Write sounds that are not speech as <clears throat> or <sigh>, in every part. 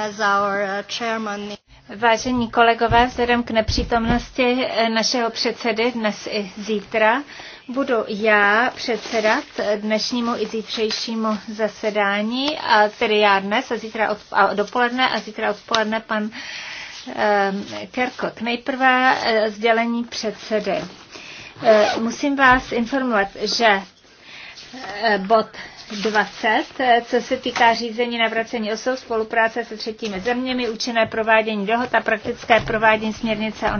as our uh, chairman. Vážení kolegové, vzhledem k nepřítomnosti eh, našeho předsedy dnes i zítra, budu já předsedat dnešnímu i zítřejšímu zasedání, a tedy já dnes a zítra od, a dopoledne a zítra odpoledne pan ehm, Kerkot. Nejprve eh, sdělení předsedy. Eh, musím vás informovat, že bod 20, co se týká řízení navracení osob, spolupráce se třetími zeměmi, účinné provádění dohod a praktické provádění směrnice o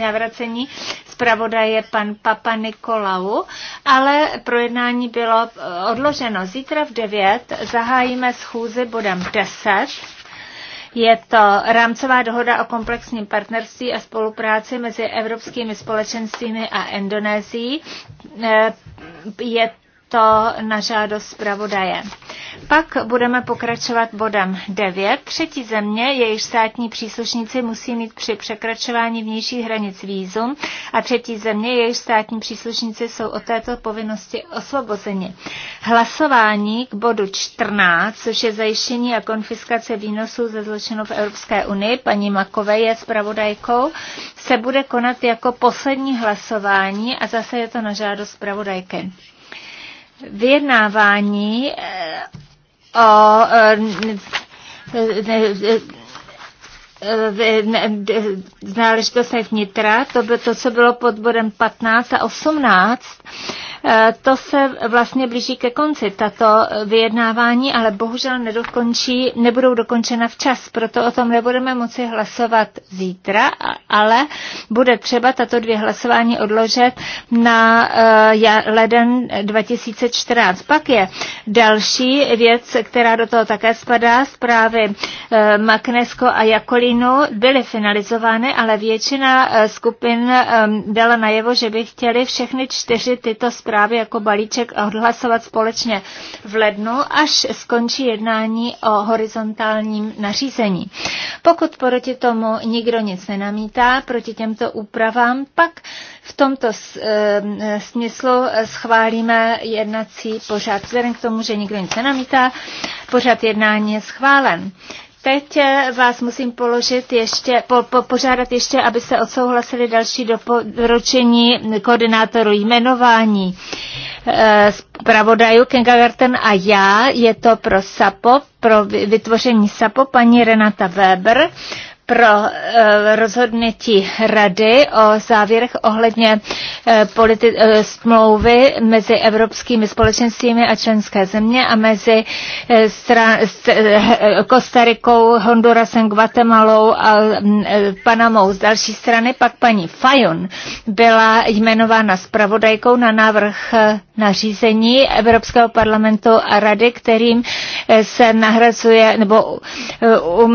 navracení. Zpravodaj je pan Papa Nikolau, ale projednání bylo eh, odloženo. Zítra v 9 zahájíme schůzi bodem 10. Je to rámcová dohoda o komplexním partnerství a spolupráci mezi evropskými společenstvími a Indonésií. Eh, je to na žádost zpravodaje. Pak budeme pokračovat bodem 9. Třetí země, jejíž státní příslušníci musí mít při překračování vnějších hranic vízum, a třetí země, jejíž státní příslušníci jsou od této povinnosti osvobozeni. Hlasování k bodu 14, což je zajištění a konfiskace výnosů ze zločinů v Evropské unii, paní Makové je zpravodajkou, se bude konat jako poslední hlasování a zase je to na žádost zpravodajky vyjednávání o záležitostech vnitra, to bylo to, co bylo pod bodem 15 a 18, Eh, to se vlastně blíží ke konci, tato vyjednávání, ale bohužel nedokončí, nebudou dokončena včas, proto o tom nebudeme moci hlasovat zítra, ale bude třeba tato dvě hlasování odložit na eh, leden 2014. Pak je další věc, která do toho také spadá, zprávy eh, Maknesko a Jakolinu byly finalizovány, ale většina skupin dala najevo, že by chtěli všechny čtyři tyto zprávy zprávy jako balíček odhlasovat společně v lednu, až skončí jednání o horizontálním nařízení. Pokud proti tomu nikdo nic nenamítá, proti těmto úpravám, pak v tomto eh, smyslu schválíme jednací pořád. Vzhledem k tomu, že nikdo nic nenamítá, pořád jednání je schválen. Teď eh, vás musím položit ještě, po, po, požádat ještě, aby se odsouhlasili další doporučení koordinátorů jmenování eh, zpravodajů Kenga Garten a já. Je to pro SAPO, pro vytvoření SAPO paní Renata Weber pro eh, rozhodnutí rady o závěrech ohledně eh, politi- eh, smlouvy mezi evropskými společenstvími a členské země a mezi Kostarikou, Hondurasem, Guatemalou a mm, Panamou. Z další strany pak paní Fajon byla jmenována zpravodajkou na návrh nařízení Evropského parlamentu a rady, kterým se nahrazuje nebo u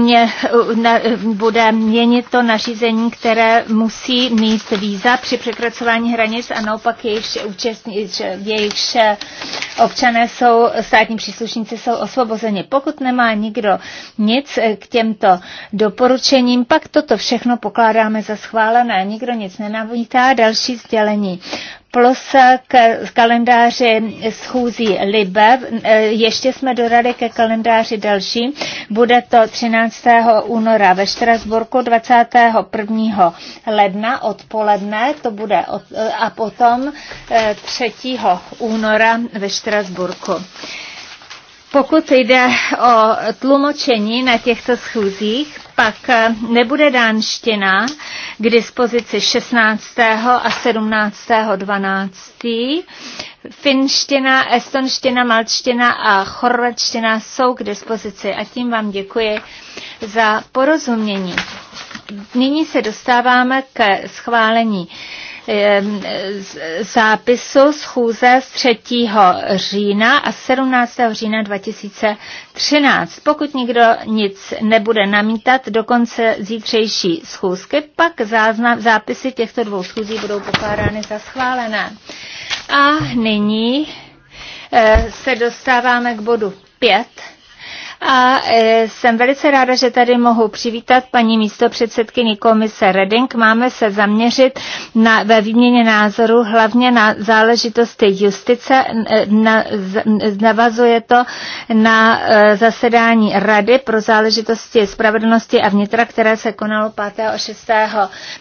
na, bude měnit to nařízení, které musí mít víza při překracování hranic a naopak jejich, účastní, jejich občané jsou, státní příslušníci jsou osvobozeni. Pokud nemá nikdo nic k těmto doporučením, pak toto všechno pokládáme za schválené. Nikdo nic nenavítá. Další sdělení plus k kalendáři schůzí Libe. E, ještě jsme dodali ke kalendáři další. Bude to 13. února ve Štrasburku 21. ledna odpoledne, to bude od, e, a potom 3. E, února ve Štrasburku. Pokud jde o tlumočení na těchto schůzích, pak eh, nebude dánština k dispozici 16. a 17. 12. Finština, estonština, malčtina a chorvatština jsou k dispozici a tím vám děkuji za porozumění. Nyní se dostáváme ke schválení zápisu schůze z 3. října a 17. října 2013. Pokud nikdo nic nebude namítat do konce zítřejší schůzky, pak záznam, zápisy těchto dvou schůzí budou pokládány za schválené. A nyní eh, se dostáváme k bodu 5 a e, jsem velice ráda, že tady mohu přivítat paní místopředsedkyni komise Reding. Máme se zaměřit na, ve výměně názoru hlavně na záležitosti justice. E, na, navazuje to na e, zasedání Rady pro záležitosti spravedlnosti a vnitra, které se konalo 5. a 6.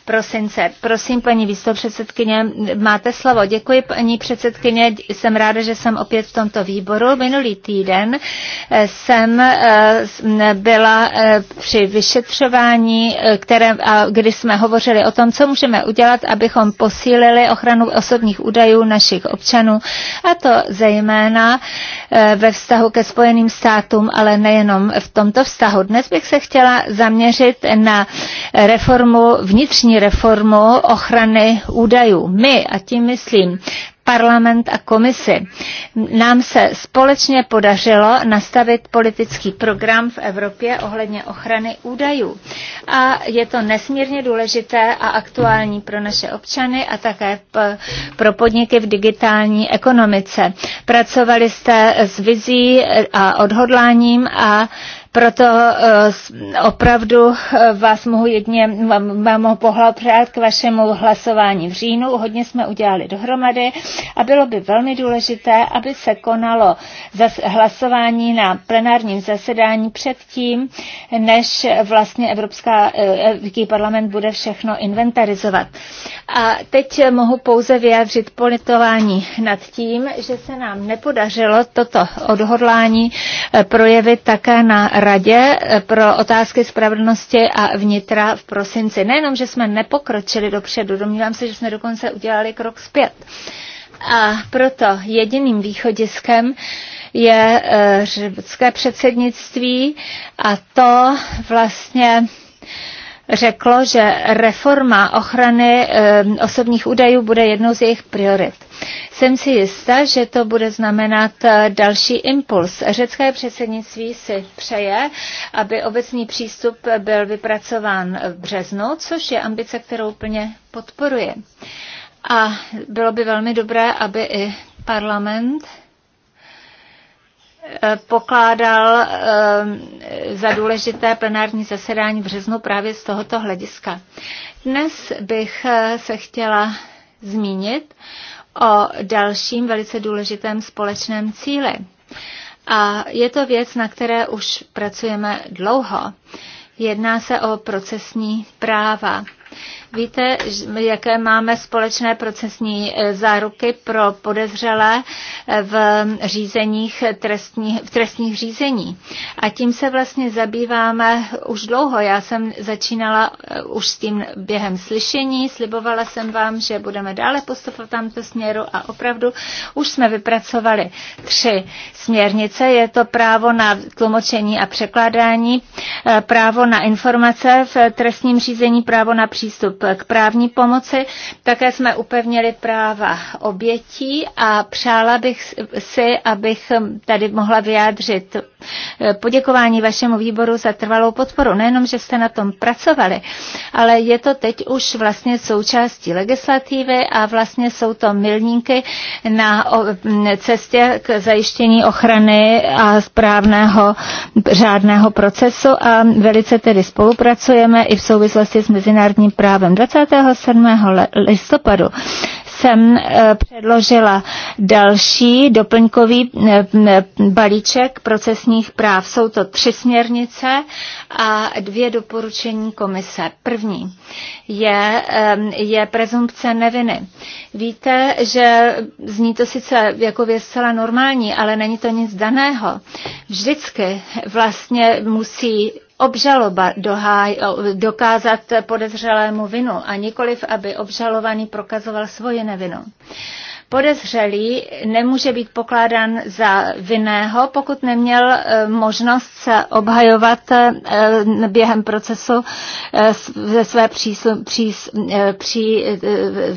prosince. Prosím, paní místopředsedkyně, máte slovo. Děkuji, paní předsedkyně. Jsem ráda, že jsem opět v tomto výboru. Minulý týden jsem Eh, byla eh, při vyšetřování, eh, které, kdy jsme hovořili o tom, co můžeme udělat, abychom posílili ochranu osobních údajů našich občanů, a to zejména ve vztahu ke Spojeným státům, ale nejenom v tomto vztahu. Dnes bych se chtěla zaměřit na reformu, vnitřní reformu ochrany údajů. My, a tím myslím parlament a komisi. Nám se společně podařilo nastavit politický program v Evropě ohledně ochrany údajů. A je to nesmírně důležité a aktuální pro naše občany a také pro podniky v digitální ekonomice. Pracovali jste s vizí a odhodláním a proto eh, opravdu eh, vás mohu jedně, vám, vám mohu pohlapřát k vašemu hlasování v říjnu. Hodně jsme udělali dohromady a bylo by velmi důležité, aby se konalo zas, hlasování na plenárním zasedání předtím, než vlastně Evropská, eh, Evropský parlament bude všechno inventarizovat. A teď mohu pouze vyjádřit politování nad tím, že se nám nepodařilo toto odhodlání projevit také na Radě eh, pro otázky spravedlnosti a vnitra v prosinci. Nejenom, že jsme nepokročili dopředu, domnívám se, že jsme dokonce udělali krok zpět. A proto jediným východiskem je eh, řecké předsednictví a to vlastně řeklo, že reforma ochrany eh, osobních údajů bude jednou z jejich priorit. Jsem si jistá, že to bude znamenat eh, další impuls. Řecké předsednictví si přeje, aby obecný přístup byl vypracován v březnu, což je ambice, kterou plně podporuje. A bylo by velmi dobré, aby i parlament pokládal eh, za důležité plenární zasedání v březnu právě z tohoto hlediska. Dnes bych eh, se chtěla zmínit o dalším velice důležitém společném cíli. A je to věc, na které už pracujeme dlouho. Jedná se o procesní práva. Víte, jaké máme společné procesní eh, záruky pro podezřelé eh, v řízeních trestní, v trestních řízení. A tím se vlastně zabýváme už dlouho. Já jsem začínala eh, už s tím během slyšení, slibovala jsem vám, že budeme dále postupovat v směru a opravdu už jsme vypracovali tři směrnice. Je to právo na tlumočení a překládání, právo na informace v trestním řízení, právo na přístup k právní pomoci. Také jsme upevnili práva obětí a přála bych si, abych tady mohla vyjádřit eh, poděkování vašemu výboru za trvalou podporu. Nejenom, že jste na tom pracovali, ale je to teď už vlastně součástí legislativy a vlastně jsou to milníky na cestě k zajištění ochrany a správného řádného procesu a velice tedy spolupracujeme i v souvislosti s mezinárodním právem. Washington. 27. listopadu jsem eh, předložila další doplňkový eh, eh, balíček procesních práv. Jsou to tři směrnice a dvě doporučení komise. První je, je prezumpce neviny. Víte, že zní to sice jako věc celá normální, ale není to nic daného. Vždycky vlastně musí obžaloba doháj, dokázat podezřelému vinu a nikoliv, aby obžalovaný prokazoval svoje nevinu. Podezřelý nemůže být pokládán za vinného, pokud neměl eh, možnost se obhajovat eh, během procesu eh, ze své pří,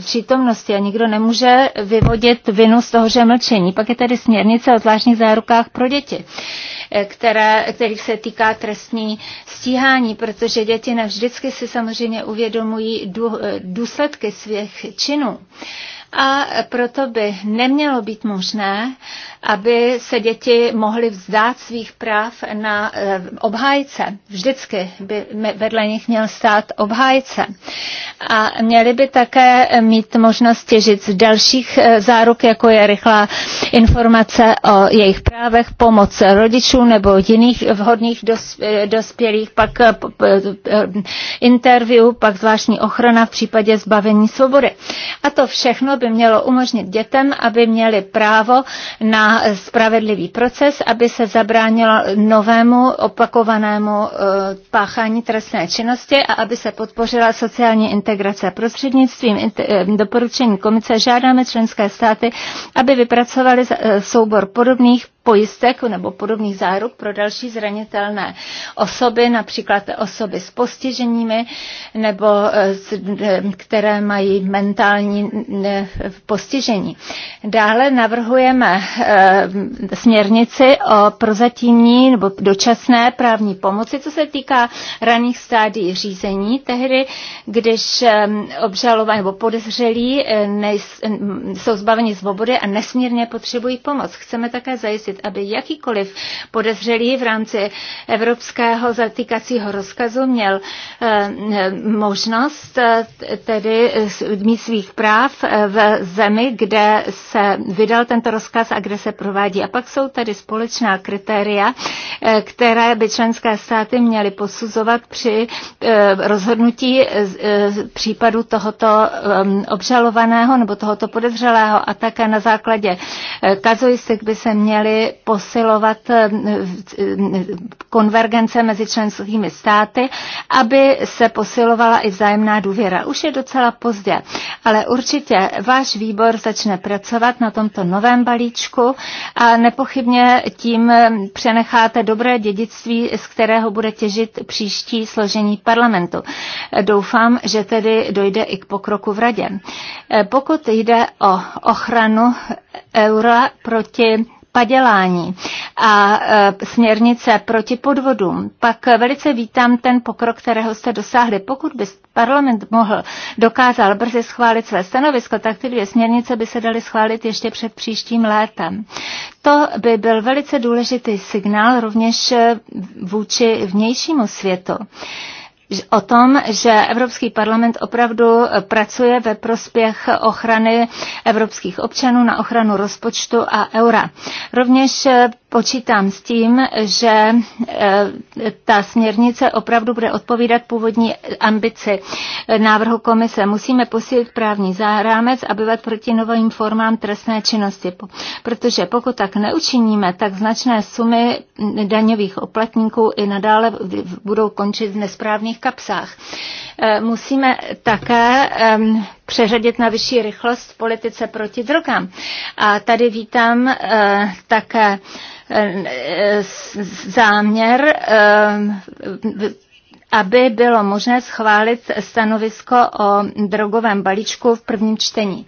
přítomnosti a nikdo nemůže vyvodit vinu z toho, že mlčení. Pak je tady směrnice o zvláštních zárukách pro děti, které, kterých se týká trestní stíhání, protože děti nevždycky si samozřejmě uvědomují důsledky svých činů a proto by nemělo být možné, aby se děti mohly vzdát svých práv na eh, obhájce. Vždycky by vedle nich měl stát obhájce. A měli by také mít možnost těžit z dalších eh, záruk, jako je rychlá informace o jejich právech, pomoc rodičů nebo jiných vhodných eh, dospělých, pak interview, pak zvláštní ochrana v případě zbavení svobody. A to všechno by mělo umožnit dětem, aby měli právo na spravedlivý proces, aby se zabránilo novému opakovanému e, páchání trestné činnosti a aby se podpořila sociální integrace. Prostřednictvím e, doporučení komise žádáme členské státy, aby vypracovali e, soubor podobných pojistek nebo podobných záruk pro další zranitelné osoby, například osoby s postiženími nebo eh, eh, které mají mentální eh, postižení. Dále navrhujeme směrnici o prozatímní nebo dočasné právní pomoci, co se týká raných stádií řízení, tehdy, když obžalovaní nebo podezřelí jsou zbaveni svobody a nesmírně potřebují pomoc. Chceme také zajistit zajistit, aby jakýkoliv podezřelý v rámci evropského zatýkacího rozkazu měl eh, možnost eh, tedy mít svých práv eh, v zemi, kde se vydal tento rozkaz a kde se provádí. A pak jsou tady společná kritéria, které by členské státy měly posuzovat při rozhodnutí případu tohoto obžalovaného nebo tohoto podezřelého a také na základě kazuistik by se měly posilovat eh, eh, konvergence mezi členskými státy, aby se posilovala i vzájemná důvěra. Už je docela pozdě, ale určitě váš výbor začne pracovat na tomto novém balíčku a nepochybně tím eh, přenecháte dobré dědictví, z kterého bude těžit příští složení parlamentu. Doufám, že tedy dojde i k pokroku v radě. Pokud jde o ochranu eura proti padělání a e, směrnice proti podvodům, pak velice vítám ten pokrok, kterého jste dosáhli. Pokud by parlament mohl, dokázal brzy schválit své stanovisko, tak ty dvě směrnice by se daly schválit ještě před příštím létem. To by byl velice důležitý signál rovněž e, vůči vnějšímu světu o tom, že Evropský parlament opravdu eh, pracuje ve prospěch ochrany evropských občanů na ochranu rozpočtu a eura. Rovněž eh, počítám s tím, že eh, ta směrnice opravdu bude odpovídat původní ambici návrhu komise. Musíme posílit právní zárámec a bývat proti novým formám trestné činnosti, protože pokud tak neučiníme, tak značné sumy daňových oplatníků i nadále budou končit v nesprávných veřejných kapsách. Eh, musíme také přeřadit na vyšší rychlost v politice proti drogám. A tady vítám eh, také eh, záměr aby bylo možné schválit stanovisko o drogovém balíčku v prvním čtení.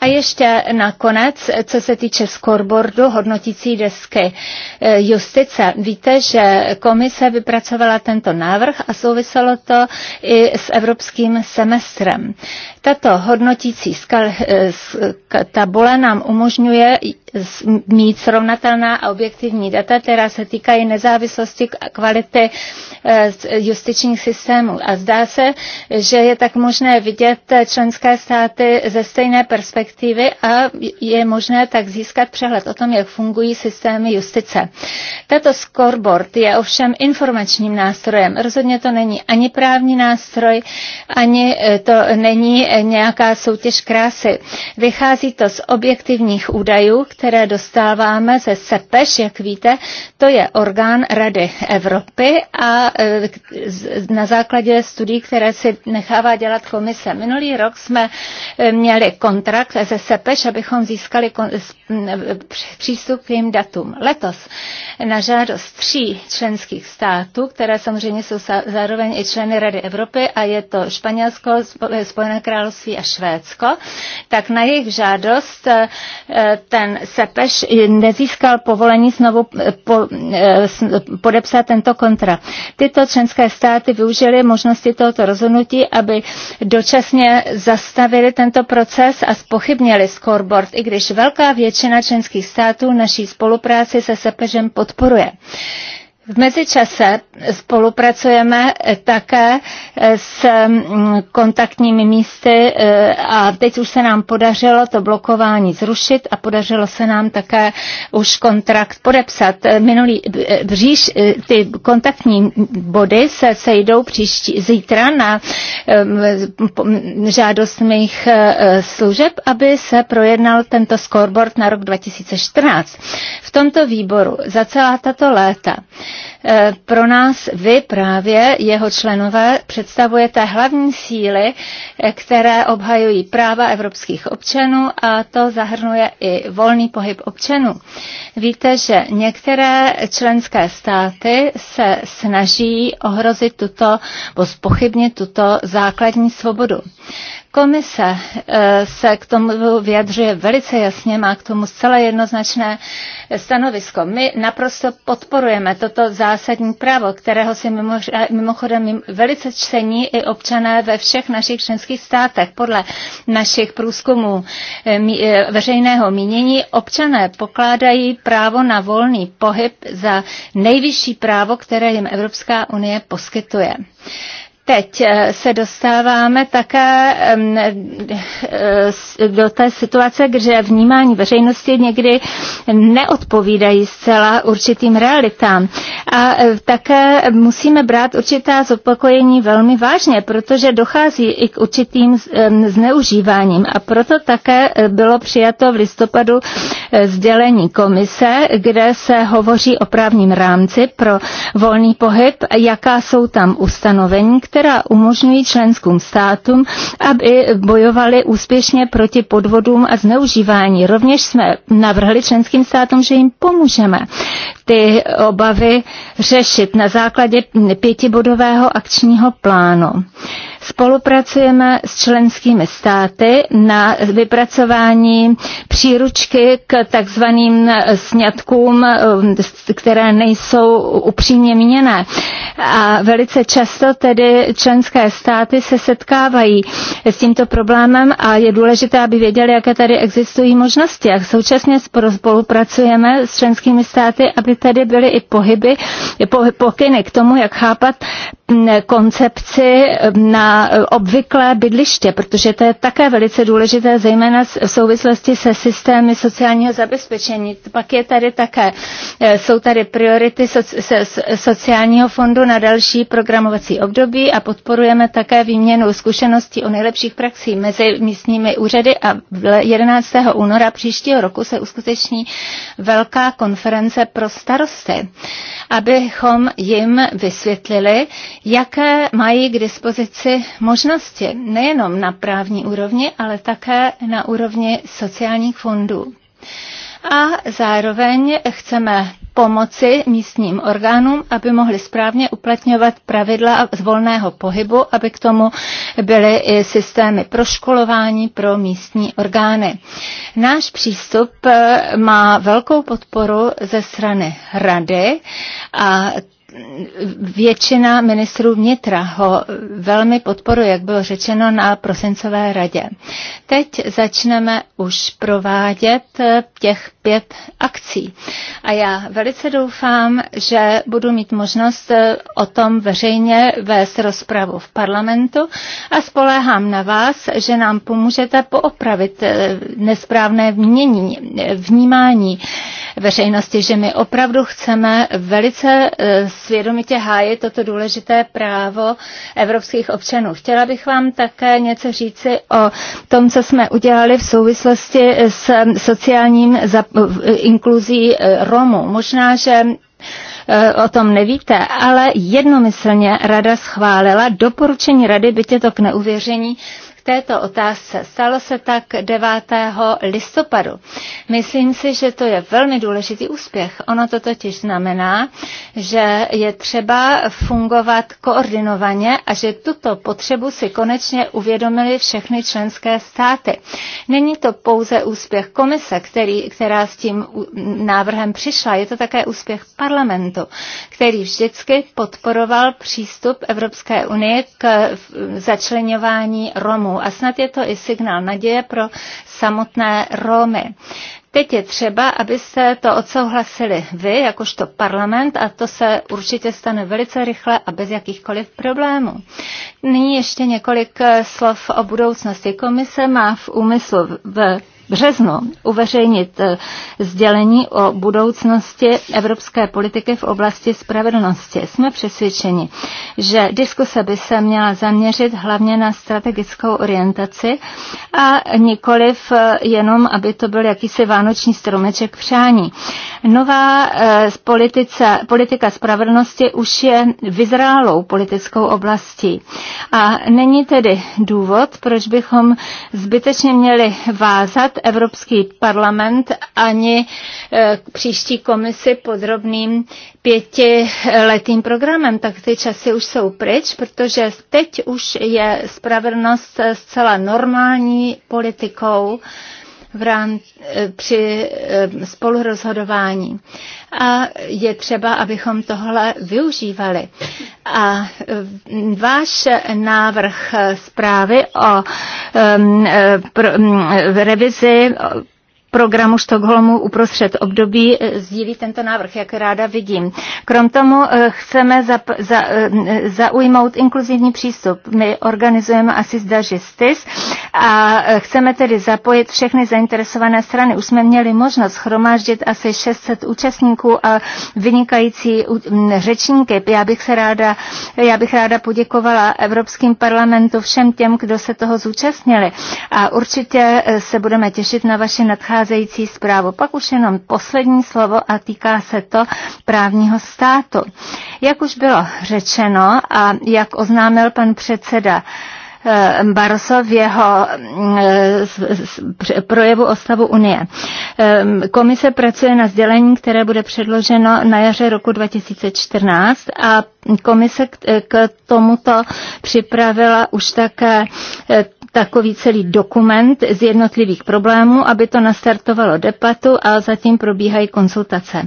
A ještě nakonec, co se týče scoreboardu, hodnotící desky e, justice. Víte, že komise vypracovala tento návrh a souviselo to i s evropským semestrem. Tato hodnotící skal, e, tabule nám umožňuje mít srovnatelná a objektivní data, která se týkají nezávislosti a kvality e, justičních systémů. A zdá se, že je tak možné vidět e, členské státy ze stejné perspektivy a je možné tak získat přehled o tom, jak fungují systémy justice. Tato scoreboard je ovšem informačním nástrojem. Rozhodně to není ani právní nástroj, ani e, to není nějaká soutěž krásy. Vychází to z objektivních údajů, které dostáváme ze SEPEŠ, jak víte, to je orgán Rady Evropy a e, na základě studií, které si nechává dělat komise. Minulý rok jsme e, měli kontrakt ze SEPEŠ, abychom získali e, přístup k jim datům. Letos na žádost tří členských států, které samozřejmě jsou zároveň i členy Rady Evropy a je to Španělsko, Spojené království a Švédsko, tak na jejich žádost ten Sepeš nezískal povolení znovu eh, po, eh, podepsat tento kontrakt. Tyto členské státy využily možnosti tohoto rozhodnutí, aby dočasně zastavili tento proces a spochybnili scoreboard, i když velká většina členských států naší spolupráci se Sepežem podporuje. V mezičase spolupracujeme také s mm, kontaktními místy eh, a teď už se nám podařilo to blokování zrušit a podařilo se nám také už kontrakt podepsat. Minulý eh, bříž, eh, ty kontaktní body se sejdou příští zítra na žádost mých služeb, aby se projednal tento scoreboard na rok 2014. V tomto výboru za celá tato léta E, pro nás vy právě, jeho členové, představujete hlavní síly, e, které obhajují práva evropských občanů a to zahrnuje i volný pohyb občanů. Víte, že některé členské státy se snaží ohrozit tuto, nebo spochybnit tuto základní svobodu. Komise eh, se k tomu vyjadřuje velice jasně, má k tomu zcela jednoznačné stanovisko. My naprosto podporujeme toto zásadní právo, kterého si mimochodem velice čtení i občané ve všech našich členských státech. Podle našich průzkumů eh, eh, veřejného mínění občané pokládají právo na volný pohyb za nejvyšší právo, které jim Evropská unie poskytuje. Teď eh, se dostáváme také eh, do té situace, kde vnímání veřejnosti někdy neodpovídají zcela určitým realitám. A eh, také musíme brát určitá zopakojení velmi vážně, protože dochází i k určitým zneužíváním. A proto také bylo přijato v listopadu sdělení komise, kde se hovoří o právním rámci pro volný pohyb, jaká jsou tam ustanovení, která umožňují členským státům, aby bojovali úspěšně proti podvodům a zneužívání. Rovněž jsme navrhli členským státům, že jim pomůžeme ty obavy řešit na základě pětibodového akčního plánu. Spolupracujeme s členskými státy na vypracování příručky k takzvaným sňatkům, které nejsou upřímně měné. A velice často tedy členské státy se setkávají s tímto problémem a je důležité, aby věděli, jaké tady existují možnosti. A současně spolupracujeme s členskými státy, aby tady byly i pohyby, pokyny k tomu, jak chápat koncepci na E, obvyklé bydliště, protože to je také velice důležité, zejména v souvislosti se systémy sociálního zabezpečení. Pak je tady také, e, jsou tady priority sociálního fondu na další programovací období a podporujeme také výměnu zkušeností o nejlepších praxí mezi místními úřady a 11. února příštího roku se uskuteční velká konference pro starosty, abychom jim vysvětlili, jaké mají k dispozici možnosti nejenom na právní úrovni, ale také na úrovni sociálních fondů. A zároveň chceme pomoci místním orgánům, aby mohli správně uplatňovat pravidla z volného pohybu, aby k tomu byly i systémy proškolování pro místní orgány. Náš přístup eh, má velkou podporu ze strany rady a většina ministrů vnitra ho velmi podporuje, jak bylo řečeno na prosincové radě. Teď začneme už provádět eh, těch pět akcí. A já velice doufám, že budu mít možnost eh, o tom veřejně vést rozpravu v parlamentu a spoléhám na vás, že nám pomůžete poopravit eh, nesprávné vnění, vnímání veřejnosti, že my opravdu chceme velice svědomitě hájit toto důležité právo evropských občanů. Chtěla bych vám také něco říci o tom, co jsme udělali v souvislosti s sociálním inkluzí eh, Romů. Možná, že eh, o tom nevíte, ale jednomyslně rada schválila doporučení rady, bytě to k neuvěření, této otázce. Stalo se tak 9. listopadu. Myslím si, že to je velmi důležitý úspěch. Ono to totiž znamená, že je třeba fungovat koordinovaně a že tuto potřebu si konečně uvědomili všechny členské státy. Není to pouze úspěch komise, který, která s tím návrhem přišla, je to také úspěch parlamentu, který vždycky podporoval přístup Evropské unie k začlenování Romů. Romů a snad je to i signál naděje pro samotné Romy. Teď je třeba, abyste to odsouhlasili vy, jakožto parlament, a to se určitě stane velice rychle a bez jakýchkoliv problémů. Nyní ještě několik eh, slov o budoucnosti. Komise má v úmyslu v březnu uveřejnit eh, sdělení o budoucnosti evropské politiky v oblasti spravedlnosti. Jsme přesvědčeni, že diskuse by se měla zaměřit hlavně na strategickou orientaci a nikoliv eh, jenom, aby to byl jakýsi vánoční stromeček přání. Nová eh, politice, politika spravedlnosti už je vyzrálou politickou oblastí. A není tedy důvod, proč bychom zbytečně měli vázat Evropský parlament ani eh, příští komisi podrobným pětiletým programem, tak ty časy už jsou pryč, protože teď už je spravedlnost zcela normální politikou, v rám, eh, při eh, spolurozhodování. A je třeba, abychom tohle využívali. A eh, váš návrh zprávy o um, pro, um, revizi programu Štokholmu uprostřed období eh, sdílí tento návrh, jak ráda vidím. Krom tomu eh, chceme za, za, eh, zaujmout inkluzivní přístup. My organizujeme asi zda Justice a chceme tedy zapojit všechny zainteresované strany. Už jsme měli možnost schromáždit asi 600 účastníků a vynikající řečníky. Já bych se ráda, já bych ráda poděkovala Evropským parlamentu všem těm, kdo se toho zúčastnili a určitě se budeme těšit na vaše nadcházení předcházející zprávu. Pak už jenom poslední slovo a týká se to právního státu. Jak už bylo řečeno a jak oznámil pan předseda, eh, Barso v jeho mm, eh, projevu o stavu Unie. Eh, komise pracuje na sdělení, které bude předloženo na jaře roku 2014 a komise k tomuto připravila už také takový celý dokument z jednotlivých problémů, aby to nastartovalo debatu a zatím probíhají konsultace.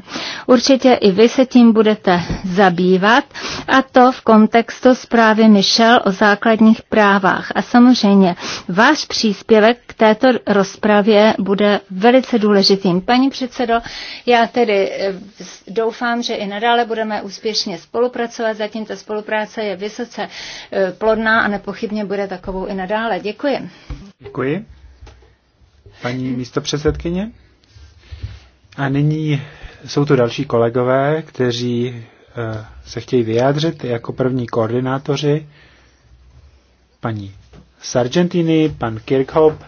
Určitě i vy se tím budete zabývat a to v kontextu zprávy Michel o základních právách. A samozřejmě váš příspěvek k této rozpravě bude velice důležitým. Paní předsedo, já tedy eh, doufám, že i nadále budeme úspěšně spolupracovat. Zatím ta spolupráce je vysoce eh, plodná a nepochybně bude takovou i nadále. Děkuji Děkuji. Děkuji. Paní místo předsedkyně. A nyní jsou tu další kolegové, kteří eh, se chtějí vyjádřit jako první koordinátoři. Paní Sargentini, pan Kirkhope,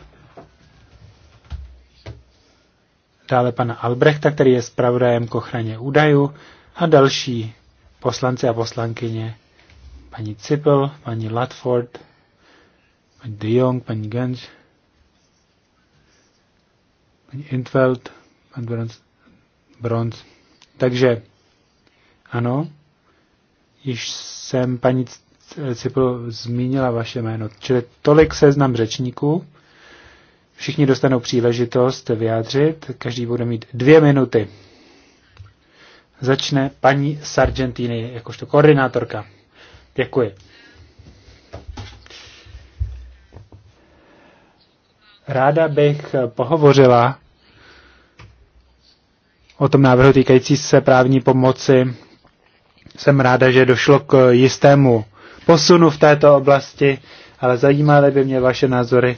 dále pana Albrechta, který je zpravodajem k ochraně údajů, a další poslanci a poslankyně, paní Cipel, paní Latford, paní De Jong, paní Genč, paní Intveld, pan Bronz, Bronz. Takže ano, již jsem paní Cipl zmínila vaše jméno. Čili tolik seznam řečníků. Všichni dostanou příležitost vyjádřit, každý bude mít dvě minuty. Začne paní Sargentini jakožto koordinátorka. Děkuji. Ráda bych pohovořila o tom návrhu týkající se právní pomoci. Jsem ráda, že došlo k jistému posunu v této oblasti, ale zajímaly by mě vaše názory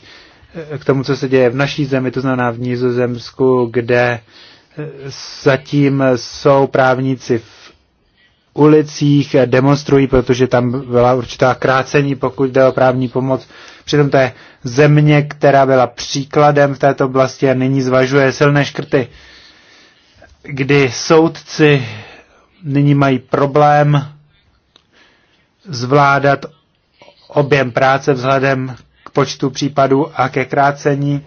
eh, k tomu, co se děje v naší zemi, to znamená v Nizozemsku, kde eh, zatím jsou právníci v ulicích, demonstrují, protože tam byla určitá krácení, pokud jde o právní pomoc. Přitom to je země, která byla příkladem v této oblasti a nyní zvažuje silné škrty, kdy soudci nyní mají problém zvládat objem práce vzhledem k počtu případů a ke krácení.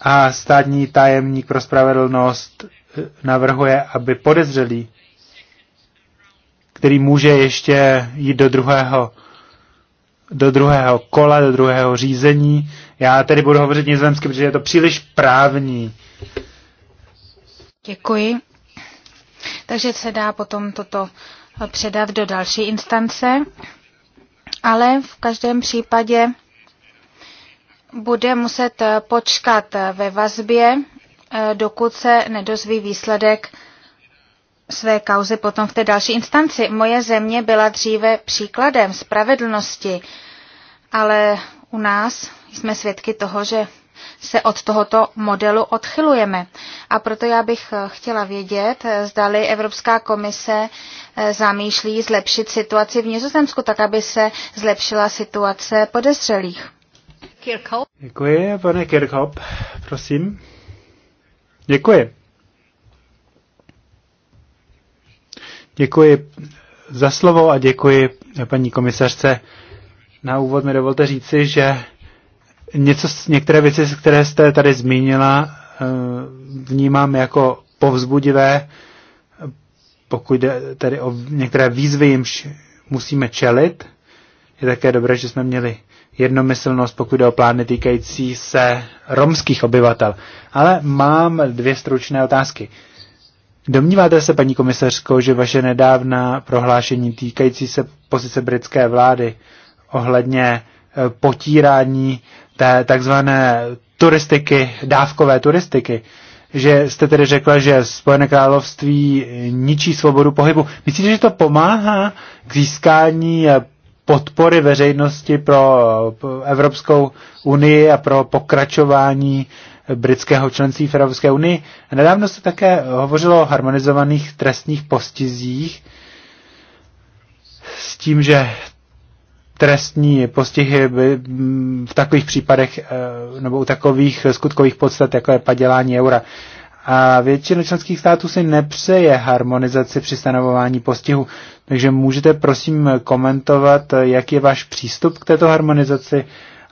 A státní tajemník pro spravedlnost navrhuje, aby podezřelý, který může ještě jít do druhého do druhého kola, do druhého řízení. Já tedy budu hovořit nizozemsky, protože je to příliš právní. Děkuji. Takže se dá potom toto předat do další instance, ale v každém případě bude muset počkat ve vazbě, eh, dokud se nedozví výsledek své kauzy potom v té další instanci. Moje země byla dříve příkladem spravedlnosti, ale u nás jsme svědky toho, že se od tohoto modelu odchylujeme. A proto já bych eh, chtěla vědět, eh, zdali Evropská komise eh, zamýšlí zlepšit situaci v Nizozemsku, tak aby se zlepšila situace podezřelých. Kirchhoff. Děkuji, pane Kirchhoff, prosím. Děkuji. Děkuji za slovo a děkuji paní komisařce. Na úvod mi dovolte říci, že něco, některé věci, které jste tady zmínila, eh, vnímám jako povzbudivé, pokud jde tedy o některé výzvy, jimž musíme čelit. Je také dobré, že jsme měli jednomyslnost, pokud jde o plány týkající se romských obyvatel. Ale mám dvě stručné otázky. Uh, Domníváte se, paní komisařko, že vaše nedávná prohlášení týkající se pozice britské vlády ohledně eh, potírání té takzvané turistiky, dávkové turistiky, že jste tedy řekla, že Spojené království ničí svobodu pohybu. Myslíte, že to pomáhá k získání eh, podpory veřejnosti eh, pro Evropskou unii a pro pokračování britského členství v Evropské unii. Nedávno se také hovořilo o harmonizovaných trestních postizích s tím, že trestní postihy by v takových případech eh, nebo u takových skutkových podstat, jako je padělání eura. A většina členských států si nepřeje harmonizaci při stanovování postihu. Takže můžete prosím komentovat, jak je váš přístup k této harmonizaci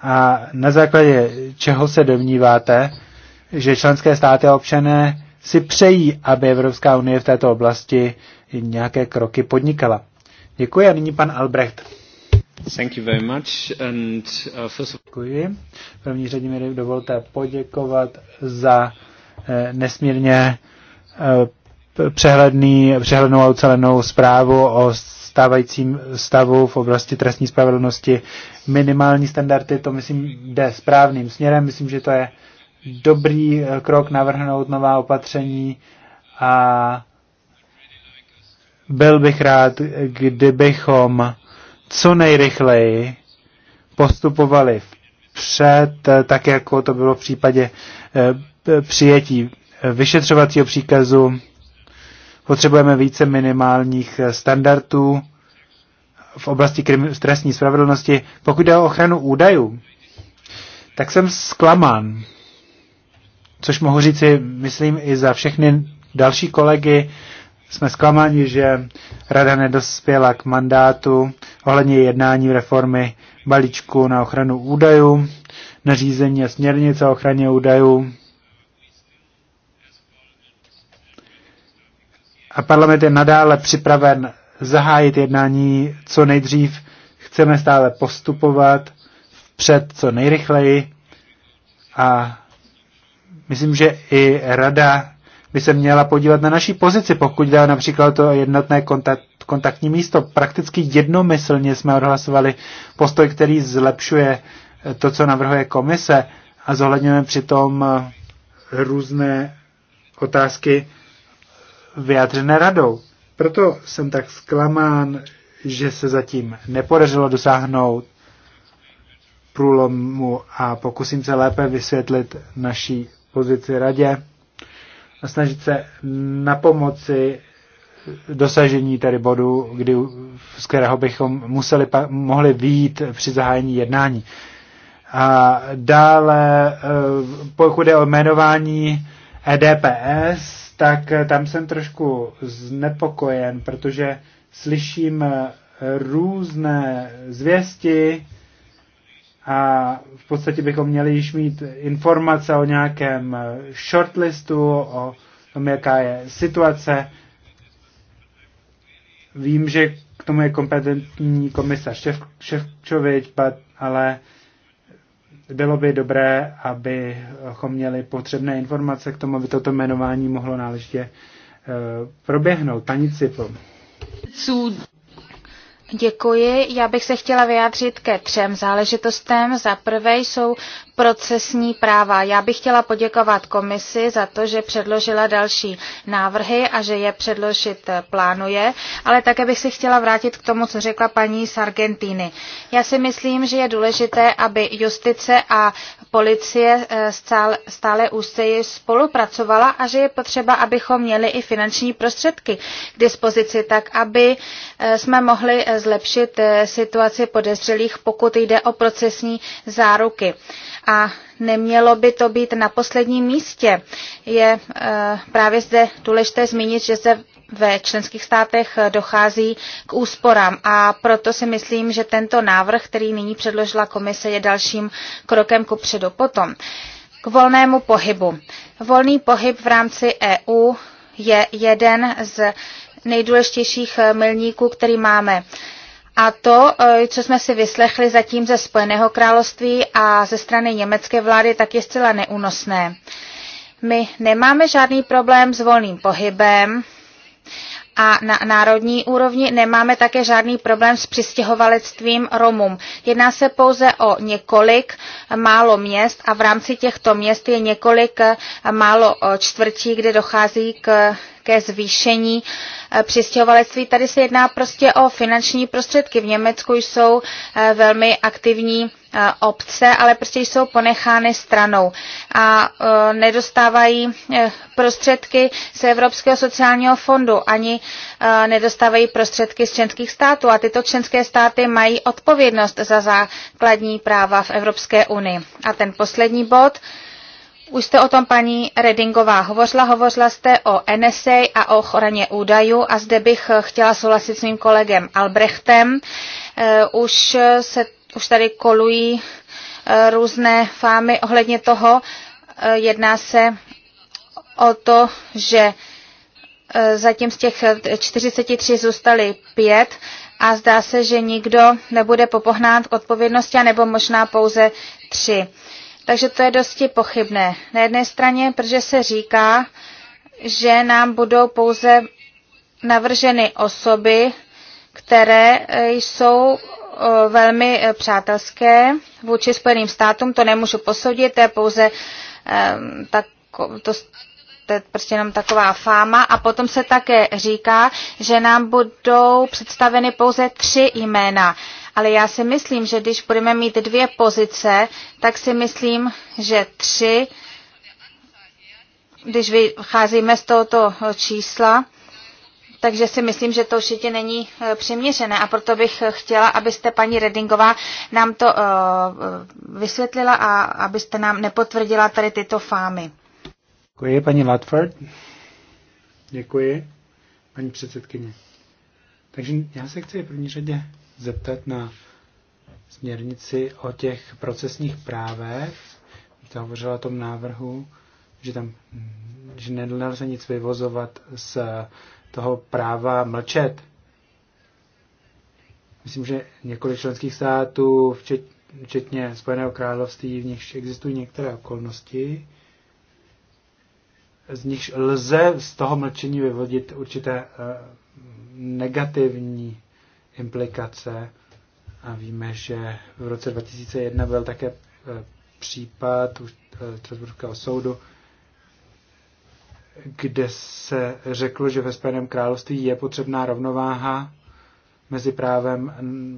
a na základě čeho se domníváte, že členské státy a občané si přejí, aby Evropská unie v této oblasti nějaké kroky podnikala. Děkuji a nyní pan Albrecht. Thank you very much. And, uh, first of... Děkuji. V první řadě mi dovolte poděkovat za eh, nesmírně eh, přehledný, přehlednou a ucelenou zprávu o stávajícím stavu v oblasti trestní spravedlnosti. Minimální standardy, to myslím jde správným směrem. Myslím, že to je eh, dobrý eh, krok navrhnout nová opatření a byl bych rád, kdybychom co nejrychleji postupovali před, eh, tak jako to bylo v případě eh, přijetí vyšetřovacího příkazu. Potřebujeme více minimálních standardů v oblasti trestní spravedlnosti. Pokud jde o ochranu údajů, tak jsem zklamán což mohu říci, myslím, i za všechny další kolegy, jsme zklamáni, že rada nedospěla k mandátu ohledně jednání reformy balíčku na ochranu údajů, nařízení a směrnice o ochraně údajů. A parlament je nadále připraven zahájit jednání co nejdřív. Chceme stále postupovat vpřed co nejrychleji a Myslím, že i rada by se měla podívat na naší pozici, pokud dá například to jednotné kontakt, kontaktní místo. Prakticky jednomyslně jsme odhlasovali postoj, který zlepšuje eh, to, co navrhuje komise a zohledňujeme přitom eh, různé otázky vyjádřené radou. Proto jsem tak zklamán, že se zatím nepodařilo dosáhnout průlomu a pokusím se lépe vysvětlit naší pozici radě a snažit se na pomoci dosažení tady bodu, kdy, z kterého bychom museli, mohli výjít při zahájení jednání. A dále, eh, pokud je o jmenování EDPS, tak tam jsem trošku znepokojen, protože slyším různé zvěsti, a v podstatě bychom měli již mít informace o nějakém eh, shortlistu, o tom, jaká je situace. Vím, že k tomu je kompetentní komisař Šev, Ševčovič, ale bylo by dobré, abychom měli potřebné informace k tomu, aby toto jmenování mohlo náležitě eh, proběhnout. Paní Cipo. Děkuji. Já bych se chtěla vyjádřit ke třem záležitostem. Za prvé jsou procesní práva. Já bych chtěla poděkovat komisi za to, že předložila další návrhy a že je předložit plánuje, ale také bych se chtěla vrátit k tomu, co řekla paní z Já si myslím, že je důležité, aby justice a policie eh, stále ústeji spolupracovala a že je potřeba, abychom měli i finanční prostředky k dispozici, tak aby eh, jsme mohli eh, zlepšit situaci podezřelých, pokud jde o procesní záruky. A nemělo by to být na posledním místě. Je právě zde důležité zmínit, že se ve členských státech dochází k úsporám a proto si myslím, že tento návrh, který nyní předložila komise, je dalším krokem ku předu. Potom k volnému pohybu. Volný pohyb v rámci EU je jeden z nejdůležitějších eh, milníků, který máme. A to, eh, co jsme si vyslechli zatím ze Spojeného království a ze strany německé vlády, tak je zcela neúnosné. My nemáme žádný problém s volným pohybem, a na národní úrovni nemáme také žádný problém s přistěhovalectvím Romům. Jedná se pouze o několik málo měst a v rámci těchto měst je několik málo eh, čtvrtí, kde dochází k ke zvýšení eh, přistěhovalectví. Tady se jedná prostě o finanční prostředky. V Německu jsou eh, velmi aktivní Eh, obce, ale prostě jsou ponechány stranou a eh, nedostávají eh, prostředky z Evropského sociálního fondu, ani nedostávají prostředky z členských států a tyto členské státy mají odpovědnost za základní práva v Evropské unii. A ten poslední bod, už jste o tom paní Redingová hovořila, hovořila jste o NSA a o ochraně údajů a zde bych chtěla souhlasit s mým kolegem Albrechtem. Už se už tady kolují eh, různé fámy ohledně toho. Eh, jedná se o to, že eh, zatím z těch 43 zůstali pět a zdá se, že nikdo nebude popohnán k odpovědnosti, nebo možná pouze tři. Takže to je dosti pochybné. Na jedné straně, protože se říká, že nám budou pouze navrženy osoby, které jsou Eh, velmi eh, přátelské vůči Spojeným státům, to nemůžu posoudit, to je pouze ehm, tak, to, to je prostě jenom taková fáma. A potom se také říká, že nám budou představeny pouze tři jména. Ale já si myslím, že když budeme mít dvě pozice, tak si myslím, že tři, když vycházíme z tohoto čísla, takže si myslím, že to určitě není e, přiměřené a proto bych chtěla, abyste paní Redingová nám to e, e, vysvětlila a abyste nám nepotvrdila tady tyto fámy. Děkuji, paní Latford. Děkuji, paní předsedkyně. Takže já se chci v první řadě zeptat na směrnici o těch procesních právech. Jste hovořila o tom návrhu, že tam že nelze nic vyvozovat z toho práva mlčet. Myslím, že několik členských států, včetně Spojeného království, v nichž existují některé okolnosti, z nichž lze z toho mlčení vyvodit určité eh, negativní implikace. A víme, že v roce 2001 byl také eh, případ eh, Strasburského soudu, kde se řeklo, že ve Spojeném království je potřebná rovnováha mezi právem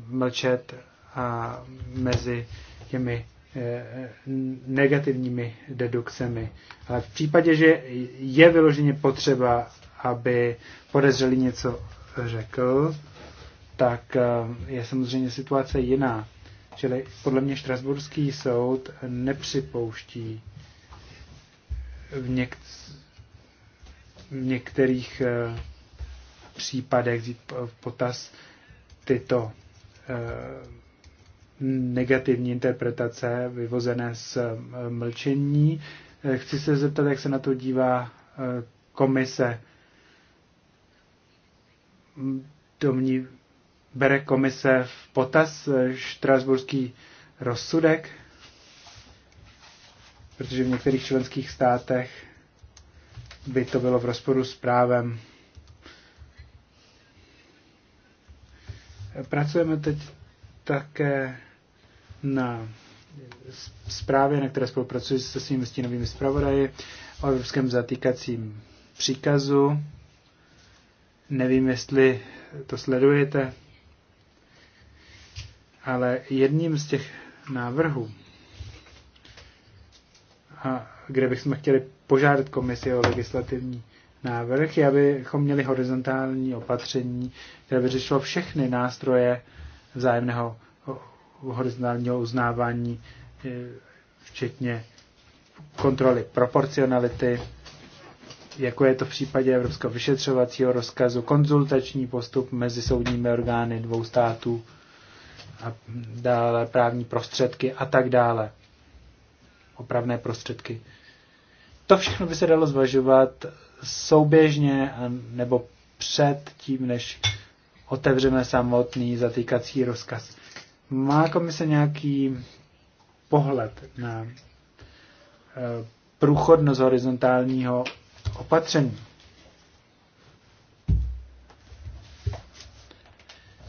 mlčet a mezi těmi eh, negativními dedukcemi. Ale v případě, že je vyloženě potřeba, aby podezřeli něco řekl, tak eh, je samozřejmě situace jiná. Čili podle mě Štrasburský soud nepřipouští v něk- v některých eh, případech v potaz tyto eh, negativní interpretace vyvozené z eh, mlčení. Chci se zeptat, jak se na to dívá komise. Domní, bere komise v potaz štrasburský rozsudek, protože v některých členských státech by to bylo v rozporu s právem. Pracujeme teď také na zprávě, na které spolupracuji se svými stínovými zpravodaji o evropském zatýkacím příkazu. Nevím, jestli to sledujete, ale jedním z těch návrhů, a kde bychom chtěli požádat komisi o legislativní návrh, je, abychom měli horizontální opatření, které by řešilo všechny nástroje vzájemného horizontálního uznávání, e, včetně kontroly proporcionality, jako je to v případě Evropského vyšetřovacího rozkazu, konzultační postup mezi soudními orgány dvou států a dále právní prostředky a tak dále. Opravné prostředky. To všechno by se dalo zvažovat souběžně a nebo před tím, než otevřeme samotný zatýkací rozkaz. Má komise nějaký pohled na eh, průchodnost horizontálního opatření?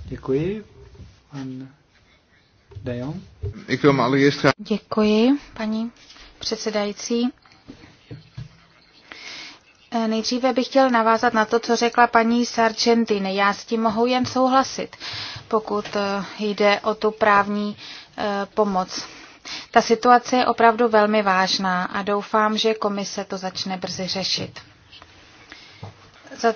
Děkuji. Pan Dejon. Děkuji, paní předsedající. Nejdříve bych chtěl navázat na to, co řekla paní Sargentini. Já s tím mohu jen souhlasit, pokud eh, jde o tu právní eh, pomoc. Ta situace je opravdu velmi vážná a doufám, že komise to začne brzy řešit. Za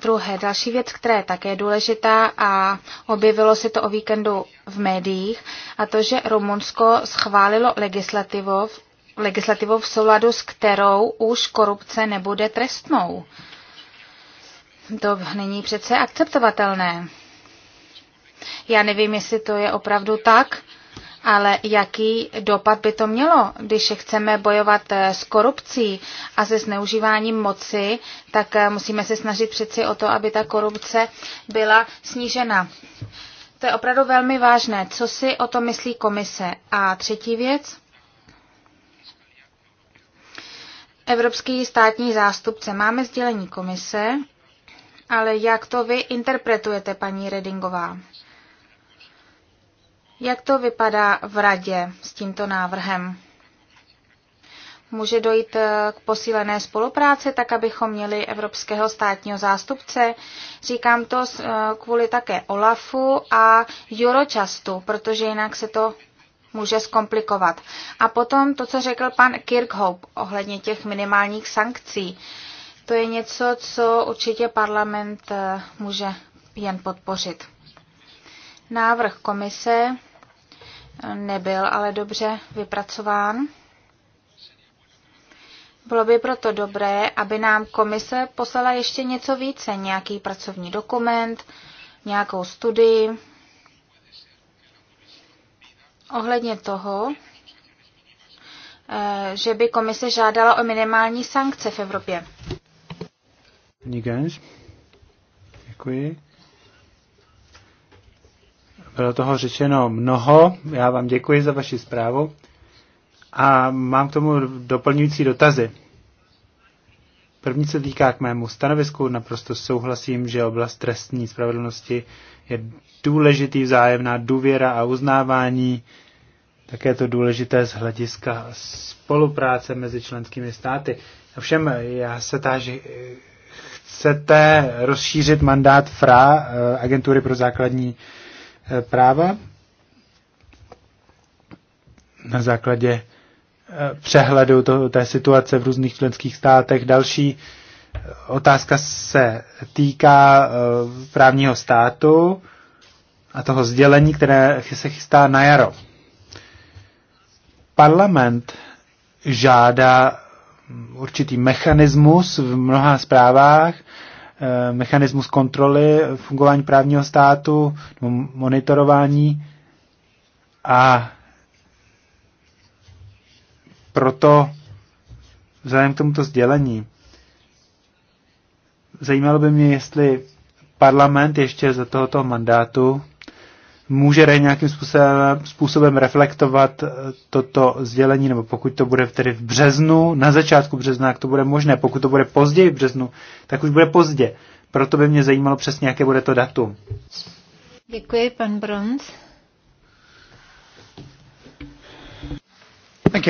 druhé, další věc, která je také důležitá a objevilo se to o víkendu v médiích, a to, že Rumunsko schválilo legislativu legislativou v souladu s kterou už korupce nebude trestnou. To není přece akceptovatelné. Já nevím, jestli to je opravdu tak, ale jaký dopad by to mělo, když chceme bojovat eh, s korupcí a se zneužíváním moci, tak eh, musíme se snažit přeci o to, aby ta korupce byla snížena. To je opravdu velmi vážné. Co si o to myslí komise? A třetí věc. Evropský státní zástupce. Máme sdělení komise, ale jak to vy interpretujete, paní Redingová? Jak to vypadá v radě s tímto návrhem? Může dojít eh, k posílené spolupráci, tak abychom měli evropského státního zástupce. Říkám to eh, kvůli také OLAFu a Eurochastu, protože jinak se to může zkomplikovat. A potom to, co řekl pan Kirkhope ohledně těch minimálních sankcí, to je něco, co určitě parlament eh, může jen podpořit. Návrh komise eh, nebyl ale dobře vypracován. Bylo by proto dobré, aby nám komise poslala ještě něco více, nějaký pracovní dokument, nějakou studii, ohledně toho, eh, že by komise žádala o minimální sankce v Evropě. Nigens. Děkuji. Bylo toho řečeno mnoho. Já vám děkuji za vaši zprávu. A mám k tomu doplňující dotazy. První se týká k mému stanovisku. Naprosto souhlasím, že oblast trestní spravedlnosti je důležitý vzájemná důvěra a uznávání. Také je to důležité z hlediska spolupráce mezi členskými státy. Ovšem, já se táži, chcete rozšířit mandát FRA, eh, Agentury pro základní eh, práva, na základě přehledu to, té situace v různých členských státech. Další otázka se týká eh, právního státu a toho sdělení, které se chystá na jaro. Parlament žádá určitý mechanismus v mnoha zprávách, eh, mechanismus kontroly fungování právního státu, monitorování a proto vzhledem k tomuto sdělení zajímalo by mě, jestli parlament ještě za tohoto mandátu může nějakým způsobem, způsobem reflektovat eh, toto sdělení, nebo pokud to bude tedy v březnu, na začátku března, jak to bude možné, pokud to bude později v březnu, tak už bude pozdě. Proto by mě zajímalo přesně, jaké bude to datum. Děkuji, pan Bronz. Uh,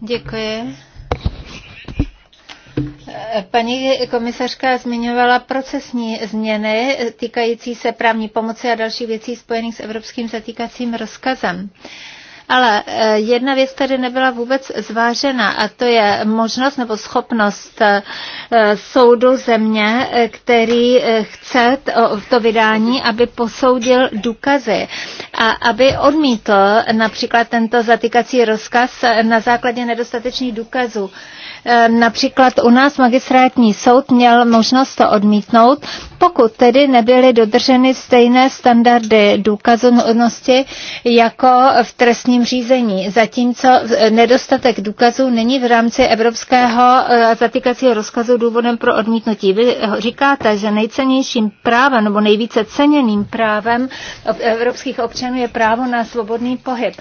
děkuji. Paní komisařka zmiňovala procesní změny týkající se právní pomoci a dalších věcí spojených s evropským zatýkacím rozkazem. Ale eh, jedna věc tady nebyla vůbec zvážena a to je možnost nebo schopnost eh, soudu země, eh, který chce to vydání, aby posoudil důkazy a aby odmítl například tento zatýkací rozkaz na základě nedostatečných důkazů. Ehm, například u nás magistrátní soud měl možnost to odmítnout, pokud tedy nebyly dodrženy stejné standardy důkazovnosti jako v trestním řízení. Zatímco eh, nedostatek důkazů není v rámci evropského eh, zatýkacího rozkazu důvodem pro odmítnutí. Vy říkáte, že nejcennějším právem nebo nejvíce ceněným právem evropských občanů je právo na svobodný pohyb.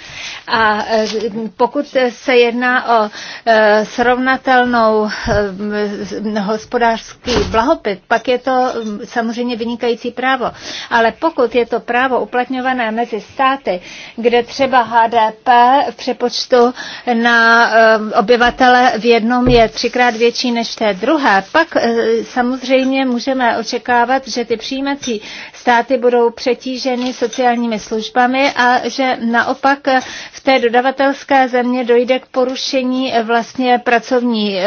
A eh, pokud se jedná o srovnatelnost udržitelnou eh, hospodářský blahopit, pak je to samozřejmě vynikající právo. Ale pokud je to právo uplatňované mezi státy, kde třeba HDP v přepočtu na eh, obyvatele v jednom je třikrát větší než té druhé, pak eh, samozřejmě můžeme očekávat, že ty přijímací státy budou přetíženy sociálními službami a že naopak v té dodavatelské země dojde k porušení eh, vlastně pracovní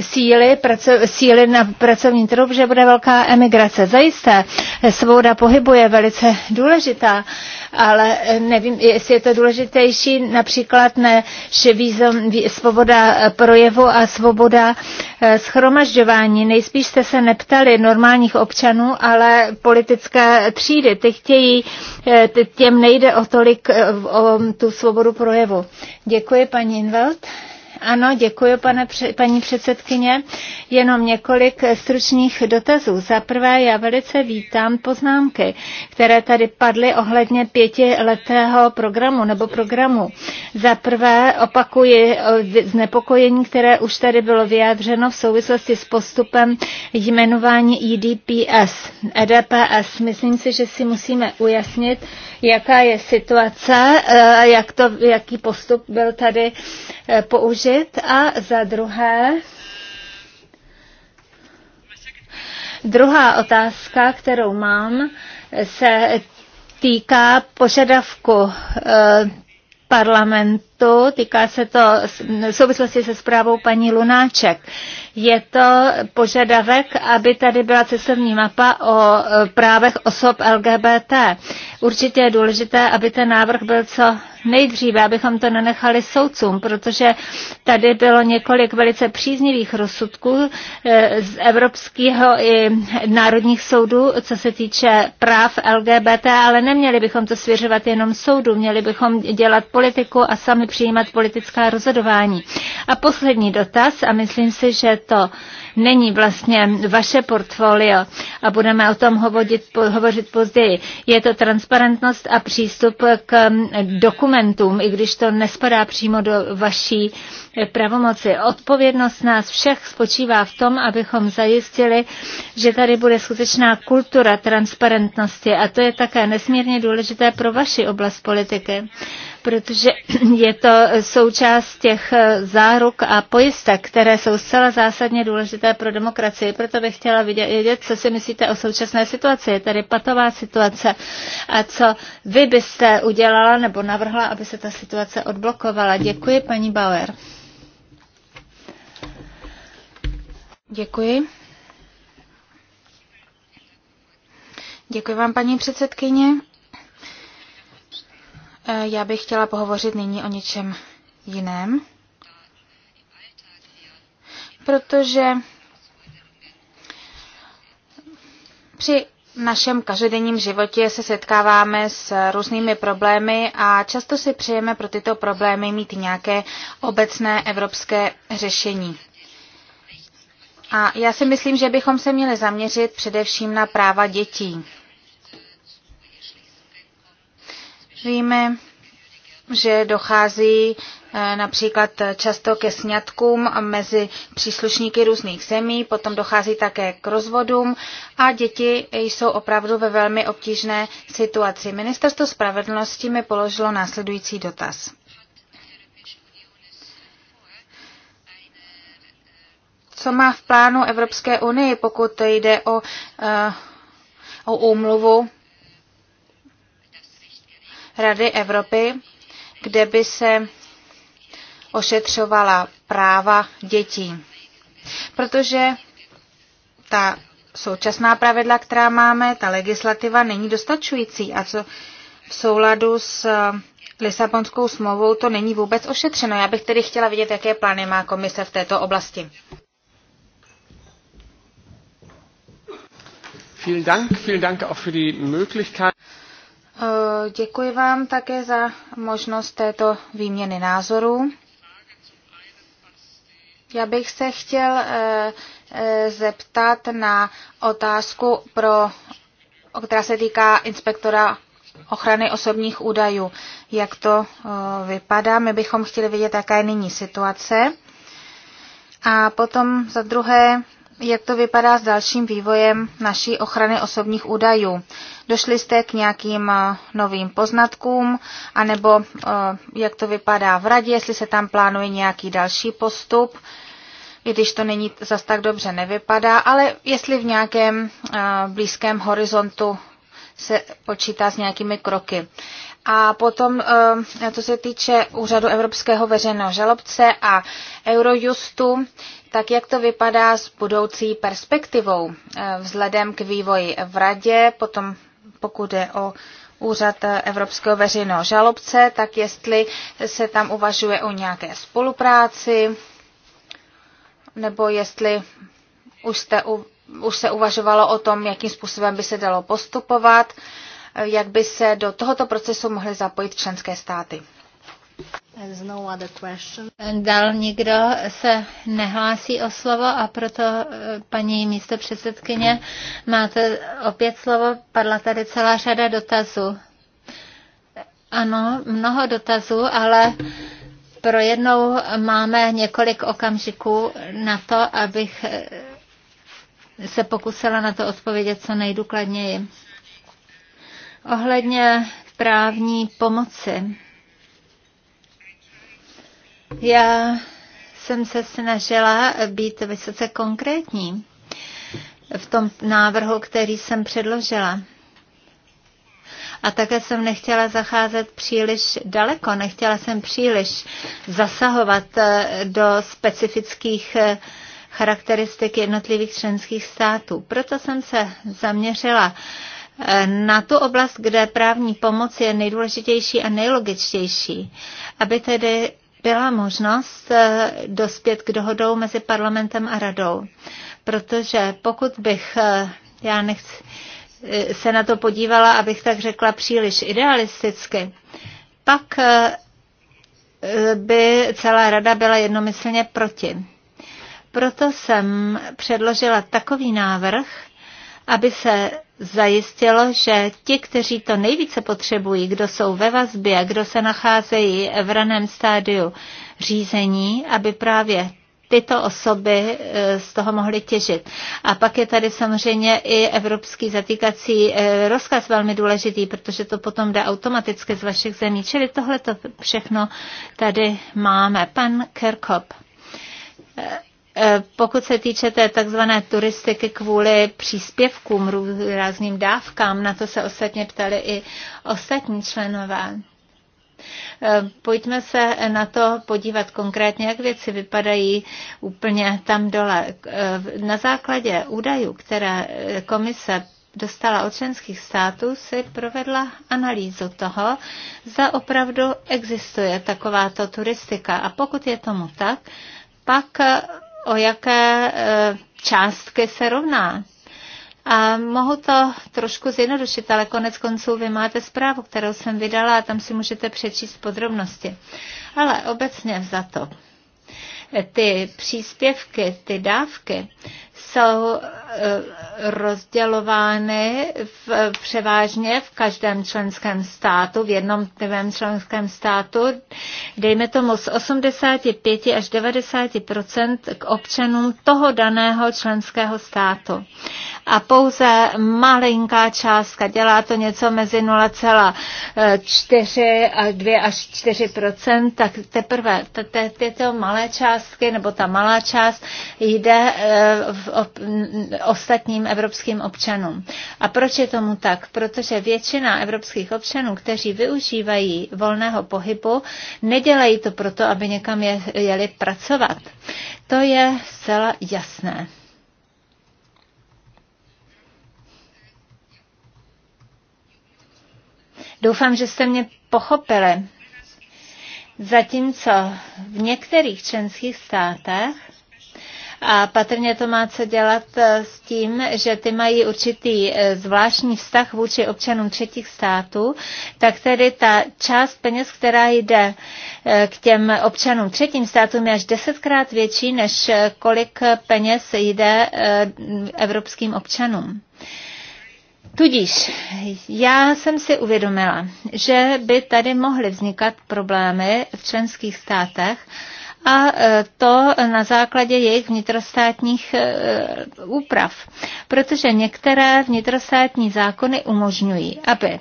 síly, praco, síly na pracovní trhu, že bude velká emigrace. Zajisté eh, svoboda pohybu je velice důležitá, ale eh, nevím, jestli je to důležitější, například než výzom, svoboda eh, projevu a svoboda eh, schromažďování. Nejspíš jste se neptali normálních občanů, ale politické třídy. Ty chtějí, těm nejde o tolik o tu svobodu projevu. Děkuji, paní Invelt. Ano, děkuji, pane, paní předsedkyně. Jenom několik stručných dotazů. Za prvé, já velice vítám poznámky, které tady padly ohledně pětiletého programu nebo programu. Za prvé, opakuji eh, znepokojení, které už tady bylo vyjádřeno v souvislosti s postupem jmenování EDPS. EDPS. Myslím si, že si musíme ujasnit, jaká je situace, eh, jak to, jaký postup byl tady eh, použit. A za druhé, druhá otázka, kterou mám, se týká požadavku eh, parlament tématu, týká se to v souvislosti se zprávou paní Lunáček. Je to požadavek, aby tady byla cestovní mapa o e, právech osob LGBT. Určitě je důležité, aby ten návrh byl co nejdříve, abychom to nenechali soudcům, protože tady bylo několik velice příznivých rozsudků e, z evropského i národních soudů, co se týče práv LGBT, ale neměli bychom to svěřovat jenom soudu, měli bychom dělat politiku a sami přijímat politická rozhodování. A poslední dotaz, a myslím si, že to není vlastně vaše portfolio a budeme o tom hovořit, hovořit později. Je to transparentnost a přístup k dokumentům, i když to nespadá přímo do vaší eh, pravomoci. Odpovědnost nás všech spočívá v tom, abychom zajistili, že tady bude skutečná kultura transparentnosti a to je také nesmírně důležité pro vaši oblast politiky protože <clears throat> je to součást těch eh, záruk a pojistek, které jsou zcela zásadně důležité pro demokracii. Proto bych chtěla vědět, co si myslíte o současné situaci. Je tady patová situace a co vy byste udělala nebo navrhla, aby se ta situace odblokovala. Děkuji, paní Bauer. Děkuji. Děkuji vám, paní předsedkyně. Eh, já bych chtěla pohovořit nyní o něčem jiném, protože při našem každodenním životě se setkáváme s různými problémy a často si přejeme pro tyto problémy mít nějaké obecné evropské řešení. A já si myslím, že bychom se měli zaměřit především na práva dětí. Víme, že dochází eh, například často ke sňatkům mezi příslušníky různých zemí, potom dochází také k rozvodům a děti jsou opravdu ve velmi obtížné situaci. Ministerstvo spravedlnosti mi položilo následující dotaz. Co má v plánu Evropské unii, pokud jde o, eh, o úmluvu Rady Evropy, kde by se ošetřovala práva dětí. Protože ta současná pravidla, která máme, ta legislativa není dostačující a co v souladu s eh, Lisabonskou smlouvou to není vůbec ošetřeno. Já bych tedy chtěla vidět, jaké plány má komise v této oblasti. Vielen Dank, vielen Dank auch für die Möglichkeit. Eh, děkuji vám také za možnost této výměny názorů. Já bych se chtěl eh, eh, zeptat na otázku, pro, která se týká inspektora ochrany osobních údajů. Jak to vypadá? My bychom chtěli vidět jaká je nyní situace. A potom za druhé jak to vypadá s dalším vývojem naší ochrany osobních údajů. Došli jste k nějakým eh, novým poznatkům, anebo eh, jak to vypadá v radě, jestli se tam plánuje nějaký další postup, i když to není zas tak dobře nevypadá, ale jestli v nějakém eh, blízkém horizontu se počítá s nějakými kroky. A potom, co se týče úřadu Evropského veřejného žalobce a Eurojustu, tak jak to vypadá s budoucí perspektivou eh, vzhledem k vývoji v radě, potom pokud je o úřad eh, Evropského veřejného žalobce, tak jestli se tam uvažuje o nějaké spolupráci, nebo jestli už, jste, už se uvažovalo o tom, jakým způsobem by se dalo postupovat, eh, jak by se do tohoto procesu mohly zapojit členské státy. No Dal nikdo se nehlásí o slovo a proto, eh, paní místo předsedkyně, máte opět slovo. Padla tady celá řada dotazů. Ano, mnoho dotazů, ale pro jednou máme několik okamžiků na to, abych eh, se pokusila na to odpovědět co nejdůkladněji. Ohledně právní pomoci já jsem se snažila být vysoce konkrétní v tom návrhu, který jsem předložila. A také jsem nechtěla zacházet příliš daleko, nechtěla jsem příliš zasahovat eh, do specifických eh, charakteristik jednotlivých členských států. Proto jsem se zaměřila eh, na tu oblast, kde právní pomoc je nejdůležitější a nejlogičtější, aby tedy byla možnost eh, dospět k dohodou mezi parlamentem a radou. Protože pokud bych, eh, já nechci, eh, se na to podívala, abych tak řekla, příliš idealisticky, pak by celá rada byla jednomyslně proti. Proto jsem předložila takový návrh, aby se zajistil, že ti, kteří to nejvíce potřebují, kdo jsou ve vazbě a kdo se nacházejí v raném stádiu řízení, aby právě tyto osoby e, z toho mohly těžit. A pak je tady samozřejmě i evropský zatýkací e, rozkaz velmi důležitý, protože to potom jde automaticky z vašich zemí. Čili tohle to všechno tady máme. Pan Kerkop. E, Eh, pokud se týče té takzvané turistiky kvůli příspěvkům, různým dávkám, na to se ostatně ptali i ostatní členové. Eh, pojďme se na to podívat konkrétně, jak věci vypadají úplně tam dole. Eh, na základě údajů, které komise dostala od členských států, si provedla analýzu toho, zda opravdu existuje takováto turistika. A pokud je tomu tak, pak o jaké e, částky se rovná. A mohu to trošku zjednodušit, ale konec konců vy máte zprávu, kterou jsem vydala a tam si můžete přečíst podrobnosti. Ale obecně za to ty příspěvky, ty dávky jsou eh, rozdělovány v, převážně v každém členském státu, v jednotlivém členském státu, dejme tomu z 85 až 90 k občanům toho daného členského státu. A pouze malinká částka, dělá to něco mezi 0,4 a 2 až 4 tak teprve tyto malé částky nebo ta malá část jde eh, v ostatním evropským občanům. A proč je tomu tak? Protože většina evropských občanů, kteří využívají volného pohybu, nedělají to proto, aby někam je, jeli pracovat. To je zcela jasné. Doufám, že jste mě pochopili. Zatímco v některých členských státech a patrně to má co dělat eh, s tím, že ty mají určitý eh, zvláštní vztah vůči občanům třetích států, tak tedy ta část peněz, která jde eh, k těm občanům třetím státům, je až desetkrát větší, než kolik peněz jde evropským občanům. Tudíž já jsem si uvědomila, že by tady mohly vznikat problémy v členských státech, a e, to na základě jejich vnitrostátních e, úprav. Protože některé vnitrostátní zákony umožňují, aby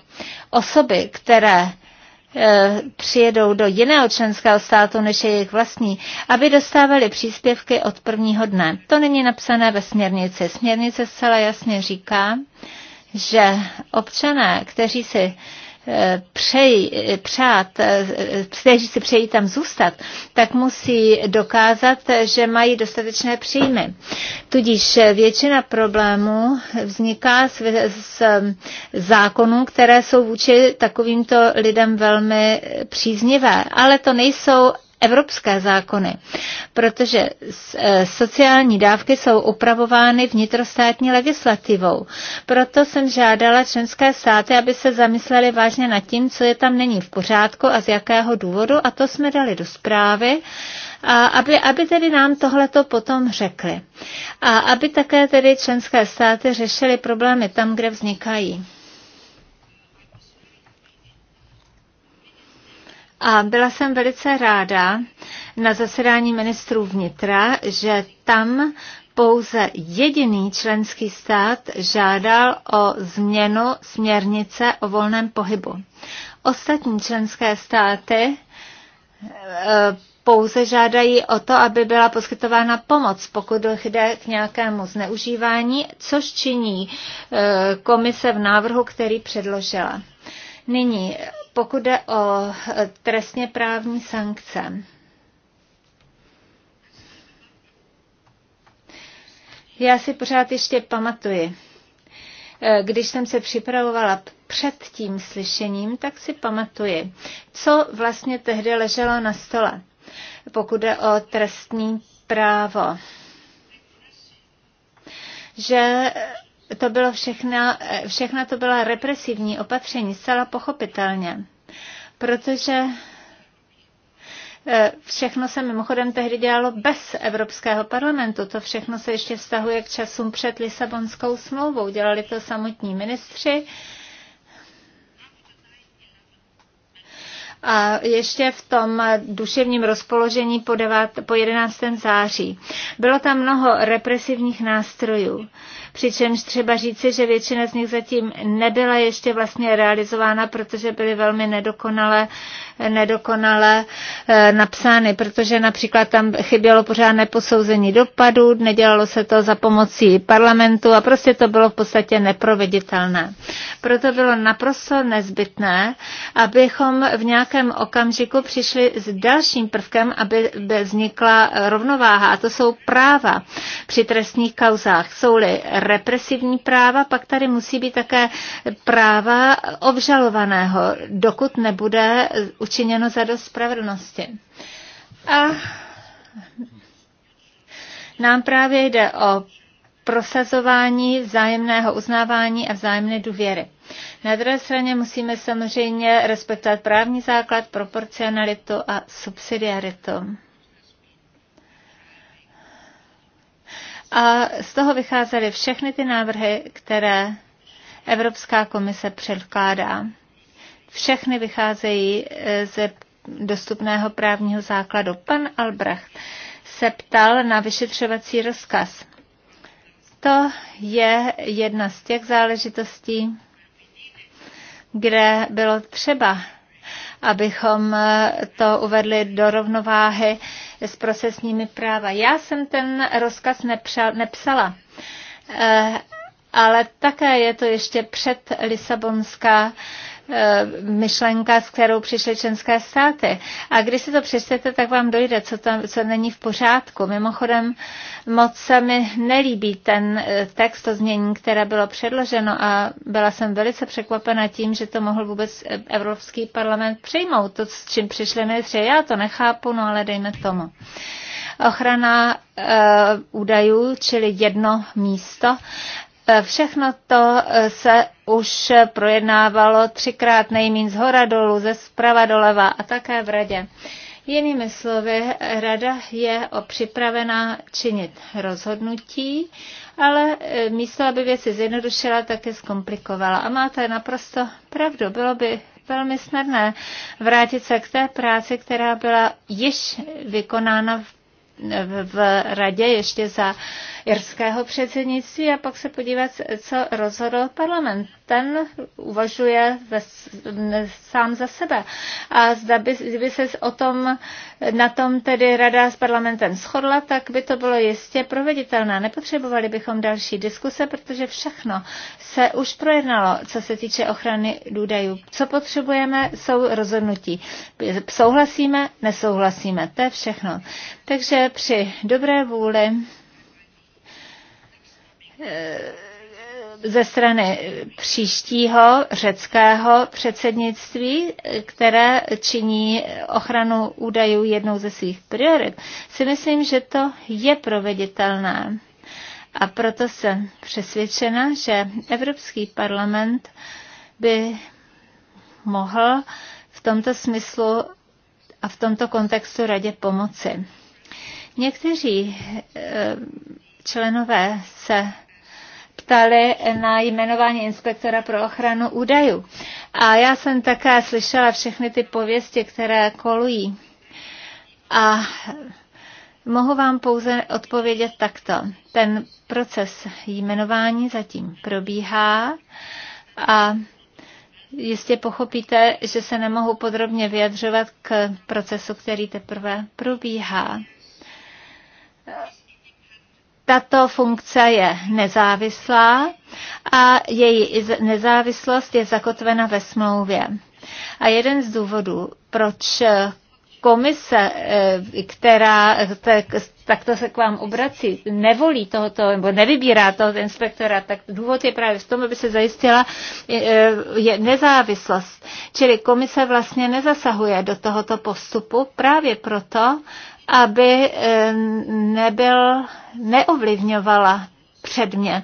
osoby, které e, přijedou do jiného členského státu, než je jejich vlastní, aby dostávali příspěvky od prvního dne. To není napsané ve směrnici. Směrnice zcela jasně říká, že občané, kteří si přej, přát, kteří si přejí tam zůstat, tak musí dokázat, že mají dostatečné příjmy. Tudíž většina problémů vzniká z, z zákonů, které jsou vůči takovýmto lidem velmi příznivé, ale to nejsou evropské zákony, protože eh, sociální dávky jsou upravovány vnitrostátní legislativou. Proto jsem žádala členské státy, aby se zamysleli vážně nad tím, co je tam není v pořádku a z jakého důvodu, a to jsme dali do zprávy a aby, aby tedy nám tohleto potom řekli. A aby také tedy členské státy řešily problémy tam, kde vznikají. A byla jsem velice ráda na zasedání ministrů vnitra, že tam pouze jediný členský stát žádal o změnu směrnice o volném pohybu. Ostatní členské státy e, pouze žádají o to, aby byla poskytována pomoc, pokud jde k nějakému zneužívání, což činí e, komise v návrhu, který předložila. Nyní pokud jde o eh, trestně právní sankce, já si pořád ještě pamatuji, eh, když jsem se připravovala před tím slyšením, tak si pamatuji, co vlastně tehdy leželo na stole, pokud jde o trestní právo. Že to bylo všechna, všechna to byla represivní opatření, zcela pochopitelně, protože eh, Všechno se mimochodem tehdy dělalo bez Evropského parlamentu. To všechno se ještě vztahuje k časům před Lisabonskou smlouvou. Dělali to samotní ministři. A ještě v tom duševním rozpoložení po, 9, po 11. září. Bylo tam mnoho represivních nástrojů přičemž třeba říci, že většina z nich zatím nebyla ještě vlastně realizována, protože byly velmi nedokonale, nedokonale eh, napsány, protože například tam chybělo pořád neposouzení dopadů, nedělalo se to za pomocí parlamentu a prostě to bylo v podstatě neproveditelné. Proto bylo naprosto nezbytné, abychom v nějakém okamžiku přišli s dalším prvkem, aby vznikla rovnováha, a to jsou práva při trestních kauzách. Jsou-li represivní práva, pak tady musí být také práva obžalovaného, dokud nebude učiněno za dost spravedlnosti. A nám právě jde o prosazování vzájemného uznávání a vzájemné důvěry. Na druhé straně musíme samozřejmě respektovat právní základ, proporcionalitu a subsidiaritu. A z toho vycházely všechny ty návrhy, které Evropská komise předkládá. Všechny vycházejí e, ze dostupného právního základu. Pan Albrecht se ptal na vyšetřovací rozkaz. To je jedna z těch záležitostí, kde bylo třeba abychom eh, to uvedli do rovnováhy s procesními práva. Já jsem ten rozkaz nepsala, eh, ale také je to ještě před Lisabonská Eh, myšlenka, s kterou přišly členské státy. A když si to přečtete, tak vám dojde, co, tam, co není v pořádku. Mimochodem, moc se mi nelíbí ten eh, text, to změní, které bylo předloženo a byla jsem velice překvapena tím, že to mohl vůbec Evropský parlament přijmout. To, s čím přišli ministři, já to nechápu, no ale dejme tomu ochrana e, údajů, čili jedno místo. Všechno to eh, se už projednávalo třikrát nejmín z hora dolů, ze zprava doleva a také v radě. Jinými slovy, rada je připravená činit rozhodnutí, ale eh, místo, aby věci zjednodušila, tak je zkomplikovala. A máte naprosto pravdu, bylo by velmi snadné vrátit se k té práci, která byla již vykonána v v radě ještě za irského předsednictví a pak se podívat, co rozhodl parlament. Ten uvažuje ve, sám za sebe. A zda by, kdyby se o tom, na tom tedy rada s parlamentem shodla, tak by to bylo jistě proveditelné. Nepotřebovali bychom další diskuse, protože všechno se už projednalo, co se týče ochrany údajů. Co potřebujeme, jsou rozhodnutí. Souhlasíme, nesouhlasíme, to je všechno. Takže při dobré vůli eh, ze strany příštího řeckého předsednictví, které činí ochranu údajů jednou ze svých priorit, si myslím, že to je proveditelné. A proto jsem přesvědčena, že Evropský parlament by mohl v tomto smyslu a v tomto kontextu radě pomoci. Někteří eh, členové se ptali na jmenování inspektora pro ochranu údajů. A já jsem také slyšela všechny ty pověsti, které kolují. A mohu vám pouze odpovědět takto. Ten proces jmenování zatím probíhá a jistě pochopíte, že se nemohu podrobně vyjadřovat k procesu, který teprve probíhá tato funkce je nezávislá a její nezávislost je zakotvena ve smlouvě. A jeden z důvodů, proč komise, eh, která tak, takto se k vám obrací, nevolí tohoto, nebo nevybírá toho inspektora, tak důvod je právě v tom, aby se zajistila eh, je nezávislost. Čili komise vlastně nezasahuje do tohoto postupu právě proto, aby nebyl, neovlivňovala předmět.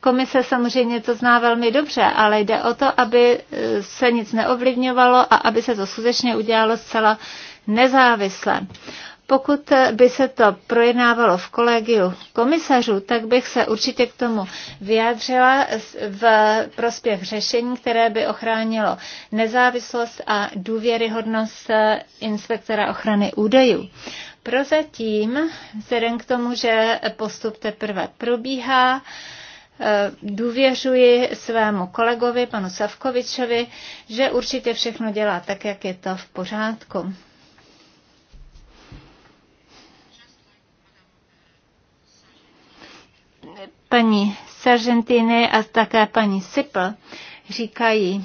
Komise samozřejmě to zná velmi dobře, ale jde o to, aby eh, se nic neovlivňovalo a aby se to skutečně udělalo zcela nezávisle. Pokud eh, by se to projednávalo v kolegiu komisařů, tak bych se určitě k tomu vyjádřila v prospěch řešení, které by ochránilo nezávislost a důvěryhodnost eh, inspektora ochrany údajů. Prozatím, vzhledem k tomu, že postup teprve probíhá, eh, důvěřuji svému kolegovi, panu Savkovičovi, že určitě všechno dělá tak, jak je to v pořádku. Paní Sargentiny a také paní Sipl říkají,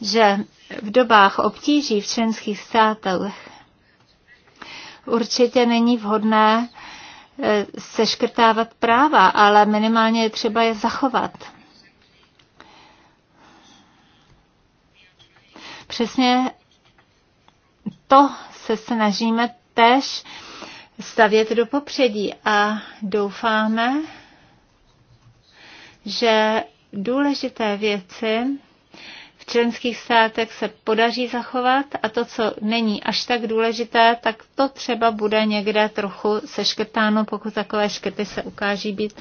že v dobách obtíží v členských státech určitě není vhodné e, seškrtávat práva, ale minimálně je třeba je zachovat. Přesně to se snažíme tež stavět do popředí a doufáme, že důležité věci členských státech se podaří zachovat a to, co není až tak důležité, tak to třeba bude někde trochu seškrtáno, pokud takové škrty se ukáží být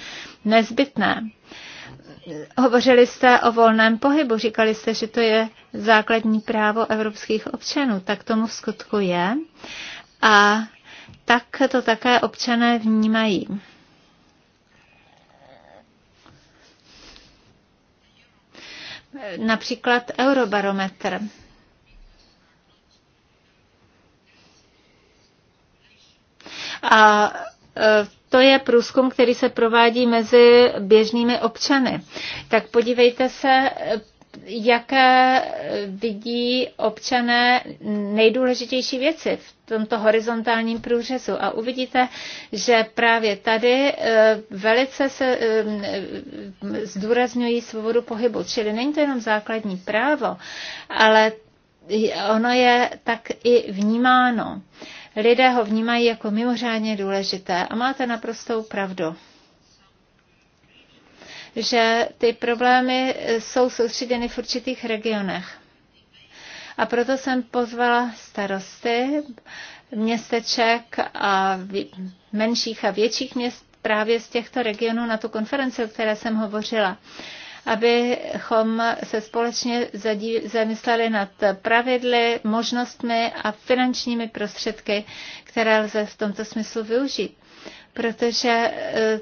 nezbytné. Hovořili jste o volném pohybu, říkali jste, že to je základní právo evropských občanů. Tak tomu v skutku je. A tak to také občané vnímají. například Eurobarometr. A e, to je průzkum, který se provádí mezi běžnými občany. Tak podívejte se, jaké eh, vidí občané nejdůležitější věci v tomto horizontálním průřezu. A uvidíte, že právě tady eh, velice se eh, zdůrazňují svobodu pohybu. Čili není to jenom základní právo, ale ono je tak i vnímáno. Lidé ho vnímají jako mimořádně důležité a máte naprostou pravdu že ty problémy jsou soustředěny v určitých regionech. A proto jsem pozvala starosty městeček a menších a větších měst právě z těchto regionů na tu konferenci, o které jsem hovořila abychom se společně zamysleli nad pravidly, možnostmi a finančními prostředky, které lze v tomto smyslu využít. Protože eh,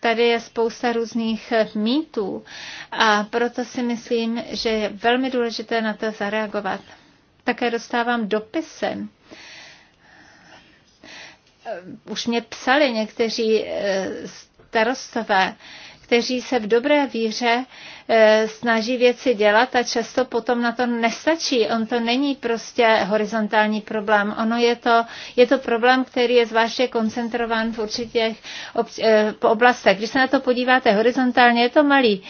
Tady je spousta různých mýtů a proto si myslím, že je velmi důležité na to zareagovat. Také dostávám dopisem už mě psali někteří eh, starostové, kteří se v dobré víře E, snaží věci dělat a často potom na to nestačí. On to není prostě horizontální problém. Ono je to, je to problém, který je zvláště koncentrován v určitých e, oblastech. Když se na to podíváte horizontálně, je to malý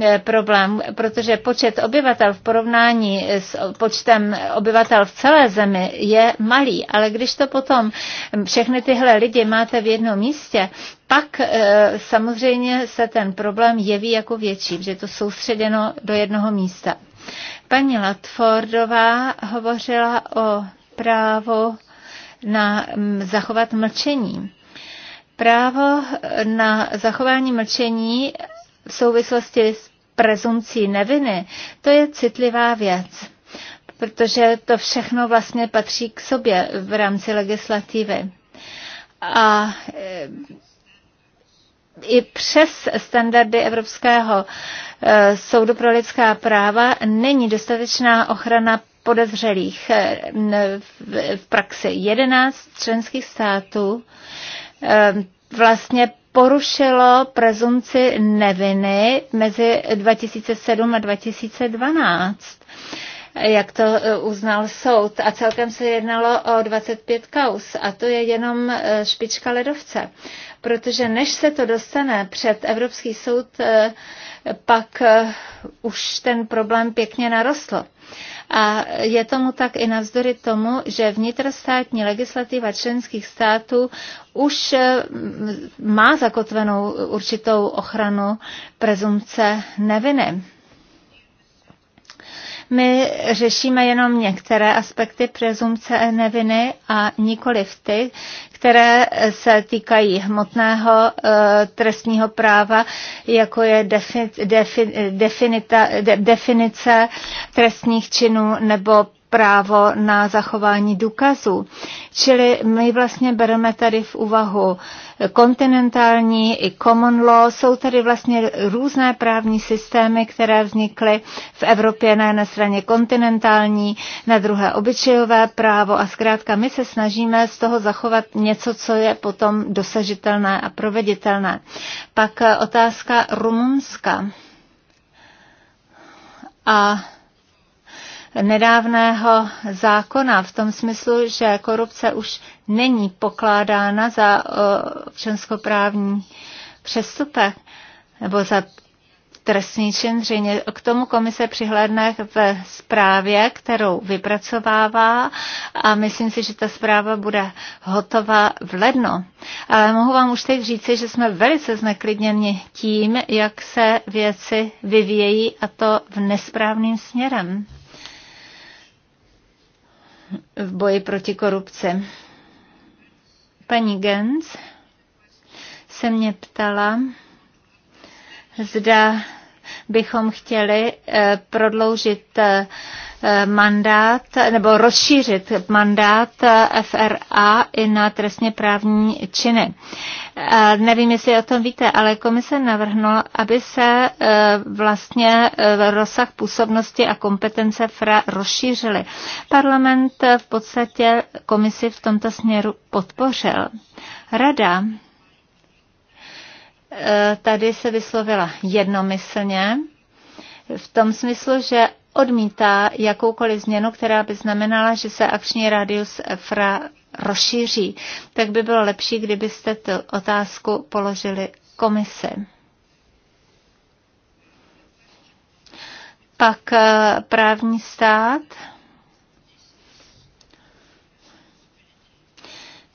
e, problém, protože počet obyvatel v porovnání s počtem obyvatel v celé zemi je malý, ale když to potom všechny tyhle lidi máte v jednom místě, pak samozřejmě se ten problém jeví jako větší, že to jsou soustředěno do jednoho místa. Paní Latfordová hovořila o právo na zachovat mlčení. Právo na zachování mlčení v souvislosti s prezumcí neviny, to je citlivá věc, protože to všechno vlastně patří k sobě v rámci legislativy. A e, i přes standardy Evropského eh, soudu pro lidská práva není dostatečná ochrana podezřelých eh, v praxi. 11 členských států eh, vlastně porušilo prezumci neviny mezi 2007 a 2012 jak to uznal soud. A celkem se jednalo o 25 kaus. A to je jenom špička ledovce protože než se to dostane před Evropský soud, eh, pak eh, už ten problém pěkně narostl. A je tomu tak i navzdory tomu, že vnitrostátní legislativa členských států už eh, má zakotvenou určitou ochranu prezumce neviny. My řešíme jenom některé aspekty prezumce neviny a nikoli v ty, které se týkají hmotného eh, trestního práva, jako je defi, defi, definita, de, definice trestních činů nebo právo na zachování důkazů. Čili my vlastně bereme tady v úvahu kontinentální i common law. Jsou tady vlastně různé právní systémy, které vznikly v Evropě na jedné straně kontinentální, na druhé obyčejové právo a zkrátka my se snažíme z toho zachovat něco, co je potom dosažitelné a proveditelné. Pak otázka Rumunska. A nedávného zákona v tom smyslu, že korupce už není pokládána za eh, občanskoprávní přestupek nebo za trestný čin dřině. K tomu komise přihlédne v zprávě, kterou vypracovává a myslím si, že ta zpráva bude hotová v lednu. Ale mohu vám už teď říci, že jsme velice zneklidněni tím, jak se věci vyvíjejí a to v nesprávným směrem v boji proti korupci. Paní Gens se mě ptala, zda bychom chtěli eh, prodloužit eh, Eh, mandát nebo rozšířit mandát eh, FRA i na trestně právní činy. Eh, nevím, jestli o tom víte, ale komise navrhnula, aby se vlastně rozsah působnosti a kompetence FRA rozšířily. Parlament v podstatě komisi v tomto směru podpořil. Rada tady se vyslovila jednomyslně v tom smyslu, že odmítá jakoukoliv změnu, která by znamenala, že se akční rádius EFRA rozšíří. Tak by bylo lepší, kdybyste tu otázku položili komisi. Pak eh, právní stát.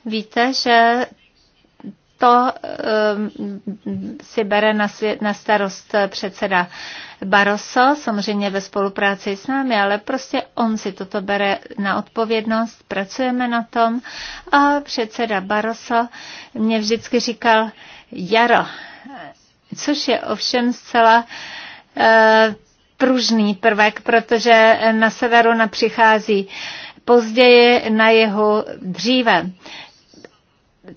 Víte, že to ehm, si bere na, svět, na starost předseda Barroso, samozřejmě ve spolupráci s námi, ale prostě on si toto bere na odpovědnost, pracujeme na tom a předseda Barroso mě vždycky říkal jaro, což je ovšem zcela eh, pružný prvek, protože na severu napřichází později, na jihu dříve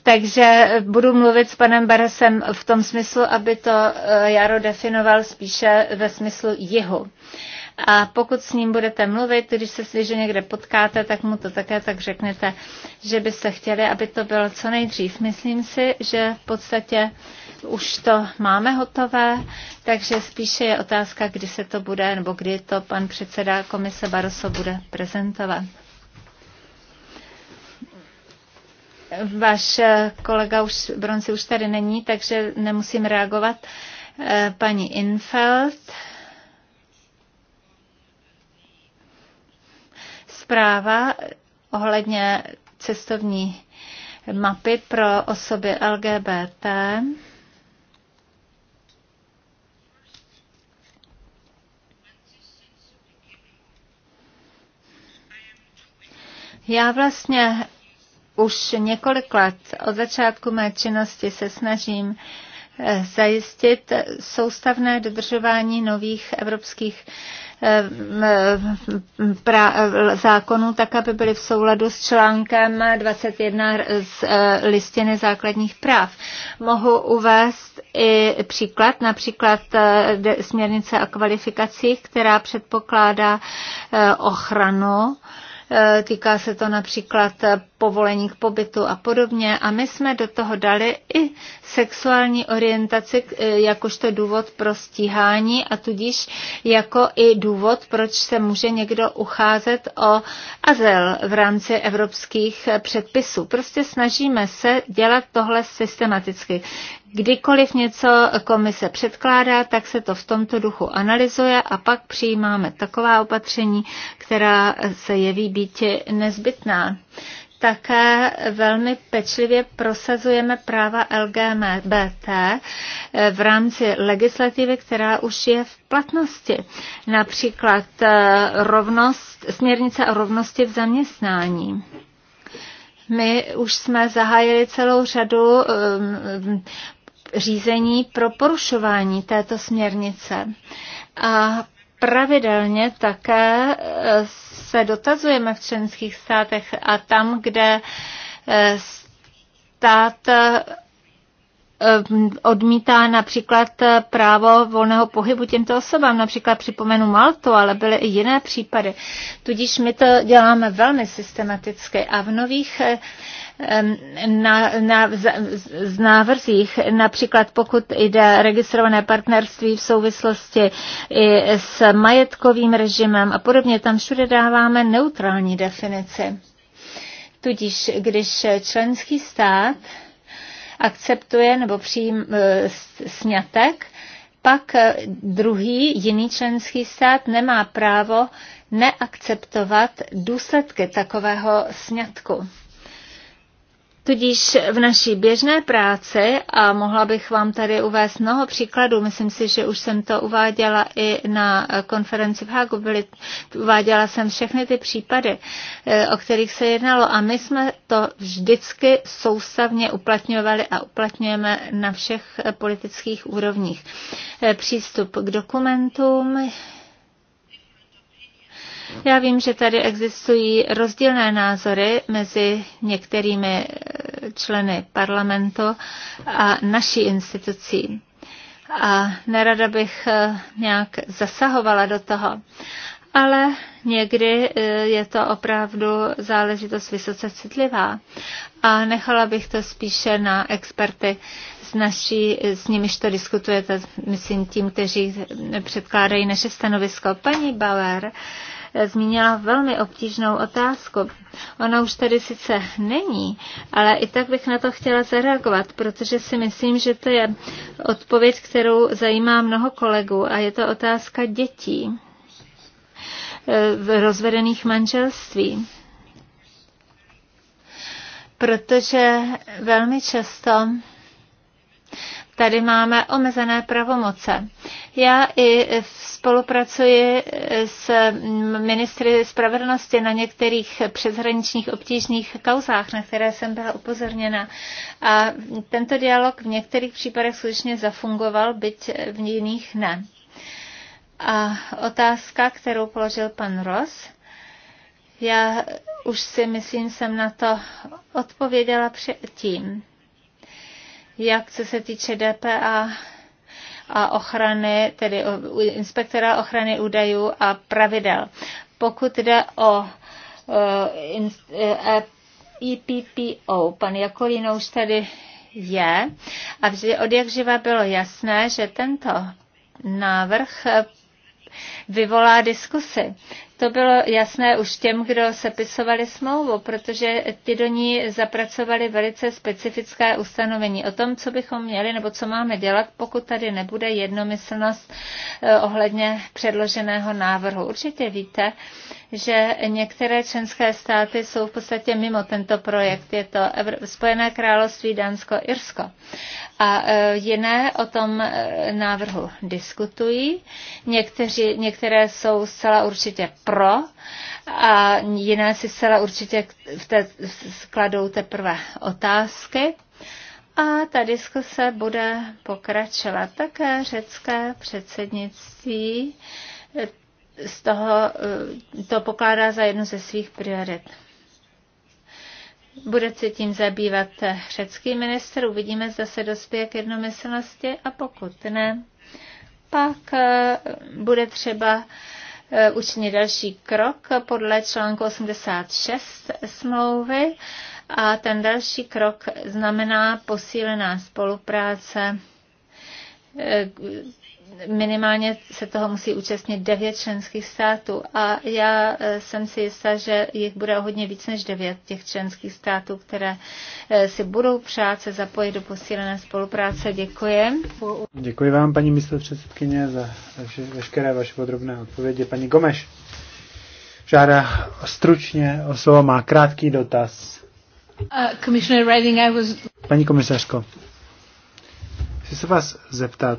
takže budu mluvit s panem Baresem v tom smyslu, aby to eh, Jaro definoval spíše ve smyslu jihu. A pokud s ním budete mluvit, když se slyže někde potkáte, tak mu to také tak řeknete, že byste chtěli, aby to bylo co nejdřív. Myslím si, že v podstatě už to máme hotové, takže spíše je otázka, kdy se to bude, nebo kdy to pan předseda komise Baroso bude prezentovat. Váš kolega už, Bronci už tady není, takže nemusím reagovat. Eh, paní Infeld. Zpráva ohledně cestovní mapy pro osoby LGBT. Já vlastně už několik let od začátku mé činnosti se snažím eh, zajistit soustavné dodržování nových evropských eh, pra, eh, zákonů, tak aby byly v souladu s článkem 21 z listiny základních práv. Mohu uvést i příklad, například směrnice o kvalifikacích, která předpokládá ochranu Týká se to například povolení k pobytu a podobně. A my jsme do toho dali i sexuální orientaci eh, jakožto důvod pro stíhání a tudíž jako i důvod, proč se může někdo ucházet o azyl v rámci evropských eh, předpisů. Prostě snažíme se dělat tohle systematicky. Kdykoliv něco komise předkládá, tak se to v tomto duchu analyzuje a pak přijímáme taková opatření, která se jeví být nezbytná také velmi pečlivě prosazujeme práva LGBT eh, v rámci legislativy, která už je v platnosti. Například eh, rovnost, směrnice o rovnosti v zaměstnání. My už jsme zahájili celou řadu eh, řízení pro porušování této směrnice. A pravidelně také eh, se dotazujeme v členských státech a tam, kde eh, stát eh, odmítá například právo volného pohybu těmto osobám. Například připomenu Maltu, ale byly i jiné případy. Tudíž my to děláme velmi systematicky a v nových na, na, z návrzích, například pokud jde registrované partnerství v souvislosti i s majetkovým režimem a podobně, tam všude dáváme neutrální definici. Tudíž, když členský stát akceptuje nebo přijím e, sňatek, pak e, druhý, jiný členský stát nemá právo neakceptovat důsledky takového sňatku. Tudíž v naší běžné práci, a mohla bych vám tady uvést mnoho příkladů, myslím si, že už jsem to uváděla i na konferenci v Hagu, byly, uváděla jsem všechny ty případy, eh, o kterých se jednalo a my jsme to vždycky soustavně uplatňovali a uplatňujeme na všech eh, politických úrovních. Eh, přístup k dokumentům já vím, že tady existují rozdílné názory mezi některými eh, členy parlamentu a naší institucí. A nerada bych eh, nějak zasahovala do toho. Ale někdy eh, je to opravdu záležitost vysoce citlivá. A nechala bych to spíše na experty s, naší, s nimiž to diskutujete, myslím tím, kteří předkládají naše stanovisko. Paní Bauer zmínila velmi obtížnou otázku. Ona už tady sice není, ale i tak bych na to chtěla zareagovat, protože si myslím, že to je odpověď, kterou zajímá mnoho kolegů a je to otázka dětí eh, v rozvedených manželství. Protože velmi často Tady máme omezené pravomoce. Já i spolupracuji s ministry spravedlnosti na některých přeshraničních obtížných kauzách, na které jsem byla upozorněna. A tento dialog v některých případech skutečně zafungoval, byť v jiných ne. A otázka, kterou položil pan Ross, já už si myslím, jsem na to odpověděla předtím jak co se týče DPA a ochrany, tedy inspektora ochrany údajů a pravidel. Pokud jde o EPPO, e, e pan Jakolino už tady je a vždy od jak živa bylo jasné, že tento návrh vyvolá diskusy to bylo jasné už těm, kdo sepisovali smlouvu, protože ty do ní zapracovali velice specifické ustanovení o tom, co bychom měli nebo co máme dělat, pokud tady nebude jednomyslnost eh, ohledně předloženého návrhu. Určitě víte, že některé členské státy jsou v podstatě mimo tento projekt. Je to Spojené království, Dánsko, Irsko. A e, jiné o tom e, návrhu diskutují. Někteří, některé jsou zcela určitě pro a jiné si zcela určitě v té, skladou teprve otázky. A ta diskuse bude pokračovat také řecké předsednictví z toho eh, to pokládá za jednu ze svých priorit. Bude se tím zabývat řecký minister, uvidíme, zda se dospěje k jednomyslnosti a pokud ne, pak eh, bude třeba eh, učinit další krok podle článku 86 smlouvy a ten další krok znamená posílená spolupráce minimálně se toho musí účastnit devět členských států a já e, jsem si jistá, že jich bude hodně víc než devět těch členských států, které e, si budou přát se zapojit do posílené spolupráce. Děkuji. Děkuji vám, paní předsedkyně, za veškeré vaše podrobné odpovědi. Paní Gomeš žádá stručně o slovo, má krátký dotaz. Uh, paní komisařko, chci se vás zeptat,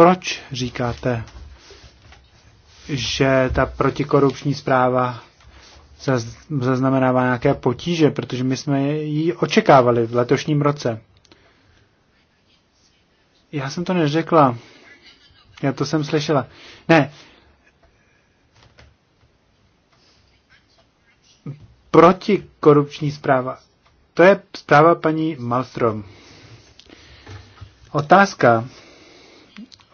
proč říkáte, že ta protikorupční zpráva zaznamenává nějaké potíže, protože my jsme ji očekávali v letošním roce. Já jsem to neřekla. Já to jsem slyšela. Ne. Protikorupční zpráva. To je zpráva paní Malstrom. Otázka,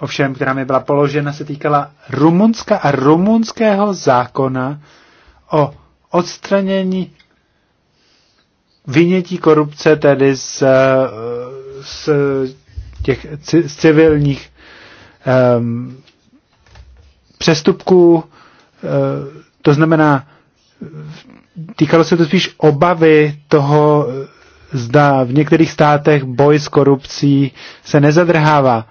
ovšem, která mi byla položena, se týkala Rumunska a rumunského zákona o odstranění vynětí korupce tedy z, eh, z těch z civilních um, přestupků. Eh, to znamená, týkalo se to spíš obavy toho, eh, zda v některých státech boj s korupcí se nezadrhává.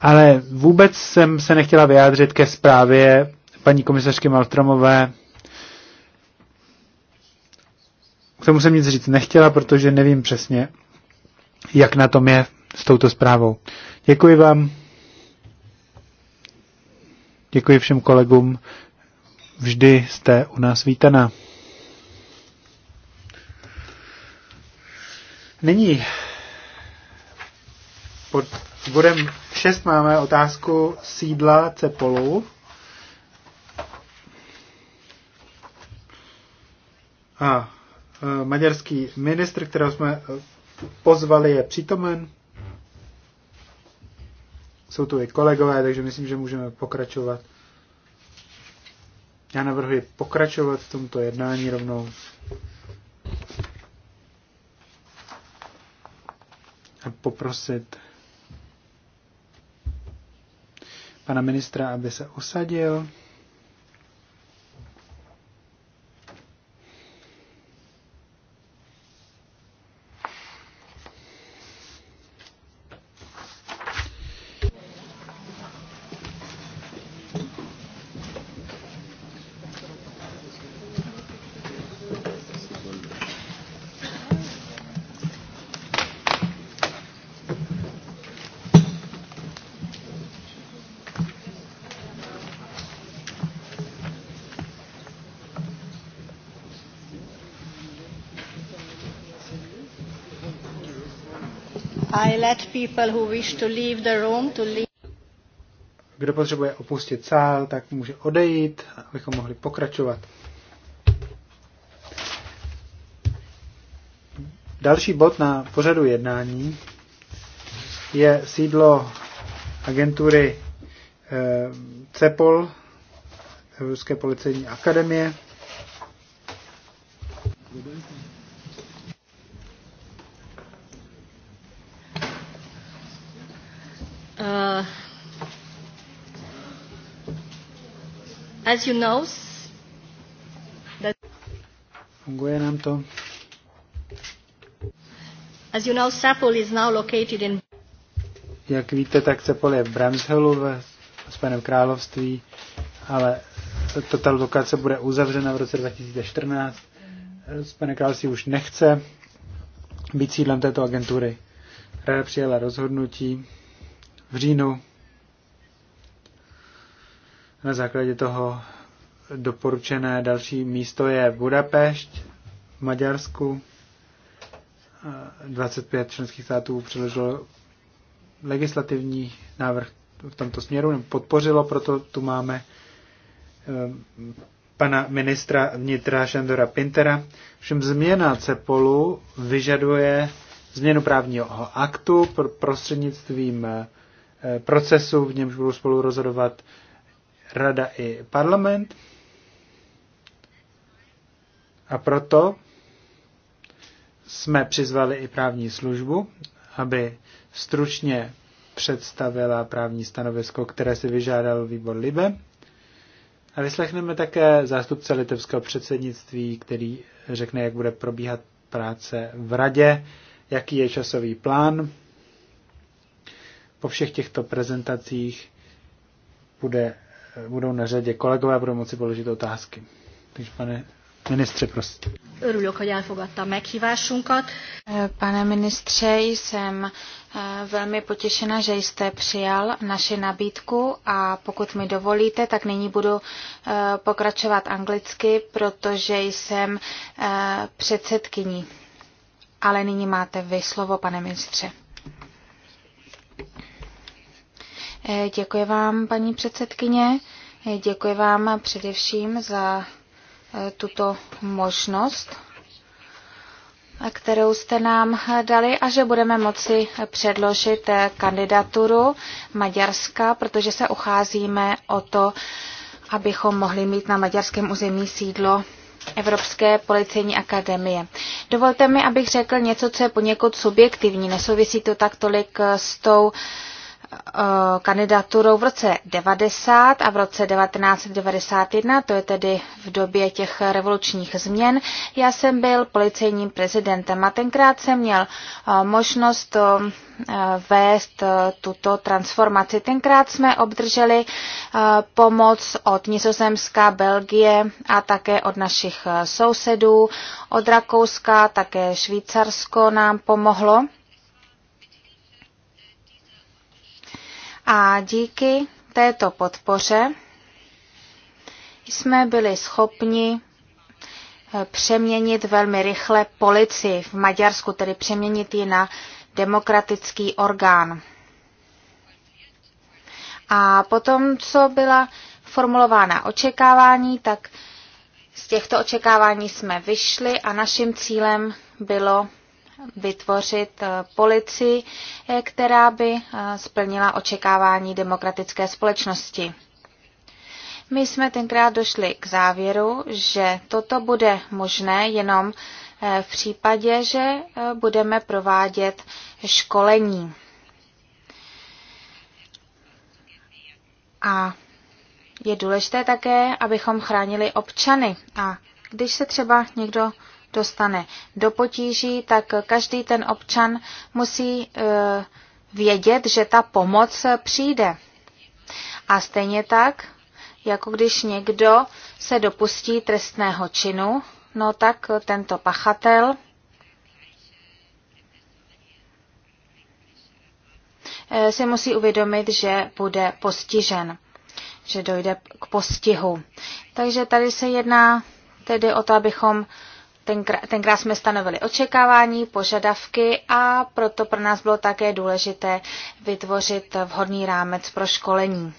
Ale vůbec jsem se nechtěla vyjádřit ke zprávě paní komisařky Maltromové. K tomu jsem nic říct nechtěla, protože nevím přesně, jak na tom je s touto zprávou. Děkuji vám. Děkuji všem kolegům. Vždy jste u nás vítaná. Nyní pod bodem 6 máme otázku sídla Cepolu. A e, maďarský ministr, kterého jsme e, pozvali, je přítomen. Jsou tu i kolegové, takže myslím, že můžeme pokračovat. Já navrhuji pokračovat v tomto jednání rovnou. A poprosit pana ministra, aby se usadil. people who wish to leave the room to leave. Kdo potřebuje opustit sál, tak může odejít, abychom mohli pokračovat. Další bod na pořadu jednání je sídlo agentury eh, CEPOL, Evropské policejní akademie. As you know, that Funguje nám to. As you know, Sapol is now located in... Jak víte, tak Sapol je v Bramshilu ve Spojeném království, ale to, ta lokace bude uzavřena v roce 2014. Spojené království už nechce být sídlem této agentury. Rada přijela rozhodnutí v říjnu na základě toho doporučené další místo je Budapešť v Maďarsku. 25 členských států předložilo legislativní návrh v tomto směru, nebo podpořilo, proto tu máme ehm, pana ministra vnitra Šandora Pintera. Všem změna CEPOLu vyžaduje změnu právního aktu prostřednictvím eh, procesu, v němž budou spolu rozhodovat rada i parlament. A proto jsme přizvali i právní službu, aby stručně představila právní stanovisko, které si vyžádal výbor Libe. A vyslechneme také zástupce litevského předsednictví, který řekne, jak bude probíhat práce v radě, jaký je časový plán. Po všech těchto prezentacích bude Eh, budou na řadě kolegové a budou moci položit otázky. Takže pane ministře, prosím. Örülök, hogy elfogadta meghívásunkat. Eh, pane ministře, jsem eh, velmi potěšena, že jste přijal naši nabídku a pokud mi dovolíte, tak nyní budu pokračovat anglicky, protože jsem předsedkyní. Ale nyní máte vy slovo, pane ministře. Děkuji vám, paní předsedkyně. Děkuji vám především za eh, tuto možnost, kterou jste nám dali a že budeme moci předložit eh, kandidaturu Maďarska, protože se ucházíme o to, abychom mohli mít na maďarském území sídlo Evropské policejní akademie. Dovolte mi, abych řekl něco, co je poněkud subjektivní. Nesouvisí to tak tolik eh, s tou uh, Eh, kandidaturou v roce 90 a v roce 1991, to je tedy v době těch revolučních změn, já jsem byl policejním prezidentem a tenkrát jsem měl eh, možnost eh, vést tuto transformaci. Tenkrát jsme obdrželi pomoc od Nizozemska, Belgie a také od našich sousedů, od Rakouska, také Švýcarsko nám pomohlo A díky této podpoře jsme byli schopni eh, přeměnit velmi rychle policii v Maďarsku, tedy přeměnit ji na demokratický orgán. A potom, co byla formulována očekávání, tak z těchto očekávání jsme vyšli a naším cílem bylo vytvořit eh, policii, eh, která by eh, splnila očekávání demokratické společnosti. My jsme tenkrát došli k závěru, že toto bude možné jenom v případě, že budeme provádět školení. A je důležité také, abychom chránili občany. A když se třeba někdo dostane do potíží, tak každý ten občan musí e, vědět, že ta pomoc přijde. A stejně tak, jako když někdo se dopustí trestného činu, no tak tento pachatel e, si musí uvědomit, že bude postižen, že dojde k postihu. Takže tady se jedná tedy o to, abychom tenkrát, jsme stanovili očekávání, požadavky a proto pro nás bylo také důležité vytvořit vhodný rámec pro školení.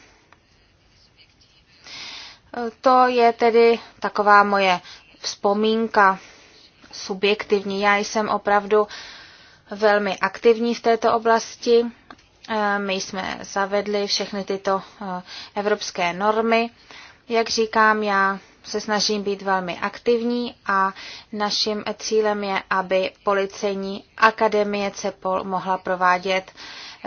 To je tedy taková moje vzpomínka subjektivní. Já jsem opravdu velmi aktivní v této oblasti. Eh, my jsme zavedli všechny tyto eh, evropské normy. Jak říkám, já se snažím být velmi aktivní a naším cílem je, aby policejní akademie CEPOL mohla provádět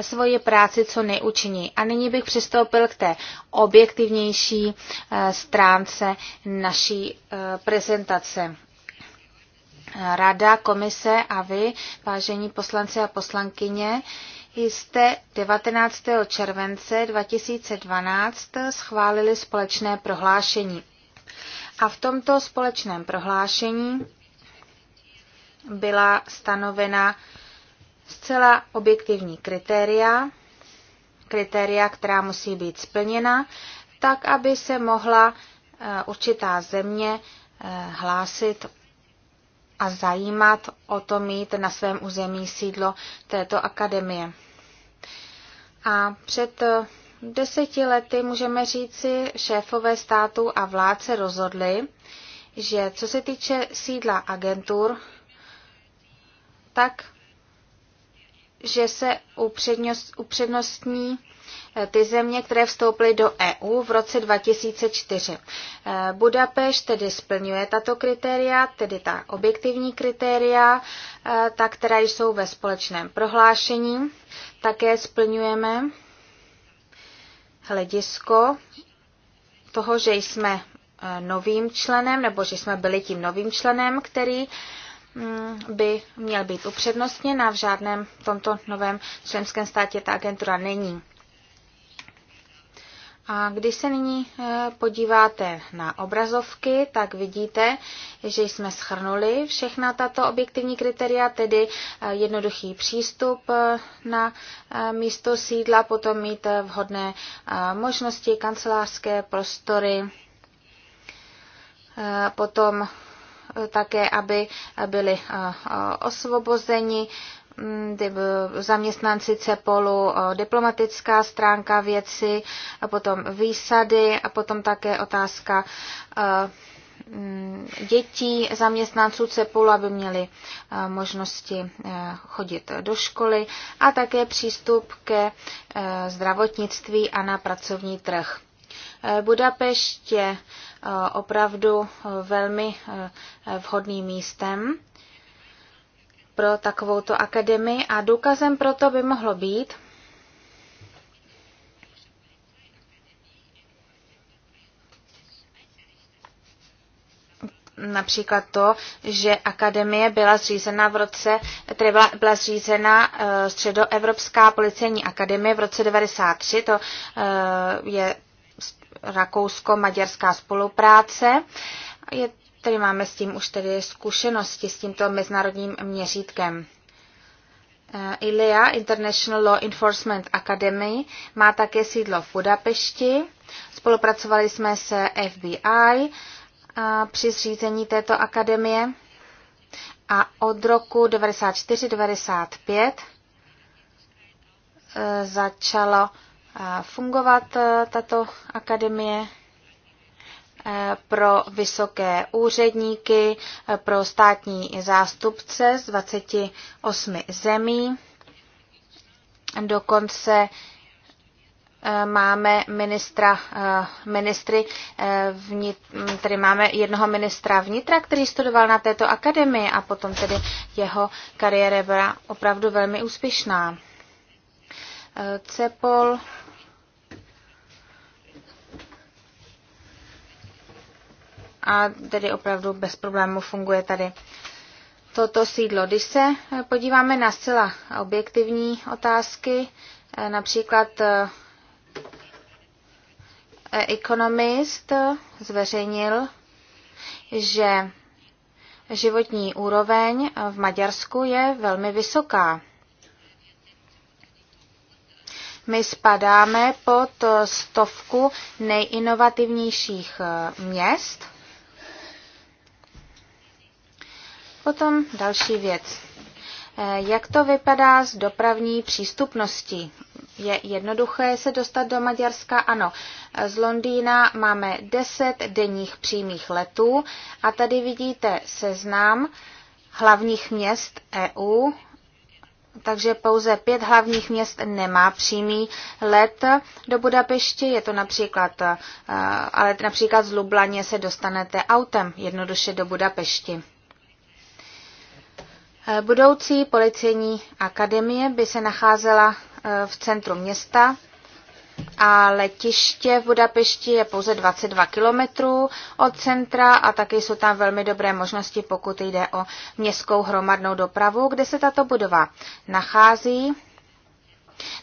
svoji práci co neučiní. A nyní bych přistoupil k té objektivnější eh, stránce naší eh, prezentace. Rada, komise a vy, vážení poslanci a poslankyně, jste 19. července 2012 schválili společné prohlášení. A v tomto společném prohlášení byla stanovena zcela objektivní kritéria, kritéria, která musí být splněna, tak, aby se mohla eh, určitá země eh, hlásit a zajímat o to mít na svém území sídlo této akademie. A před eh, deseti lety můžeme říci, šéfové států a vládce rozhodli, že co se týče sídla agentur, tak, že se upřednostní eh, ty země, které vstoupily do EU v roce 2004. Eh, Budapešť tedy splňuje tato kritéria, tedy ta objektivní kritéria, eh, ta, která jsou ve společném prohlášení. Také splňujeme hledisko toho, že jsme eh, novým členem, nebo že jsme byli tím novým členem, který mm, by měl být upřednostněn a v žádném tomto novém členském státě ta agentura není. A když se nyní eh, podíváte na obrazovky, tak vidíte, že jsme schrnuli všechna tato objektivní kritéria, tedy eh, jednoduchý přístup eh, na místo sídla, potom mít vhodné možnosti, kancelářské prostory, potom také, aby byli osvobozeni Mm, zaměstnanci CEPOLu, diplomatická stránka věci, a potom výsady a potom také otázka mm, dětí, zaměstnanců CEPOLu, aby měli možnosti chodit do školy a také přístup ke zdravotnictví a na pracovní trh. E, Budapešť je opravdu velmi vhodným místem pro takovouto akademii a důkazem pro to by mohlo být, například to, že akademie byla zřízena v roce, tedy byla, byla zřízena eh, Středoevropská policejní akademie v roce 93, to eh, je rakousko-maďarská spolupráce. Je tedy máme s tím už tedy zkušenosti s tímto mezinárodním měřítkem. Eh, ILEA, International Law Enforcement Academy, má také sídlo v Budapešti. Spolupracovali jsme se FBI eh, při zřízení této akademie a od roku 94-95 eh, začalo fungovat tato akademie pro vysoké úředníky, pro státní zástupce z 28 zemí. Dokonce eh, máme ministra, eh, ministry, eh, vnit, tedy máme jednoho ministra vnitra, který studoval na této akademii a potom tedy jeho kariéra byla opravdu velmi úspěšná. CEPOL a tedy opravdu bez problémů funguje tady toto sídlo. Když se podíváme na zcela objektivní otázky, eh, například eh, Economist zveřejnil, že životní úroveň v Maďarsku je velmi vysoká. My spadáme pod stovku nejinovativnějších eh, měst Potom další věc. Eh, jak to vypadá s dopravní přístupností? Je jednoduché se dostat do Maďarska? Ano. Eh, z Londýna máme 10 denních přímých letů a tady vidíte seznam hlavních měst EU, takže pouze pět hlavních měst nemá přímý let do Budapešti. Je to například, eh, ale například z Lublaně se dostanete autem jednoduše do Budapešti. Budoucí policejní akademie by se nacházela eh, v centru města a letiště v Budapešti je pouze 22 kilometrů od centra a taky jsou tam velmi dobré možnosti, pokud jde o městskou hromadnou dopravu, kde se tato budova nachází.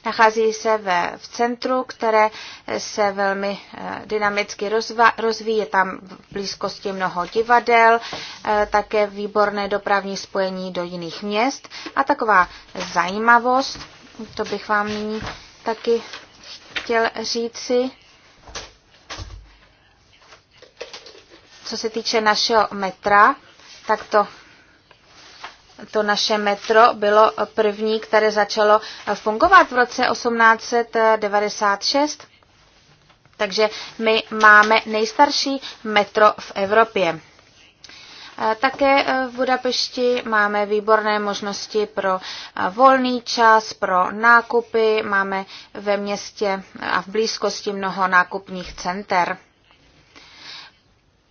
Nachází se ve, v centru, které se velmi eh, dynamicky rozva, rozvíjí. Je tam v blízkosti mnoho divadel, eh, také výborné dopravní spojení do jiných měst. A taková zajímavost, to bych vám nyní taky chtěl říci, co se týče našeho metra, tak to to naše metro bylo první, které začalo fungovat v roce 1896. Takže my máme nejstarší metro v Evropě. Také v Budapešti máme výborné možnosti pro volný čas, pro nákupy, máme ve městě a v blízkosti mnoho nákupních center.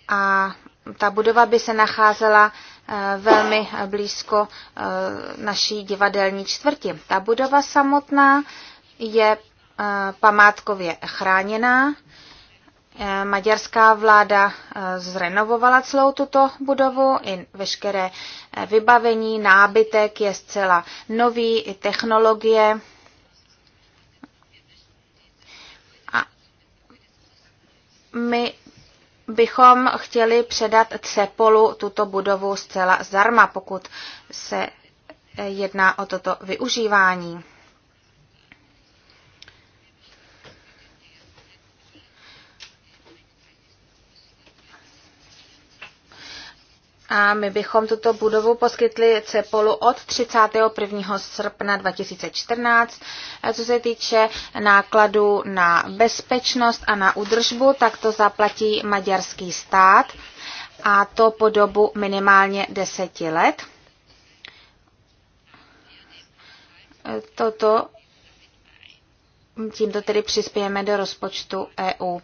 A ta budova by se nacházela Eh, velmi blízko eh, naší divadelní čtvrti. Ta budova samotná je eh, památkově chráněná. Maďarská vláda zrenovovala celou tuto budovu, i veškeré vybavení, nábytek je zcela nový, i technologie. A my bychom chtěli předat CEPOLu tuto budovu zcela zdarma, pokud se jedná o toto využívání. a my bychom tuto budovu poskytli CEPOLu od 31. srpna 2014. Co se týče nákladů na bezpečnost a na údržbu, tak to zaplatí maďarský stát a to po dobu minimálně deseti let. Toto tímto tedy přispějeme do rozpočtu EU.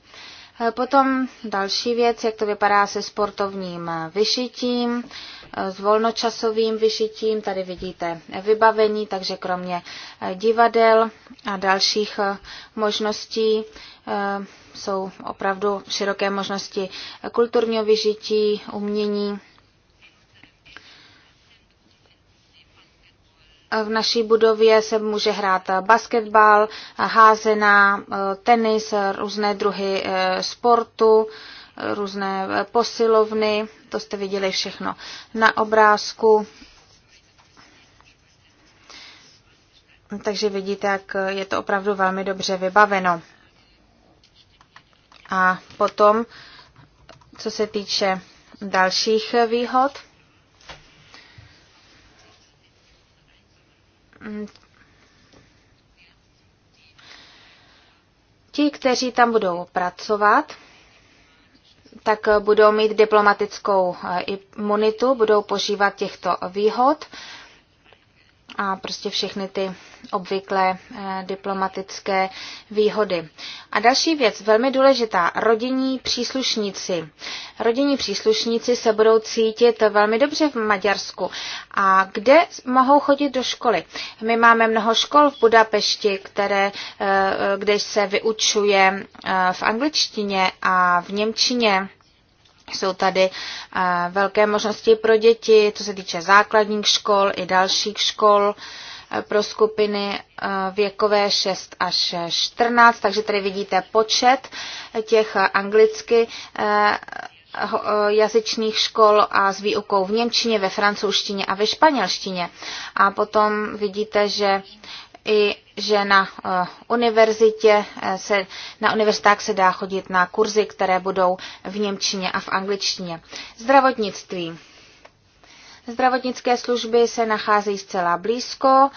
Eh, potom další věc, jak to vypadá se sportovním eh, vyšitím, eh, s volnočasovým vyšitím. Tady vidíte vybavení, takže kromě divadel a dalších možností jsou opravdu široké možnosti kulturního vyžití, umění. V naší budově se může hrát basketbal, házená, e, tenis, různé druhy e, sportu, různé e, posilovny, to jste viděli všechno na obrázku. Takže vidíte, jak je to opravdu velmi dobře vybaveno. A potom, co se týče dalších výhod, Mm. ti, kteří tam budou pracovat, tak budou mít diplomatickou eh, imunitu, budou požívat těchto výhod a prostě všechny ty obvyklé eh, diplomatické výhody. A další věc, velmi důležitá, rodinní příslušníci. Rodinní příslušníci se budou cítit velmi dobře v Maďarsku. A kde mohou chodit do školy? My máme mnoho škol v Budapešti, které, eh, kde se vyučuje eh, v angličtině a v němčině jsou tady velké možnosti pro děti, co se týče základních škol i dalších škol pro skupiny věkové 6 až 14, takže tady vidíte počet těch anglicky jazyčných škol a s výukou v Němčině, ve francouzštině a ve španělštině. A potom vidíte, že i že na eh, univerzitě eh, se, na univerzitách se dá chodit na kurzy, které budou v Němčině a v angličtině. Zdravotnictví. Zdravotnické služby se nacházejí zcela blízko.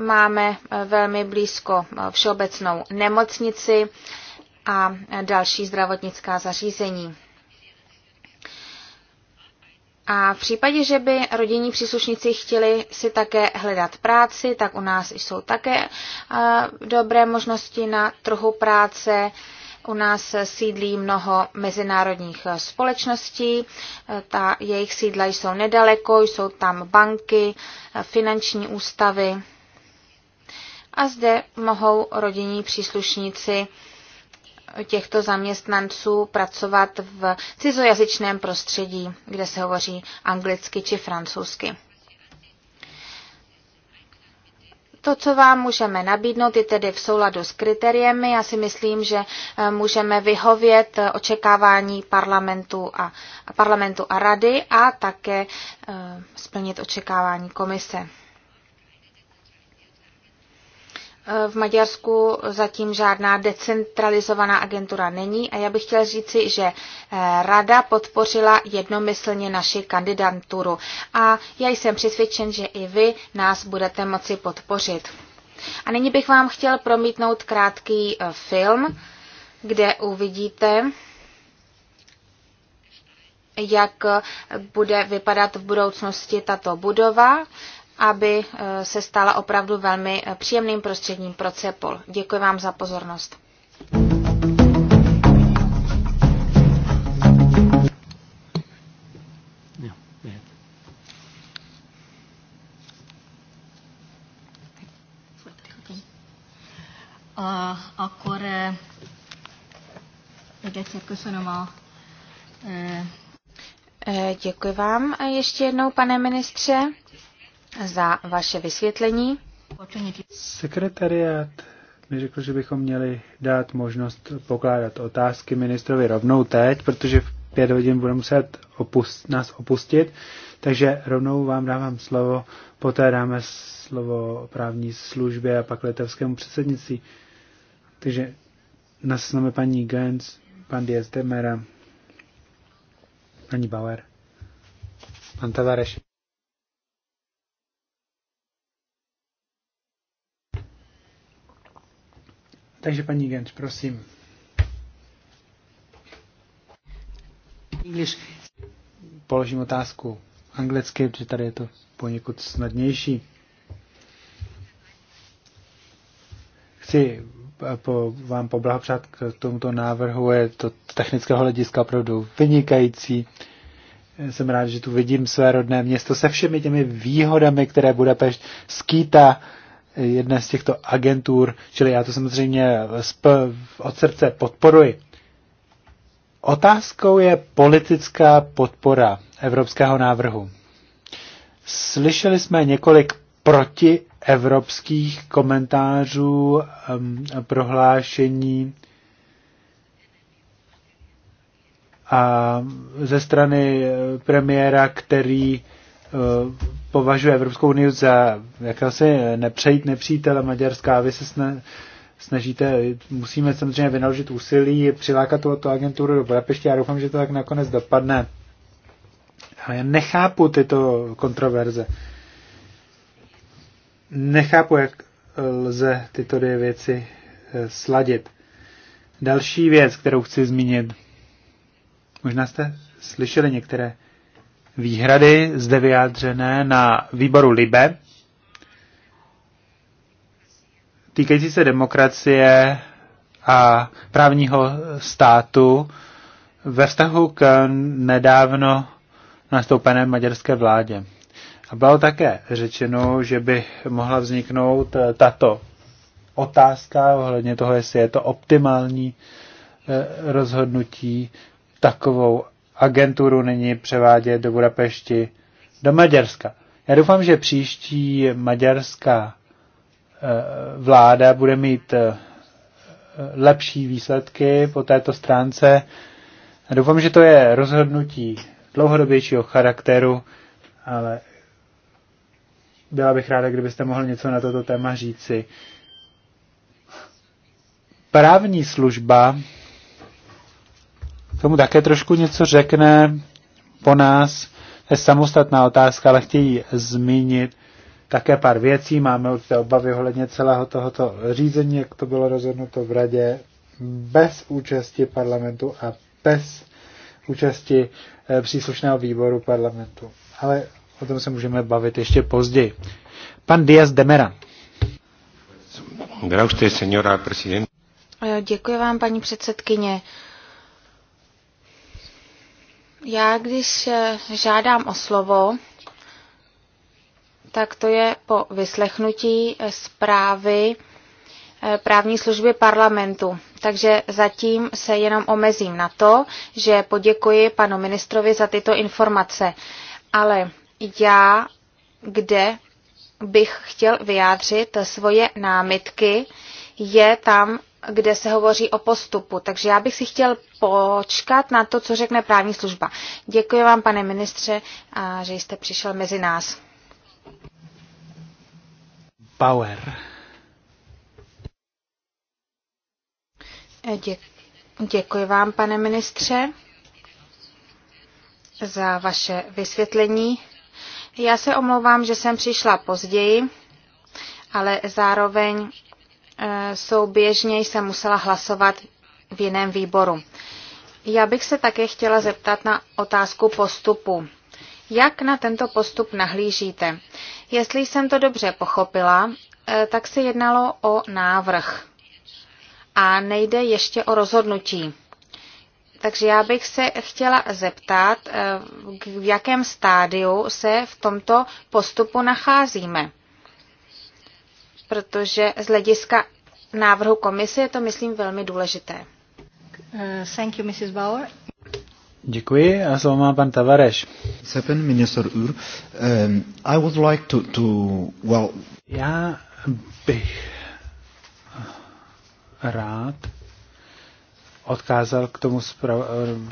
Máme eh, velmi blízko všeobecnou nemocnici a další zdravotnická zařízení. A v případě, že by rodinní příslušníci chtěli si také hledat práci, tak u nás jsou také eh, dobré možnosti na trhu práce. U nás sídlí mnoho mezinárodních eh, společností, eh, ta, jejich sídla jsou nedaleko, jsou tam banky, finanční ústavy. A zde mohou rodinní příslušníci těchto zaměstnanců pracovat v cizojazyčném prostředí, kde se hovoří anglicky či francouzsky. To, co vám můžeme nabídnout, je tedy v souladu s kritériemi. Já si myslím, že eh, můžeme vyhovět eh, očekávání parlamentu a, parlamentu a rady a také eh, splnit očekávání komise v Maďarsku zatím žádná decentralizovaná agentura není a já bych chtěla říci, že eh, rada podpořila jednomyslně naši kandidaturu a já jsem přesvědčen, že i vy nás budete moci podpořit. A nyní bych vám chtěl promítnout krátký eh, film, kde uvidíte, jak eh, bude vypadat v budoucnosti tato budova aby eh, se stala opravdu velmi eh, příjemným prostředím pro CEPOL. Děkuji vám za pozornost. A, akkor eh, még egyszer köszönöm a... Děkuji vám ještě jednou, pane ministře za vaše vysvětlení. Sekretariát mi řekl, že bychom měli dát možnost pokládat otázky ministrovi rovnou teď, protože v pět hodin bude muset opust, nás opustit, takže rovnou vám dávám slovo, poté dáme slovo právní službě a pak litevskému předsednictví. Takže na seznamu paní Gens, pan Diaz Demera, paní Bauer, pan Tavareš. Takže paní Genč, prosím. English. Položím otázku anglicky, protože tady je to poněkud snadnější. Chci eh, po, vám poblahopřát k tomuto návrhu. Je to technického hlediska opravdu vynikající. Jsem rád, že tu vidím své rodné město se všemi těmi výhodami, které Budapešť skýtá jedné z těchto agentur, čili já to samozřejmě od srdce podporuji. Otázkou je politická podpora evropského návrhu. Slyšeli jsme několik protievropských komentářů a prohlášení a ze strany eh, premiéra, který Eh, považuje Evropskou unii za jakási nepřejít nepřítele Maďarská. a vy se sne, snažíte, musíme samozřejmě vynaložit úsilí, přilákat tuto agenturu do Budapešti. Já doufám, že to tak nakonec dopadne. Ale já nechápu tyto kontroverze. Nechápu, jak lze tyto dvě věci eh, sladit. Další věc, kterou chci zmínit. Možná jste slyšeli některé výhrady zde vyjádřené na výboru LIBE týkající se demokracie a právního státu ve vztahu k nedávno nastoupené maďarské vládě. A bylo také řečeno, že by mohla vzniknout eh, tato otázka ohledně toho, jestli je to optimální eh, rozhodnutí takovou agenturu nyní převádět do Budapešti, do Maďarska. Já doufám, že příští maďarská eh, vláda bude mít eh, lepší výsledky po této stránce. Já doufám, že to je rozhodnutí dlouhodobějšího charakteru, ale byla bych ráda, kdybyste mohl něco na toto téma říci. Právní služba tomu také trošku něco řekne po nás. To je samostatná otázka, ale chtějí zmínit také pár věcí. Máme určité obavy ohledně celého tohoto řízení, jak to bylo rozhodnuto v radě, bez účasti parlamentu a bez účasti eh, příslušného výboru parlamentu. Ale o tom se můžeme bavit ještě později. Pan Díaz Demera. Eh, děkuji vám, paní předsedkyně. Já když eh, žádám o slovo, tak to je po vyslechnutí eh, zprávy eh, právní služby parlamentu. Takže zatím se jenom omezím na to, že poděkuji panu ministrovi za tyto informace. Ale já, kde bych chtěl vyjádřit svoje námitky, je tam kde se hovoří o postupu. Takže já bych si chtěl počkat na to, co řekne právní služba. Děkuji vám, pane ministře, a že jste přišel mezi nás. Bauer. E, děkuji vám, pane ministře, za vaše vysvětlení. Já se omlouvám, že jsem přišla později, ale zároveň Eh, souběžně jsem musela hlasovat v jiném výboru. Já bych se také chtěla zeptat na otázku postupu. Jak na tento postup nahlížíte? Jestli jsem to dobře pochopila, eh, tak se jednalo o návrh a nejde ještě o rozhodnutí. Takže já bych se chtěla zeptat, eh, v jakém stádiu se v tomto postupu nacházíme protože z hlediska návrhu komise je to, myslím, velmi důležité. Eh, thank you, Mrs. Bauer. Děkuji a slovo má pan Tavareš. Sepen, minister Ur. Um, I would like to, to, well... Já bych rád odkázal k tomu zprávě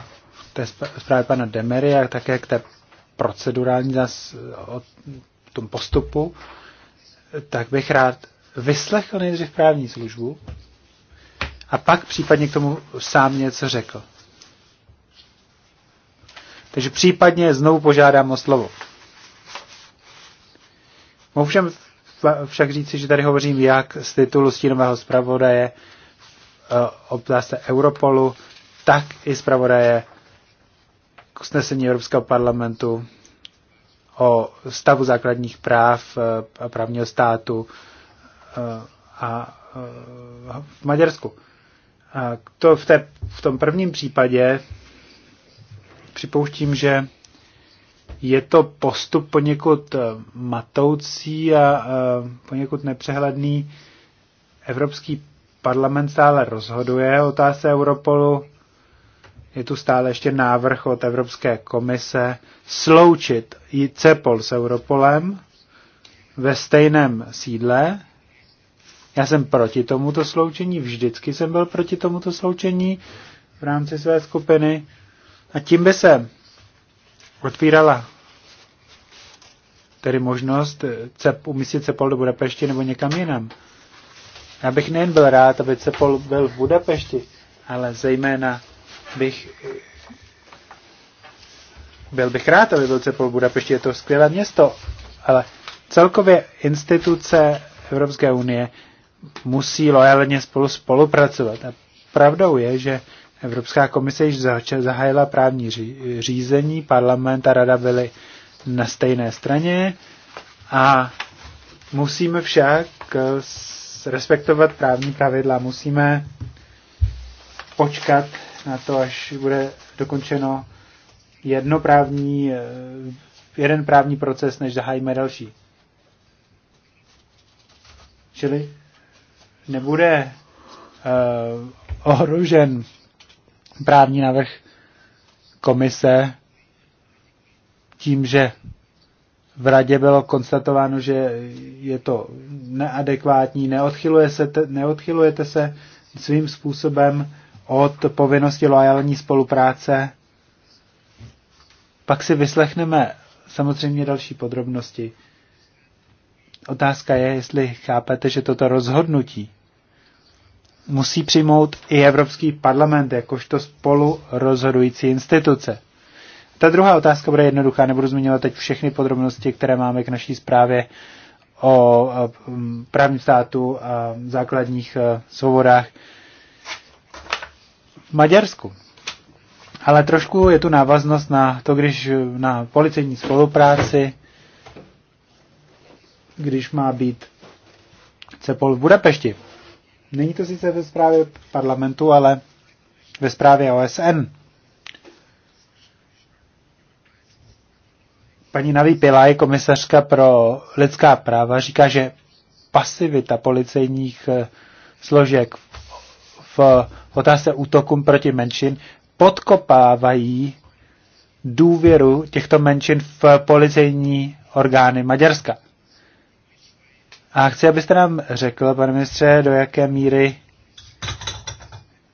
pana Demery a také k té procedurální zas, o tom postupu tak bych rád vyslechl nejdřív právní službu a pak případně k tomu sám něco řekl. Takže případně znovu požádám o slovo. Mohu všem však říci, že tady hovořím jak z titulu stínového zpravodaje eh, o pláste Europolu, tak i zpravodaje k usnesení Evropského parlamentu o stavu základních práv eh, a právního státu eh, a eh, v Maďarsku. A to v, té, v tom prvním případě připouštím, že je to postup poněkud matoucí a poněkud nepřehledný. Evropský parlament stále rozhoduje o otázce Europolu je tu stále ještě návrh od Evropské komise sloučit i CEPOL s Europolem ve stejném sídle. Já jsem proti tomuto sloučení, vždycky jsem byl proti tomuto sloučení v rámci své skupiny. A tím by se otvírala tedy možnost CEP, umístit CEPOL do Budapešti nebo někam jinam. Já bych nejen byl rád, aby CEPOL byl v Budapešti, ale zejména bych byl bych rád, aby byl Cepol Budapešti, je to skvělé město, ale celkově instituce Evropské unie musí lojálně spolu spolupracovat. A pravdou je, že Evropská komise již zahájila právní řízení, parlament a rada byly na stejné straně a musíme však eh, respektovat právní pravidla, musíme počkat na to, až bude dokončeno jedno právní, eh, jeden právní proces, než zahájíme další. Čili nebude uh, ohrožen právní návrh komise tím, že v radě bylo konstatováno, že je to neadekvátní, neodchylujete se neodchylujete se svým způsobem od povinnosti loajální spolupráce. Pak si vyslechneme samozřejmě další podrobnosti. Otázka je, jestli chápete, že toto rozhodnutí musí přijmout i Evropský parlament jakožto spolu rozhodující instituce. Ta druhá otázka bude jednoduchá, nebudu zmiňovat teď všechny podrobnosti, které máme k naší zprávě o právním státu a základních e, svobodách. Maďarsku. Ale trošku je tu návaznost na to, když na policejní spolupráci, když má být CEPOL v Budapešti. Není to sice ve zprávě parlamentu, ale ve zprávě OSN. Paní Naví Pilaj, komisařka pro lidská práva, říká, že pasivita policejních eh, složek v otázce útokům proti menšin podkopávají důvěru těchto menšin v policejní orgány Maďarska. A chci, abyste nám řekl, pane ministře, do jaké míry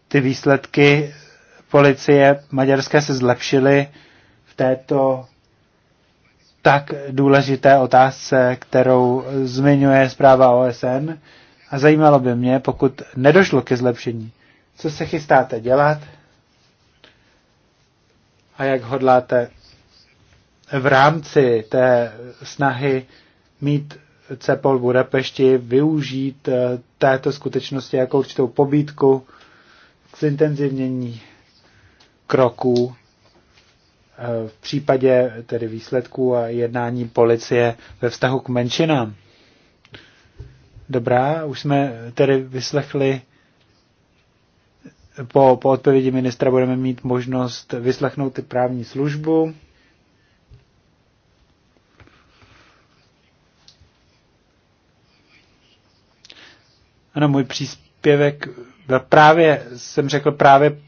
ty výsledky policie maďarské se zlepšily v této tak důležité otázce, kterou zmiňuje zpráva OSN a zajímalo by mě, pokud nedošlo ke zlepšení, co se chystáte dělat a jak hodláte v rámci té snahy mít CEPOL v Budapešti, využít eh, této skutečnosti jako určitou pobídku k zintenzivnění kroků eh, v případě tedy výsledků a jednání policie ve vztahu k menšinám. Dobrá, už jsme tedy vyslechli po, po odpovědi ministra budeme mít možnost vyslechnout i právní službu. Ano, můj příspěvek, právě jsem řekl právě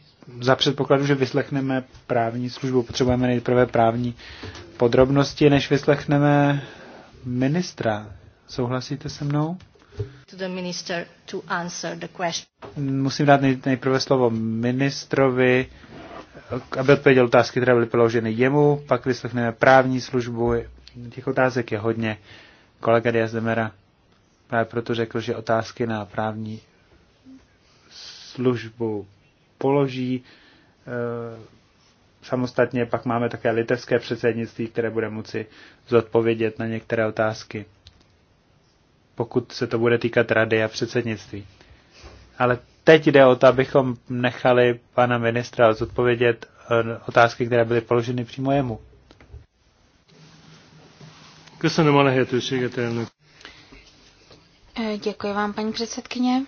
za předpokladu, že vyslechneme právní službu, potřebujeme nejprve právní podrobnosti, než vyslechneme ministra. Souhlasíte se mnou? Musím dát nejprve slovo ministrovi, aby odpověděl otázky, které byly položeny jemu, pak vyslechneme právní službu. Těch otázek je hodně. Kolega Diaz Demera právě proto řekl, že otázky na právní službu položí. Eh, samostatně pak máme také litevské předsednictví, které bude moci zodpovědět na některé otázky pokud se to bude týkat rady a předsednictví. Ale teď jde o to, abychom nechali pana ministra zodpovědět eh, otázky, které byly položeny přímo jemu. Eh, děkuji vám, paní předsedkyně.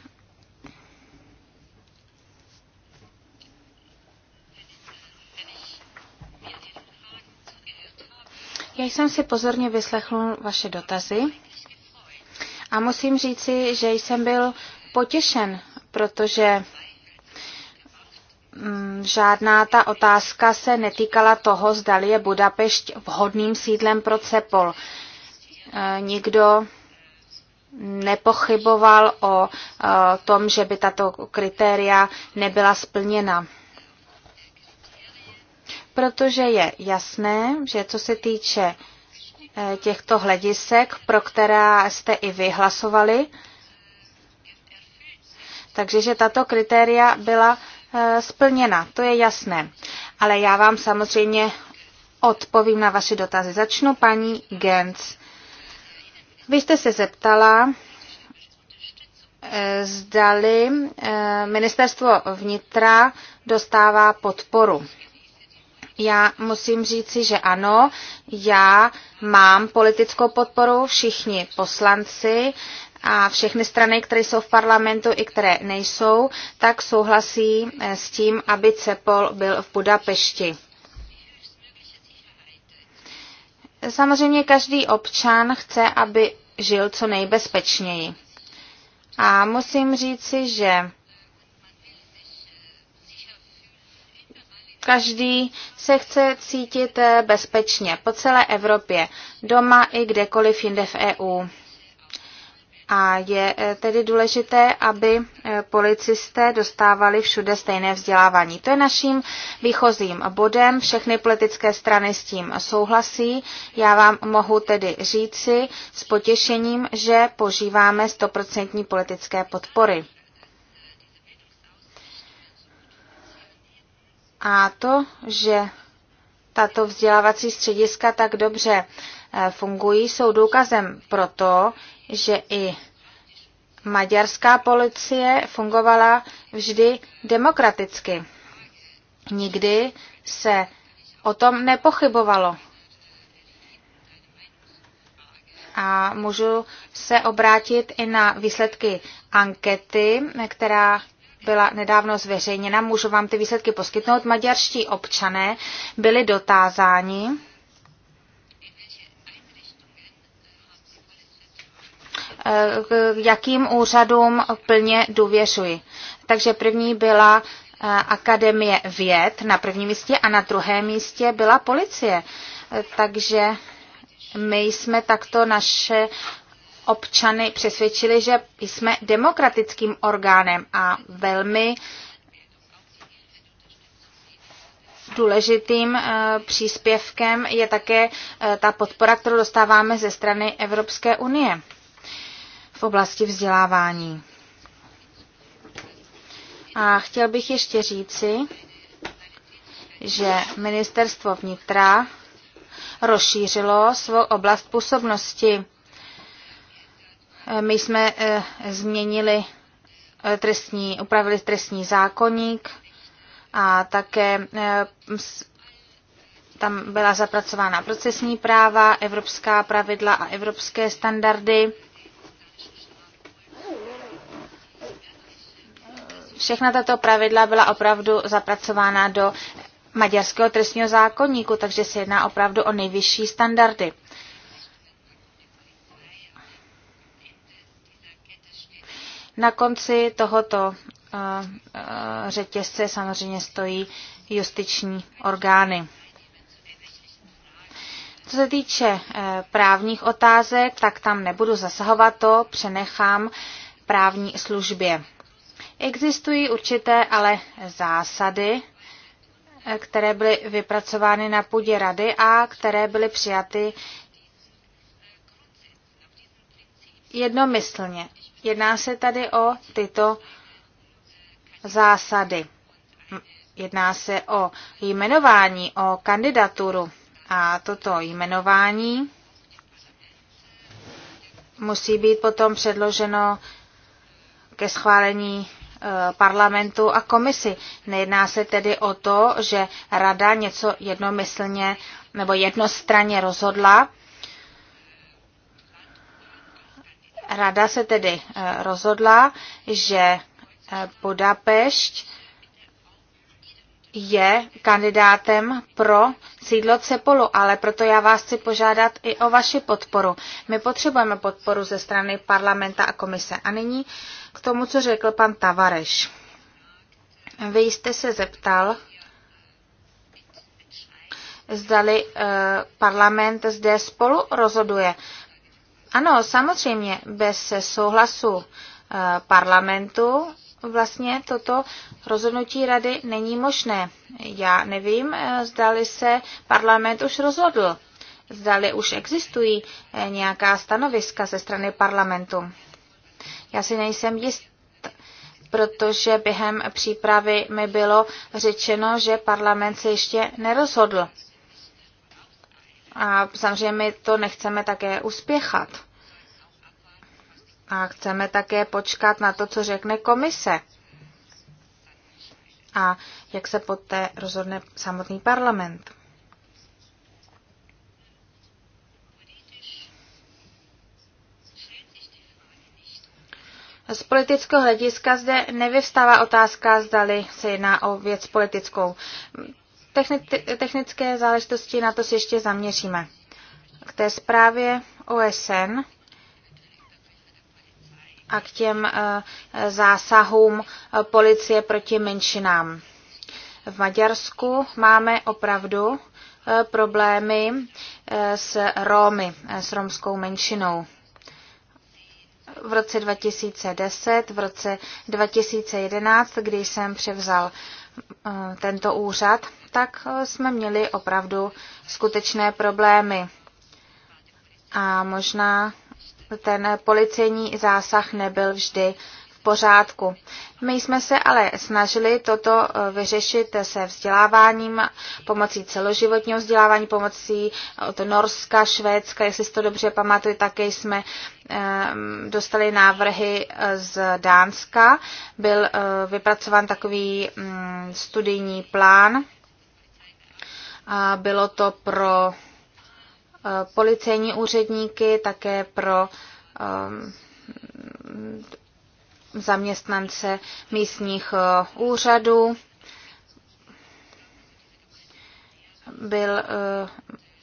Já jsem si pozorně vyslechl vaše dotazy a musím říci, že jsem byl potěšen, protože mm, žádná ta otázka se netýkala toho, zdali je Budapešť vhodným sídlem pro CEPOL. E, nikdo nepochyboval o e, tom, že by tato kritéria nebyla splněna. Protože je jasné, že co se týče Eh, těchto hledisek, pro která jste i vyhlasovali. Takže, že tato kritéria byla eh, splněna, to je jasné. Ale já vám samozřejmě odpovím na vaše dotazy. Začnu paní Gens. Vy jste se zeptala, eh, zdali ministerstvo vnitra dostává podporu. Já musím říci, že ano, já mám politickou podporu, všichni poslanci a všechny strany, které jsou v parlamentu i které nejsou, tak souhlasí eh, s tím, aby CEPOL byl v Budapešti. Samozřejmě každý občan chce, aby žil co nejbezpečněji. A musím říci, že Každý se chce cítit eh, bezpečně po celé Evropě, doma i kdekoliv jinde v EU. A je eh, tedy důležité, aby eh, policisté dostávali všude stejné vzdělávání. To je naším výchozím bodem. Všechny politické strany s tím souhlasí. Já vám mohu tedy říci s potěšením, že požíváme stoprocentní politické podpory. A to, že tato vzdělávací střediska tak dobře e, fungují, jsou důkazem proto, že i maďarská policie fungovala vždy demokraticky. Nikdy se o tom nepochybovalo. A můžu se obrátit i na výsledky ankety, která byla nedávno zveřejněna, můžu vám ty výsledky poskytnout. Maďarští občané byli dotázáni, k eh, jakým úřadům plně důvěřuji. Takže první byla eh, Akademie věd na prvním místě a na druhém místě byla policie. Eh, takže my jsme takto naše občany přesvědčili, že jsme demokratickým orgánem a velmi důležitým eh, příspěvkem je také eh, ta podpora, kterou dostáváme ze strany Evropské unie v oblasti vzdělávání. A chtěl bych ještě říci, že ministerstvo vnitra rozšířilo svou oblast působnosti my jsme eh, změnili eh, trestní, upravili trestní zákonník a také eh, tam byla zapracována procesní práva, evropská pravidla a evropské standardy. Všechna tato pravidla byla opravdu zapracována do maďarského trestního zákonníku, takže se jedná opravdu o nejvyšší standardy. Na konci tohoto eh, eh, řetězce samozřejmě stojí justiční orgány. Co se týče eh, právních otázek, tak tam nebudu zasahovat to, přenechám právní službě. Existují určité ale zásady, které byly vypracovány na půdě rady a které byly přijaty jednomyslně. Jedná se tady o tyto zásady. Jedná se o jmenování, o kandidaturu. A toto jmenování musí být potom předloženo ke schválení e, parlamentu a komisi. Nejedná se tedy o to, že rada něco jednomyslně nebo jednostranně rozhodla, Rada se tedy eh, rozhodla, že eh, Budapešť je kandidátem pro sídlo Cepolu, ale proto já vás chci požádat i o vaši podporu. My potřebujeme podporu ze strany parlamenta a komise. A nyní k tomu, co řekl pan Tavareš. Vy jste se zeptal, zdali eh, parlament zde spolu rozhoduje. Eh, ano, samozřejmě, bez souhlasu eh, parlamentu vlastně toto rozhodnutí rady není možné. Já nevím, eh, zdali se parlament už rozhodl, zdali už existují eh, nějaká stanoviska ze strany parlamentu. Já si nejsem jist, protože během přípravy mi bylo řečeno, že parlament se ještě nerozhodl. A samozřejmě my to nechceme také uspěchat. A chceme také počkat na to, co řekne komise. A jak se poté rozhodne samotný parlament. Z politického hlediska zde nevyvstává otázka, zdali se jedná o věc politickou technické záležitosti, na to si ještě zaměříme. K té zprávě OSN a k těm eh, zásahům eh, policie proti menšinám. V Maďarsku máme opravdu eh, problémy s Rómy, s romskou menšinou. V roce 2010, v roce 2011, kdy jsem převzal tento úřad, tak jsme měli opravdu skutečné problémy. A možná ten policejní zásah nebyl vždy v pořádku. My jsme se ale snažili toto eh, vyřešit se vzděláváním, pomocí celoživotního vzdělávání, pomocí eh, od Norska, Švédska, jestli si to dobře pamatuju, také jsme eh, dostali návrhy z Dánska. Byl vypracován takový mm, studijní plán a bylo to pro eh, policejní úředníky, také pro ehm, zaměstnance místních eh, úřadů. Byl eh,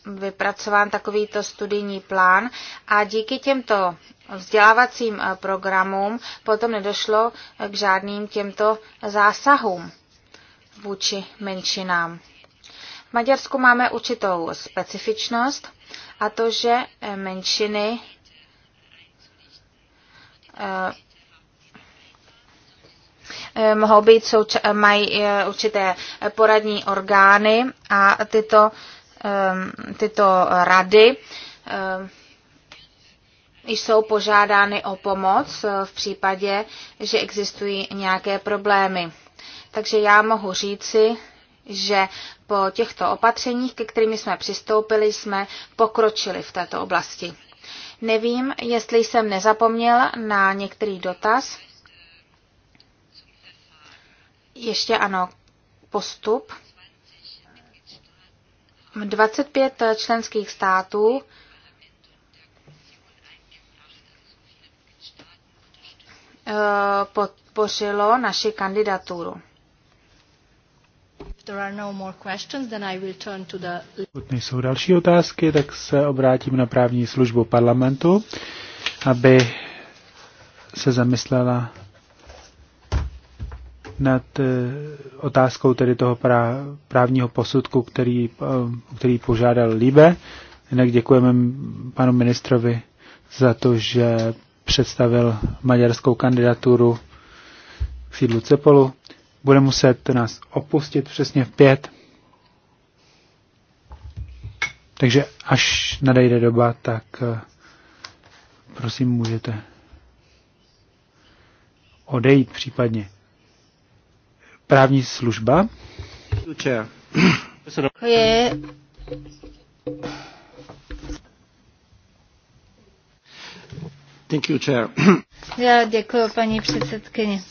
vypracován takovýto studijní plán a díky těmto vzdělávacím programům potom nedošlo k žádným těmto zásahům vůči menšinám. V Maďarsku máme určitou specifičnost a to, že eh, menšiny eh, eh, mohou být, mají určité poradní orgány a tyto, tyto rady jsou požádány o pomoc v případě, že existují nějaké problémy. Takže já mohu říci, že po těchto opatřeních, ke kterými jsme přistoupili, jsme pokročili v této oblasti. Nevím, jestli jsem nezapomněl na některý dotaz. Ještě ano, postup. 25 členských států eh, podpořilo naši kandidaturu. Pokud nejsou další otázky, tak se obrátím na právní službu parlamentu, aby se zamyslela nad eh, otázkou tedy toho právního posudku, který, eh, který požádal Líbe. Jinak děkujeme panu ministrovi za to, že představil maďarskou kandidaturu k sídlu Cepolu bude muset nás opustit přesně v pět. Takže až nadejde doba, tak eh, prosím můžete odejít případně. Právní služba. Je. Thank you, chair. Já děkuji, paní předsedkyně.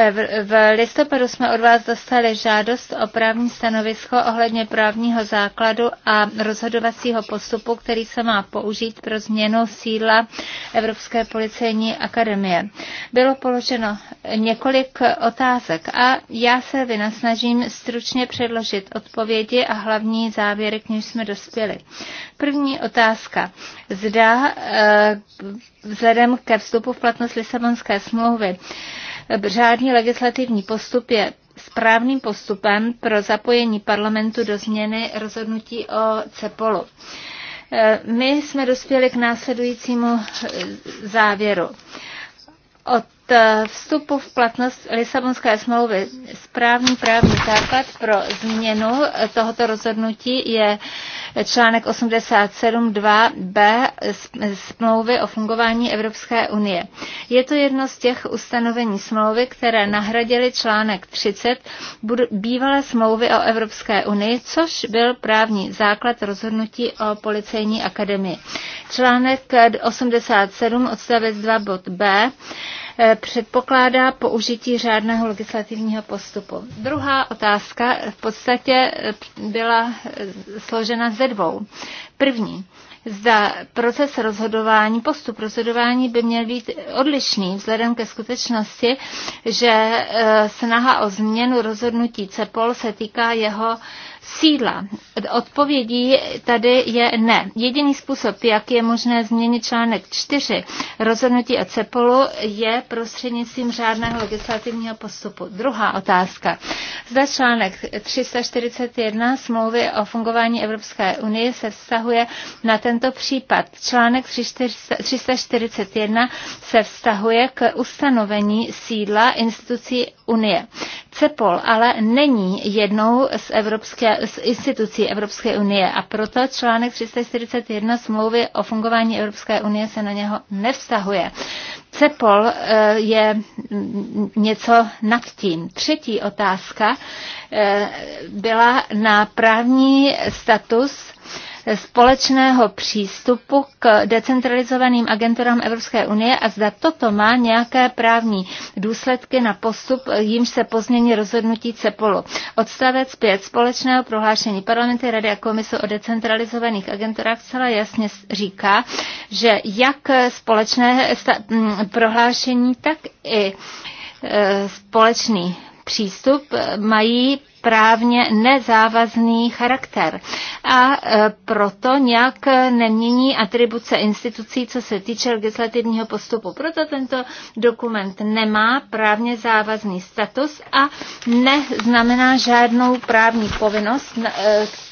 Eh, v listopadu jsme od vás dostali žádost o právní stanovisko ohledně právního základu a rozhodovacího postupu, který se má použít pro změnu sídla Evropské policejní akademie. Bylo položeno několik otázek a já se vynasnažím stručně předložit odpovědi a hlavní závěry, k níž jsme dospěli. První otázka. Zda eh, vzhledem ke vstupu v platnost Lisabonské smlouvy řádný legislativní postup je správným postupem pro zapojení parlamentu do změny rozhodnutí o CEPOLu. My jsme dospěli k následujícímu závěru. Od Eh, vstupu v platnost Lisabonské smlouvy správný právní základ pro změnu eh, tohoto rozhodnutí je článek 87.2b smlouvy o fungování Evropské unie. Je to jedno z těch ustanovení smlouvy, které nahradily článek 30 bývalé smlouvy o Evropské unii, což byl právní základ rozhodnutí o policejní akademii. Článek 87 odstavec 2 bod B Eh, předpokládá použití řádného legislativního postupu. Druhá otázka v podstatě eh, byla eh, složena ze dvou. První, zda proces rozhodování, postup rozhodování by měl být odlišný vzhledem ke skutečnosti, že snaha o změnu rozhodnutí CEPOL se týká jeho sídla. Odpovědí tady je ne. Jediný způsob, jak je možné změnit článek 4 rozhodnutí a CEPOLu, je prostřednictvím řádného legislativního postupu. Druhá otázka. Zda článek 341 smlouvy o fungování Evropské unie se vztahuje na tento případ. Článek 341 se vztahuje k ustanovení sídla institucí unie. CEPOL ale není jednou z Evropské z institucí Evropské unie a proto článek 341 smlouvy o fungování Evropské unie se na něho nevztahuje. CEPOL eh, je mm, něco nad tím. Třetí otázka eh, byla na právní status společného přístupu k decentralizovaným agenturám Evropské unie a zda toto má nějaké právní důsledky na postup, jimž se pozmění rozhodnutí CEPOLu. Odstavec 5 společného prohlášení parlamenty Rady a komise o decentralizovaných agenturách celá jasně říká, že jak společné prohlášení, tak i e, společný přístup e, mají právně nezávazný charakter a e, proto nějak e, nemění atribuce institucí, co se týče legislativního postupu. Proto tento dokument nemá právně závazný status a neznamená žádnou právní povinnost, e,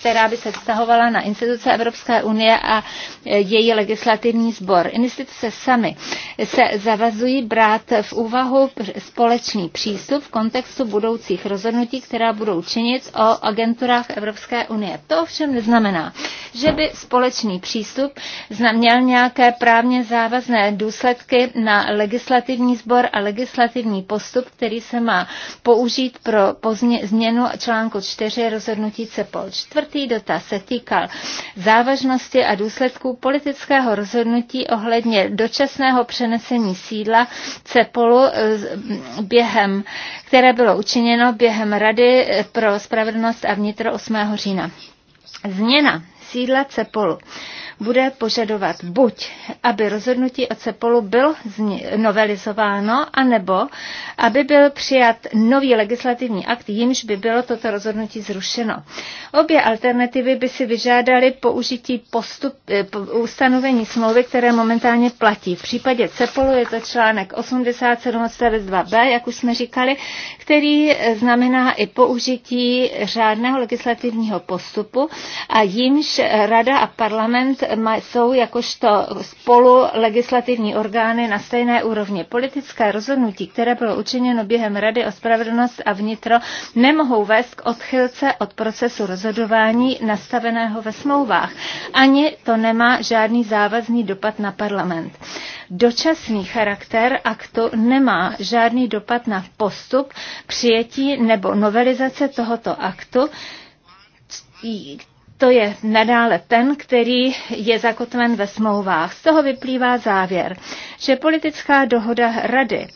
která by se vztahovala na instituce Evropské unie a její legislativní sbor. Instituce sami se zavazují brát v úvahu společný přístup v kontextu budoucích rozhodnutí, která budou učinit o agenturách Evropské unie. To ovšem neznamená, že by společný přístup měl nějaké právně závazné důsledky na legislativní sbor a legislativní postup, který se má použít pro pozně, změnu článku 4 rozhodnutí CEPOL. Čtvrtý dotaz se týkal závažnosti a důsledků politického rozhodnutí ohledně dočasného přenesení sídla CEPOLu eh, během které bylo učiněno během Rady eh, pro spravedlnost a vnitro 8. října. Změna sídla Cepolu bude požadovat buď, aby rozhodnutí o CEPOLu bylo novelizováno, anebo aby byl přijat nový legislativní akt, jimž by bylo toto rozhodnutí zrušeno. Obě alternativy by si vyžádaly použití postup, eh, ustanovení smlouvy, které momentálně platí. V případě CEPOLu je to článek 87 odstavec 2b, jak už jsme říkali, který eh, znamená i použití řádného legislativního postupu a jimž Rada a parlament jsou jakožto spolu legislativní orgány na stejné úrovni. Politické rozhodnutí, které bylo učiněno během Rady o spravedlnost a vnitro, nemohou vést k odchylce od procesu rozhodování nastaveného ve smlouvách. Ani to nemá žádný závazný dopad na parlament. Dočasný charakter aktu nemá žádný dopad na postup přijetí nebo novelizace tohoto aktu, to je nadále ten, který je zakotven ve smlouvách. Z toho vyplývá závěr, že politická dohoda Rady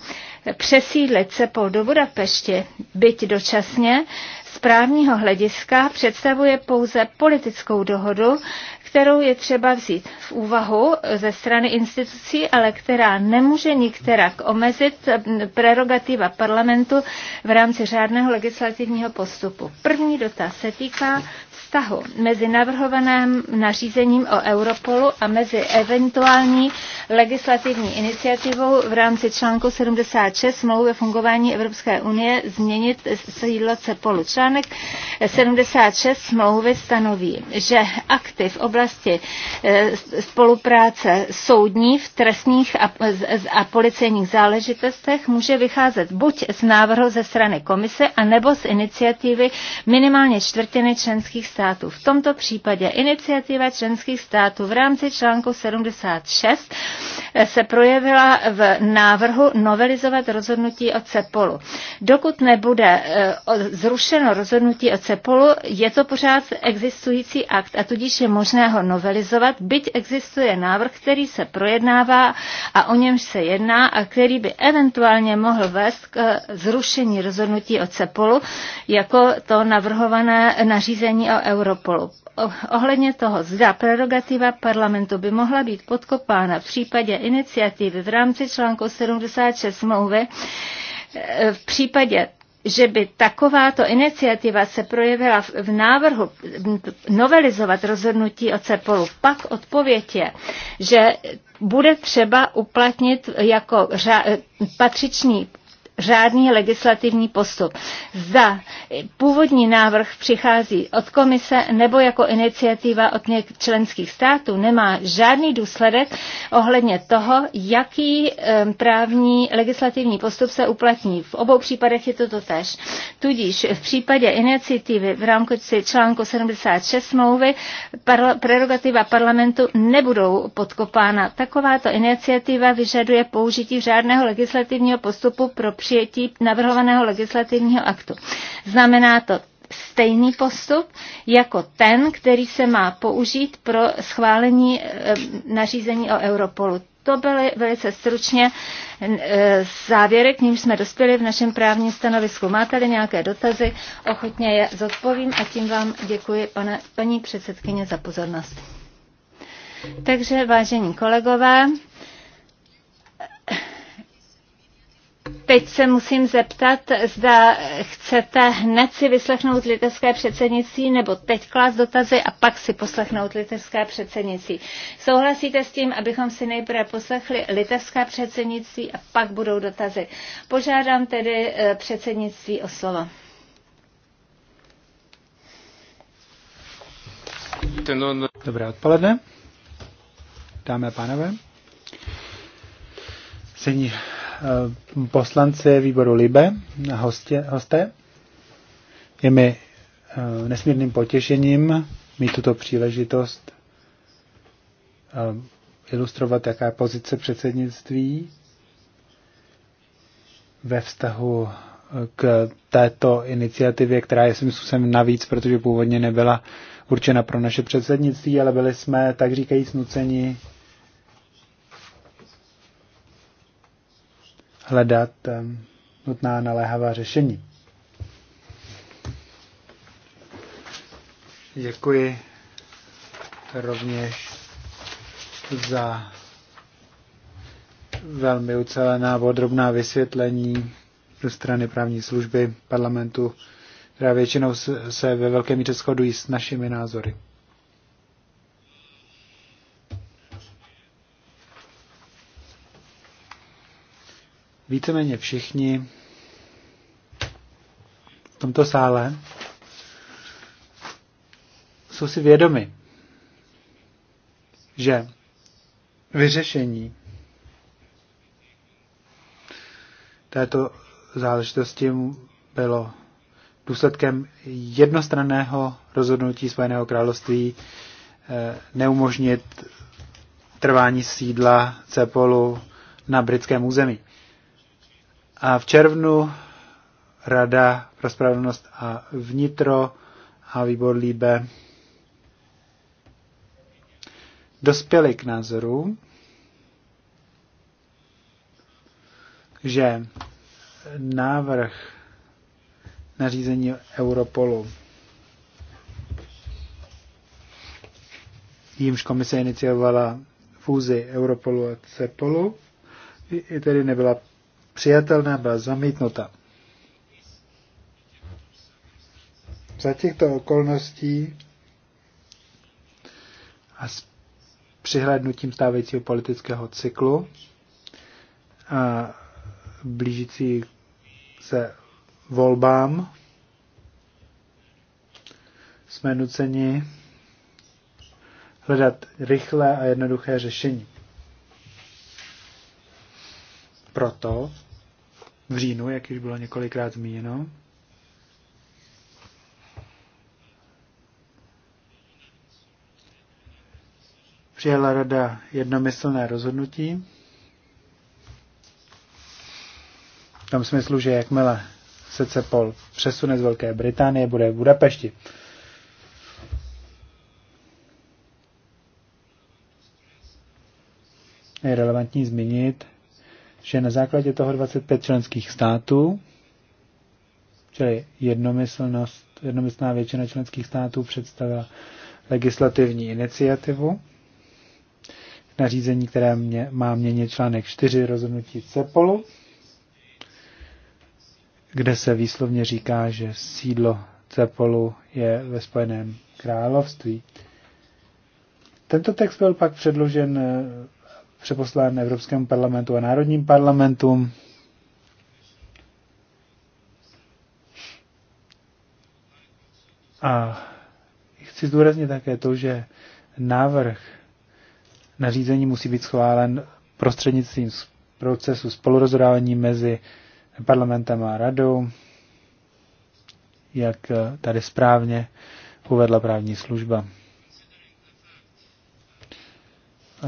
přesídlit se po do Budapešti, byť dočasně, z právního hlediska představuje pouze politickou dohodu, kterou je třeba vzít v úvahu ze strany institucí, ale která nemůže nikterak omezit prerogativa parlamentu v rámci řádného legislativního postupu. První dotaz se týká vztahu mezi navrhovaným nařízením o Europolu a mezi eventuální legislativní iniciativou v rámci článku 76 smlouvy o fungování Evropské unie změnit sídlo CEPOLu. Článek 76 smlouvy stanoví, že akty v oblasti eh, spolupráce soudní v trestních a, a policejních záležitostech může vycházet buď z návrhu ze strany komise, anebo z iniciativy minimálně čtvrtiny členských států států. V tomto případě iniciativa členských států v rámci článku 76 eh, se projevila v návrhu novelizovat rozhodnutí o CEPOLu. Dokud nebude eh, zrušeno rozhodnutí o CEPOLu, je to pořád existující akt a tudíž je možné ho novelizovat, byť existuje návrh, který se projednává a o němž se jedná a který by eventuálně mohl vést k eh, zrušení rozhodnutí o CEPOLu, jako to navrhované nařízení o Europolu. Ohledně toho, zda prerogativa parlamentu by mohla být podkopána v případě iniciativy v rámci článku 76 smlouvy, e, v případě že by takováto iniciativa se projevila v návrhu novelizovat rozhodnutí o CEPOLu, pak odpověď je, že bude třeba uplatnit jako e, patřičný řádný legislativní postup. Zda původní návrh přichází od komise nebo jako iniciativa od členských států, nemá žádný důsledek ohledně toho, jaký právní legislativní postup se uplatní. V obou případech je to totéž. Tudíž v případě iniciativy v rámci článku 76 smlouvy parla, prerogativa parlamentu nebudou podkopána. Takováto iniciativa vyžaduje použití řádného legislativního postupu pro příležitost přijetí navrhovaného legislativního aktu. Znamená to stejný postup jako ten, který se má použít pro schválení eh, nařízení o Europolu. To byly velice stručně eh, závěry, k ním jsme dospěli v našem právním stanovisku. Máte-li nějaké dotazy, ochotně je zodpovím a tím vám děkuji, pane, paní předsedkyně, za pozornost. Takže, vážení kolegové, Teď se musím zeptat, zda chcete hned si vyslechnout litevské předsednictví nebo teď klást dotazy a pak si poslechnout litevské předsednictví. Souhlasíte s tím, abychom si nejprve poslechli litevské předsednictví a pak budou dotazy. Požádám tedy eh, předsednictví o slovo. Dobré odpoledne, dámy a pánové. Sení Eh, poslanci výboru Libe a hostě, hosté. Je mi eh, nesmírným potěšením mít tuto příležitost eh, ilustrovat, jaká je pozice předsednictví ve vztahu k této iniciativě, která je svým způsobem navíc, protože původně nebyla určena pro naše předsednictví, ale byli jsme, tak říkajíc, nuceni hledat eh, nutná naléhavá řešení. Děkuji rovněž za velmi ucelená podrobná vysvětlení ze strany právní služby parlamentu, která většinou se ve velké míře shodují s našimi názory. víceméně všichni v tomto sále jsou si vědomi, že vyřešení této záležitosti bylo důsledkem jednostranného rozhodnutí Spojeného království eh, neumožnit trvání sídla Cepolu na britském území. A v červnu Rada pro spravedlnost a vnitro a výbor Líbe dospěli k názoru, že návrh nařízení Europolu, jímž komise iniciovala fúzi Europolu a Cepolu, i tedy nebyla přijatelná, byla zamítnuta. Za těchto okolností a s přihlednutím stávajícího politického cyklu a blížící se volbám jsme nuceni hledat rychlé a jednoduché řešení. Proto v říjnu, jak již bylo několikrát zmíněno, přijala rada jednomyslné rozhodnutí. V tom smyslu, že jakmile se CEPOL přesune z Velké Británie, bude v Budapešti. Je relevantní zmínit, že na základě toho 25 členských států, čili jednomyslnost, jednomyslná většina členských států představila legislativní iniciativu, nařízení, které mě, má měnit článek 4 rozhodnutí CEPOLu, kde se výslovně říká, že sídlo CEPOLu je ve Spojeném království. Tento text byl pak předložen eh, přeposlán Evropskému parlamentu a národním parlamentům. A chci zdůraznit také to, že návrh nařízení musí být schválen prostřednictvím procesu spolurozhodování mezi parlamentem a radou, jak eh, tady správně uvedla právní služba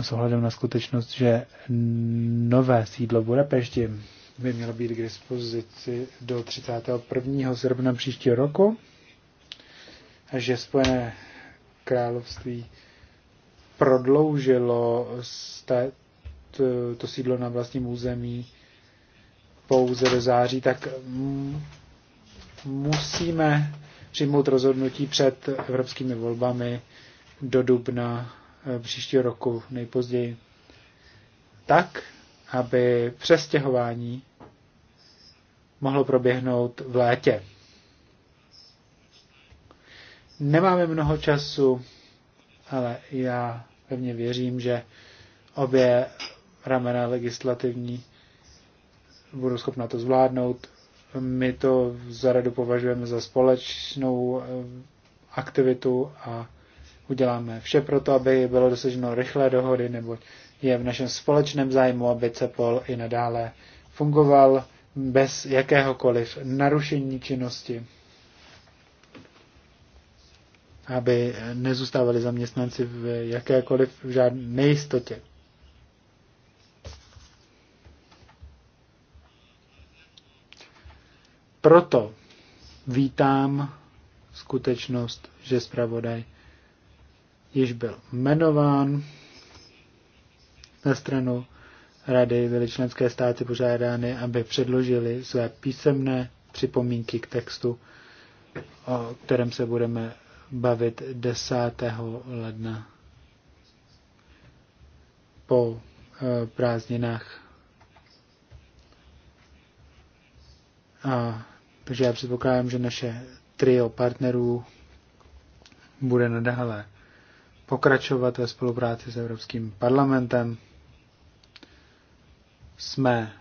s ohledem na skutečnost, že nové sídlo v Budapešti by mělo být k dispozici do 31. srpna příštího roku, že Spojené království prodloužilo to sídlo na vlastním území pouze do září, tak musíme přijmout rozhodnutí před evropskými volbami do dubna Eh, příštího roku nejpozději. Tak, aby přestěhování mohlo proběhnout v létě. Nemáme mnoho času, ale já pevně věřím, že obě ramena legislativní budou schopna to zvládnout. My to za radu považujeme za společnou eh, aktivitu a uděláme vše pro to, aby bylo dosaženo rychlé dohody, neboť je v našem společném zájmu, aby CEPOL i nadále fungoval bez jakéhokoliv narušení činnosti, aby nezůstávali zaměstnanci v jakékoliv v žádné nejistotě. Proto vítám skutečnost, že zpravodaj již byl jmenován na stranu rady byly členské státy požádány, aby předložili své písemné připomínky k textu, o kterém se budeme bavit 10. ledna po e, prázdninách. A, takže já předpokládám, že naše trio partnerů bude nadále pokračovat ve spolupráci s Evropským parlamentem. Jsme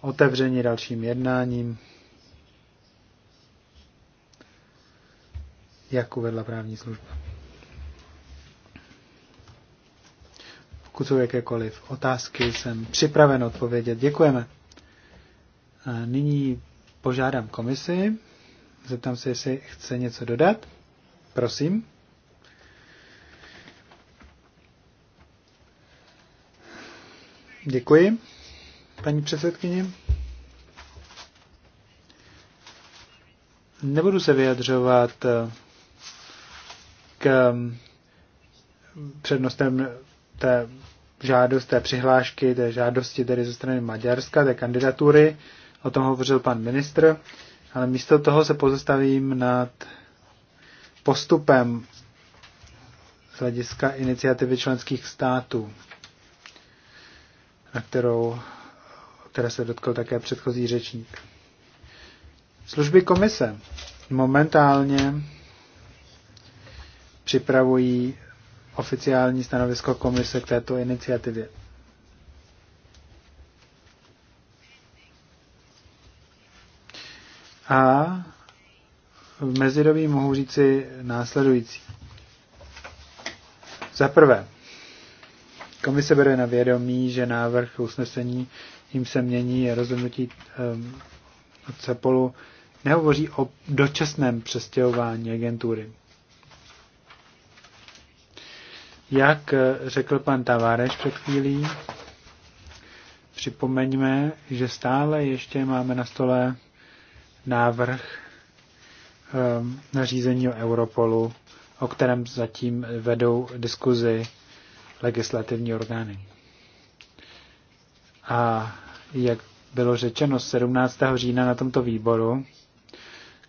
otevřeni dalším jednáním. jak uvedla právní služba. Pokud jsou jakékoliv otázky, jsem připraven odpovědět. Děkujeme. A nyní požádám komisi. Zeptám se, jestli chce něco dodat. Prosím. Děkuji, paní předsedkyně. Nebudu se vyjadřovat eh, k mm, přednostem té žádosti, té přihlášky, té žádosti tedy ze strany Maďarska, té kandidatury. O tom hovořil pan ministr, ale místo toho se pozastavím nad postupem z hlediska iniciativy členských států na kterou, které se dotkl také předchozí řečník. Služby komise momentálně připravují oficiální stanovisko komise k této iniciativě. A v mezidobí mohu říci následující. Za prvé, Komise bere na vědomí, že návrh usnesení, jim se mění rozhodnutí um, od CEPOLu, nehovoří o dočasném přestěhování agentury. Jak eh, řekl pan Taváreš před chvílí, připomeňme, že stále ještě máme na stole návrh um, nařízení o Europolu, o kterém zatím vedou diskuzi legislativní orgány. A jak bylo řečeno 17. října na tomto výboru,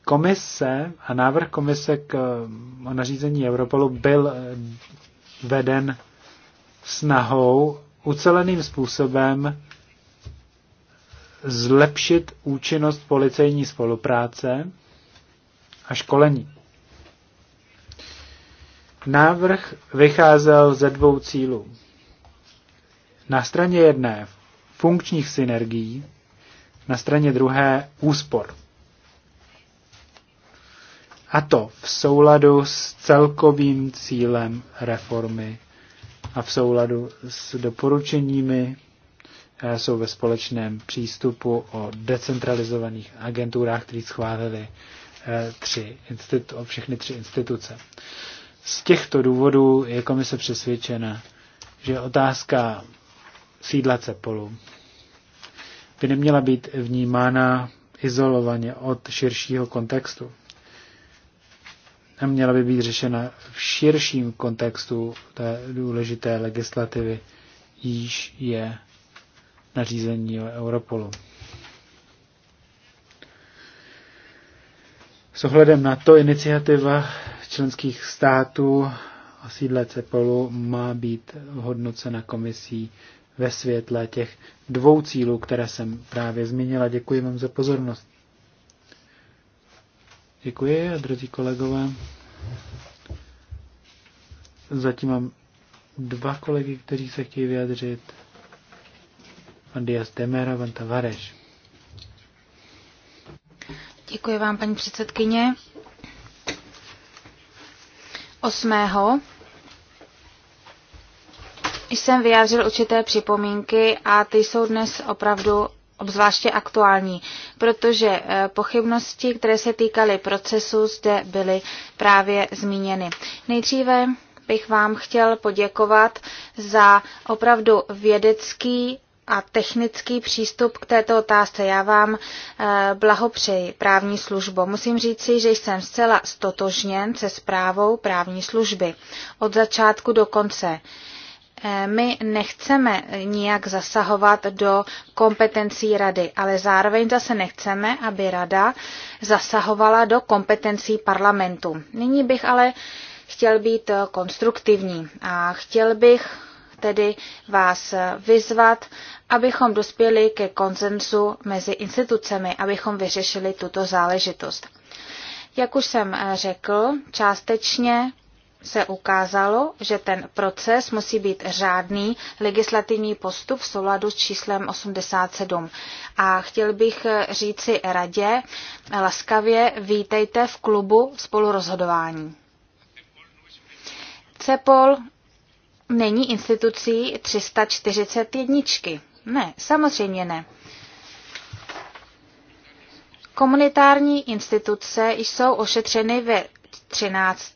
komise a návrh komise k o nařízení Europolu byl eh, veden snahou uceleným způsobem zlepšit účinnost policejní spolupráce a školení. Návrh vycházel ze dvou cílů. Na straně jedné funkčních synergií, na straně druhé úspor. A to v souladu s celkovým cílem reformy a v souladu s doporučeními eh, jsou ve společném přístupu o decentralizovaných agenturách, které schválili eh, tři institu- všechny tři instituce. Z těchto důvodů je komise přesvědčena, že otázka sídla Cepolu by neměla být vnímána izolovaně od širšího kontextu. Neměla by být řešena v širším kontextu té důležité legislativy, již je nařízení o Europolu. S ohledem na to iniciativa členských států a sídle CEPOLu má být hodnocena komisí ve světle těch dvou cílů, které jsem právě zmínila. Děkuji vám za pozornost. Děkuji, a drazí kolegové. Zatím mám dva kolegy, kteří se chtějí vyjadřit. Pan Diaz Demera, Vanta Vareš. Děkuji vám, paní předsedkyně. 8. jsem vyjádřil určité připomínky a ty jsou dnes opravdu obzvláště aktuální, protože eh, pochybnosti, které se týkaly procesu, zde byly právě zmíněny. Nejdříve bych vám chtěl poděkovat za opravdu vědecký a technický přístup k této otázce. Já vám eh, blahopřeji právní službo. Musím říci, že jsem zcela stotožněn se zprávou právní služby od začátku do konce. Eh, my nechceme nijak zasahovat do kompetencí rady, ale zároveň zase nechceme, aby rada zasahovala do kompetencí parlamentu. Nyní bych ale chtěl být eh, konstruktivní a chtěl bych tedy vás vyzvat, abychom dospěli ke konsenzu mezi institucemi, abychom vyřešili tuto záležitost. Jak už jsem eh, řekl, částečně se ukázalo, že ten proces musí být řádný legislativní postup v souladu s číslem 87. A chtěl bych eh, říci radě eh, laskavě vítejte v klubu spolurozhodování. CEPOL není institucí 341. Ne, samozřejmě ne. Komunitární instituce jsou ošetřeny ve 13.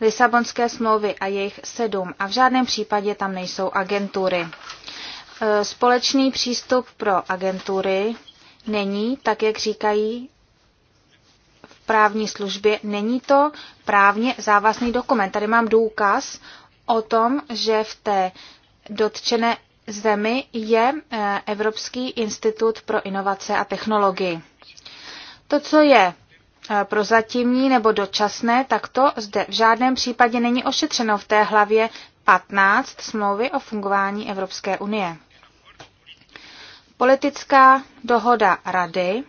Lisabonské smlouvy a jejich sedm a v žádném případě tam nejsou agentury. E, společný přístup pro agentury není, tak jak říkají v právní službě, není to právně závazný dokument. Tady mám důkaz o tom, že v té dotčené zemi je eh, Evropský institut pro inovace a technologii. To, co je eh, prozatímní nebo dočasné, tak to zde v žádném případě není ošetřeno v té hlavě 15 smlouvy o fungování Evropské unie. Politická dohoda Rady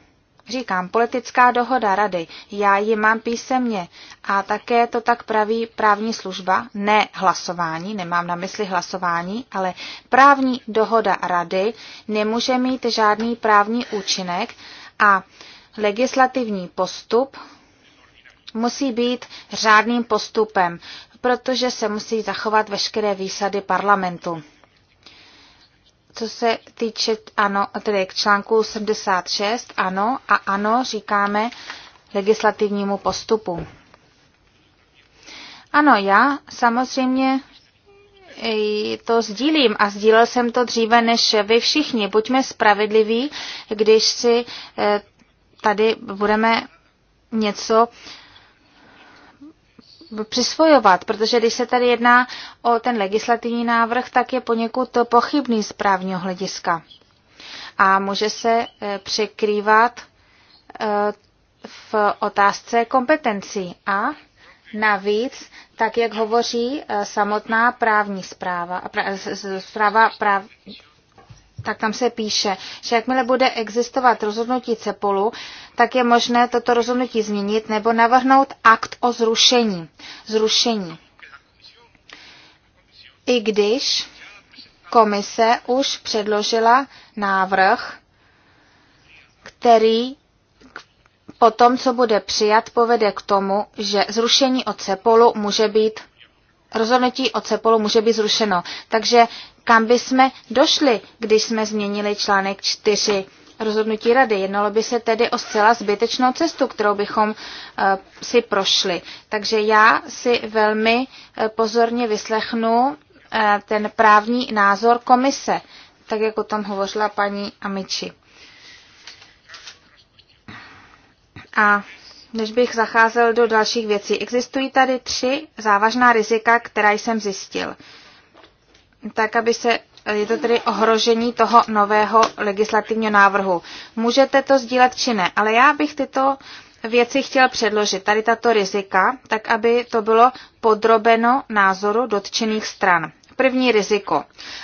Říkám, politická dohoda rady, já ji mám písemně a také to tak praví právní služba, ne hlasování, nemám na mysli hlasování, ale právní dohoda rady nemůže mít žádný právní účinek a legislativní postup musí být řádným postupem, protože se musí zachovat veškeré výsady parlamentu co se týče ano, tedy k článku 76, ano a ano říkáme legislativnímu postupu. Ano, já samozřejmě to sdílím a sdílel jsem to dříve než vy všichni. Buďme spravedliví, když si eh, tady budeme něco přisvojovat, protože když se tady jedná o ten legislativní návrh, tak je poněkud pochybný z právního hlediska. A může se e, překrývat e, v otázce kompetencí. A navíc, tak jak hovoří e, samotná právní zpráva, zpráva práv, tak tam se píše, že jakmile bude existovat rozhodnutí CEPOLu, tak je možné toto rozhodnutí změnit nebo navrhnout akt o zrušení. Zrušení. I když komise už předložila návrh, který po tom, co bude přijat, povede k tomu, že zrušení od CEPOLu může být rozhodnutí o CEPOLu může být zrušeno. Takže kam by jsme došli, když jsme změnili článek 4 rozhodnutí rady. Jednalo by se tedy o zcela zbytečnou cestu, kterou bychom eh, si prošli. Takže já si velmi eh, pozorně vyslechnu eh, ten právní názor komise, tak jako tam hovořila paní Amiči. A než bych zacházel do dalších věcí, existují tady tři závažná rizika, která jsem zjistil tak aby se, eh, je to tedy ohrožení toho nového legislativního návrhu. Můžete to sdílet či ne, ale já bych tyto věci chtěl předložit, tady tato rizika, tak aby to bylo podrobeno názoru dotčených stran. První riziko.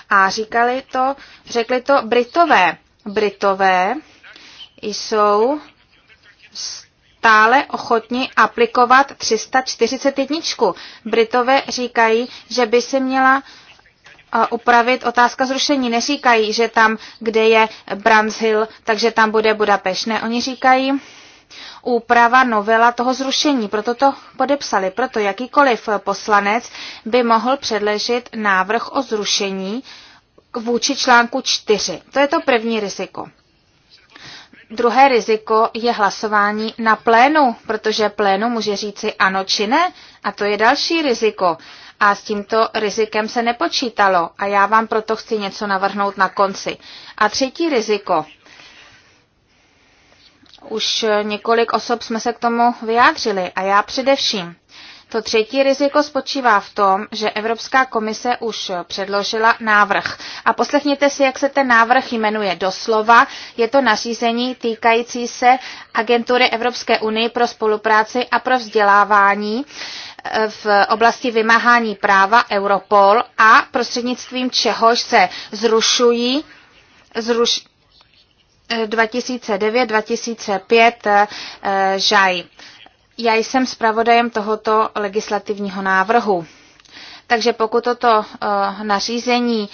A říkali to, řekli to Britové. Britové jsou stále ochotni aplikovat 341. Britové říkají, že by se měla Upravit otázka zrušení. Neříkají, že tam, kde je Branzil, takže tam bude Budapešť. Ne, oni říkají úprava, novela toho zrušení. Proto to podepsali. Proto jakýkoliv poslanec by mohl předležit návrh o zrušení vůči článku 4. To je to první riziko. Druhé riziko je hlasování na plénu, protože plénu může říci ano či ne, a to je další riziko a s tímto rizikem se nepočítalo a já vám proto chci něco navrhnout na konci. A třetí riziko. Už několik osob jsme se k tomu vyjádřili a já především. To třetí riziko spočívá v tom, že Evropská komise už předložila návrh. A poslechněte si, jak se ten návrh jmenuje doslova. Je to nařízení týkající se agentury Evropské unie pro spolupráci a pro vzdělávání. Uh, v oblasti vymáhání práva Europol a prostřednictvím čehož se zrušují zruš, 2009-2005 eh, eh, žaj. Já jsem zpravodajem tohoto legislativního návrhu. Takže pokud toto eh, nařízení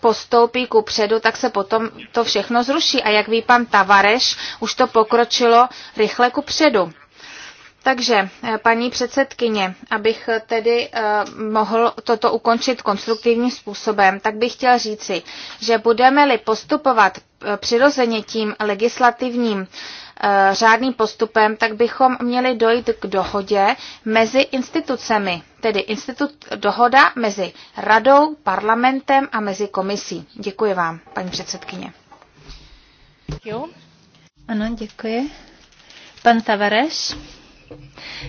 postoupí ku předu, tak se potom to všechno zruší. A jak ví pan Tavareš, už to pokročilo rychle ku předu. Takže, eh, paní předsedkyně, abych tedy eh, mohl toto ukončit konstruktivním způsobem, tak bych chtěl říci, že budeme-li postupovat eh, přirozeně tím legislativním řádným postupem, tak bychom měli dojít k dohodě mezi institucemi, tedy institut, dohoda mezi radou, parlamentem a mezi komisí. Děkuji vám, paní předsedkyně. Jo. Ano, děkuji. Pan Tavareš.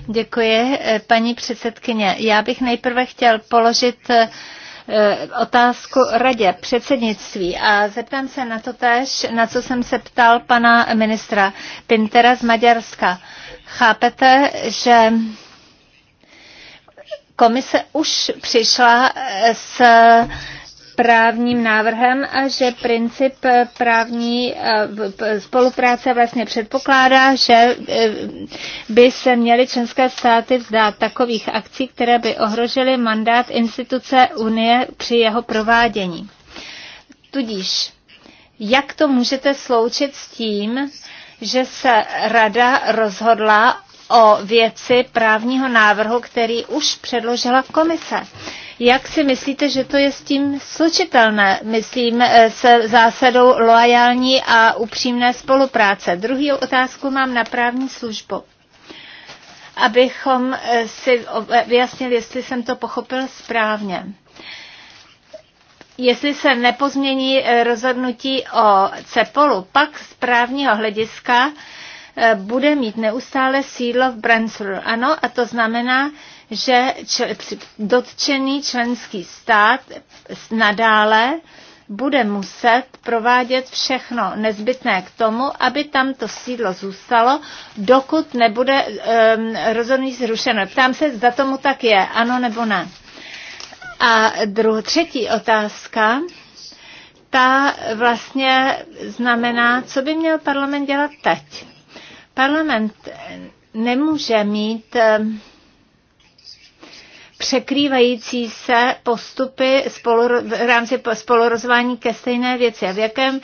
Děkuji, eh, paní předsedkyně. Já bych nejprve chtěl položit eh, otázku radě předsednictví a zeptám se na to tež, na co jsem se ptal pana ministra Pintera z Maďarska. Chápete, že komise už přišla eh, s právním návrhem a že princip právní eh, spolupráce vlastně předpokládá, že eh, by se měly členské státy vzdát takových akcí, které by ohrožily mandát instituce Unie při jeho provádění. Tudíž, jak to můžete sloučit s tím, že se rada rozhodla o věci právního návrhu, který už předložila komise. Jak si myslíte, že to je s tím slučitelné, myslím, eh, se zásadou loajální a upřímné spolupráce? Druhou otázku mám na právní službu. Abychom eh, si vyjasnili, jestli jsem to pochopil správně jestli se nepozmění eh, rozhodnutí o CEPOLu, pak z právního hlediska E, bude mít neustále sídlo v Bransfru. Ano, a to znamená, že dotčený členský stát nadále bude muset provádět všechno nezbytné k tomu, aby tam to sídlo zůstalo, dokud nebude um, rozhodnutí zrušeno. Ptám se, zda tomu tak je, ano nebo ne. A druh, třetí otázka, ta vlastně znamená, co by měl parlament dělat teď. Parlament nemůže mít eh, překrývající se postupy spolu, v rámci spolurozvání ke stejné věci. A v jakém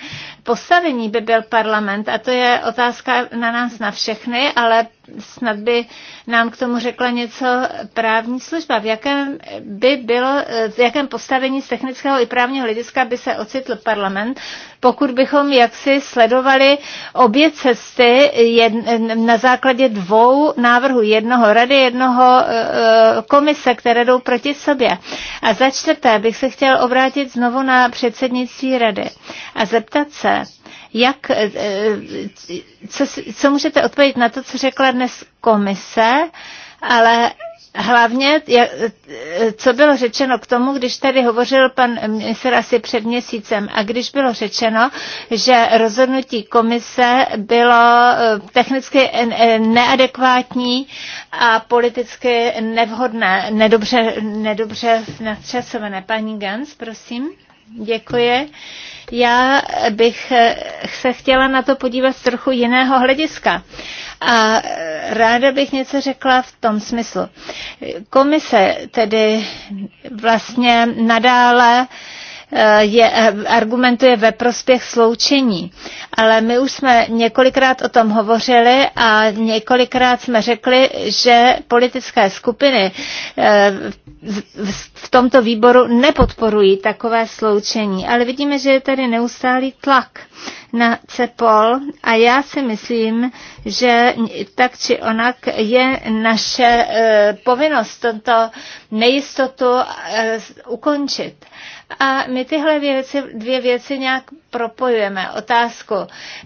postavení by byl parlament? A to je otázka na nás na všechny, ale snad by nám k tomu řekla něco právní služba. V jakém by bylo, v jakém postavení z technického i právního hlediska by se ocitl parlament, pokud bychom jaksi sledovali obě cesty jed, na základě dvou návrhů, jednoho rady, jednoho e, e, komise, které jdou proti sobě. A za čtvrté bych se chtěl obrátit znovu na předsednictví rady a zeptat se, jak, eh, co, co můžete odpovědět na to, co řekla dnes komise, ale hlavně, eh, co bylo řečeno k tomu, když tady hovořil pan minister asi před měsícem a když bylo řečeno, že rozhodnutí komise bylo eh, technicky neadekvátní a politicky nevhodné, nedobře, nedobře nadčasované. Paní Gans, prosím. Děkuji. Já bych eh, se chtěla na to podívat z trochu jiného hlediska. A eh, ráda bych něco řekla v tom smyslu. Komise tedy vlastně nadále Eh, je, eh, argumentuje ve prospěch sloučení. Ale my už jsme několikrát o tom hovořili a několikrát jsme řekli, že politické skupiny eh, v tomto výboru nepodporují takové sloučení. Ale vidíme, že je tady neustálý tlak na CEPOL a já si myslím, že tak či onak je naše povinnost tento nejistotu ukončit. A my tyhle věci, dvě věci nějak propojujeme. Otázku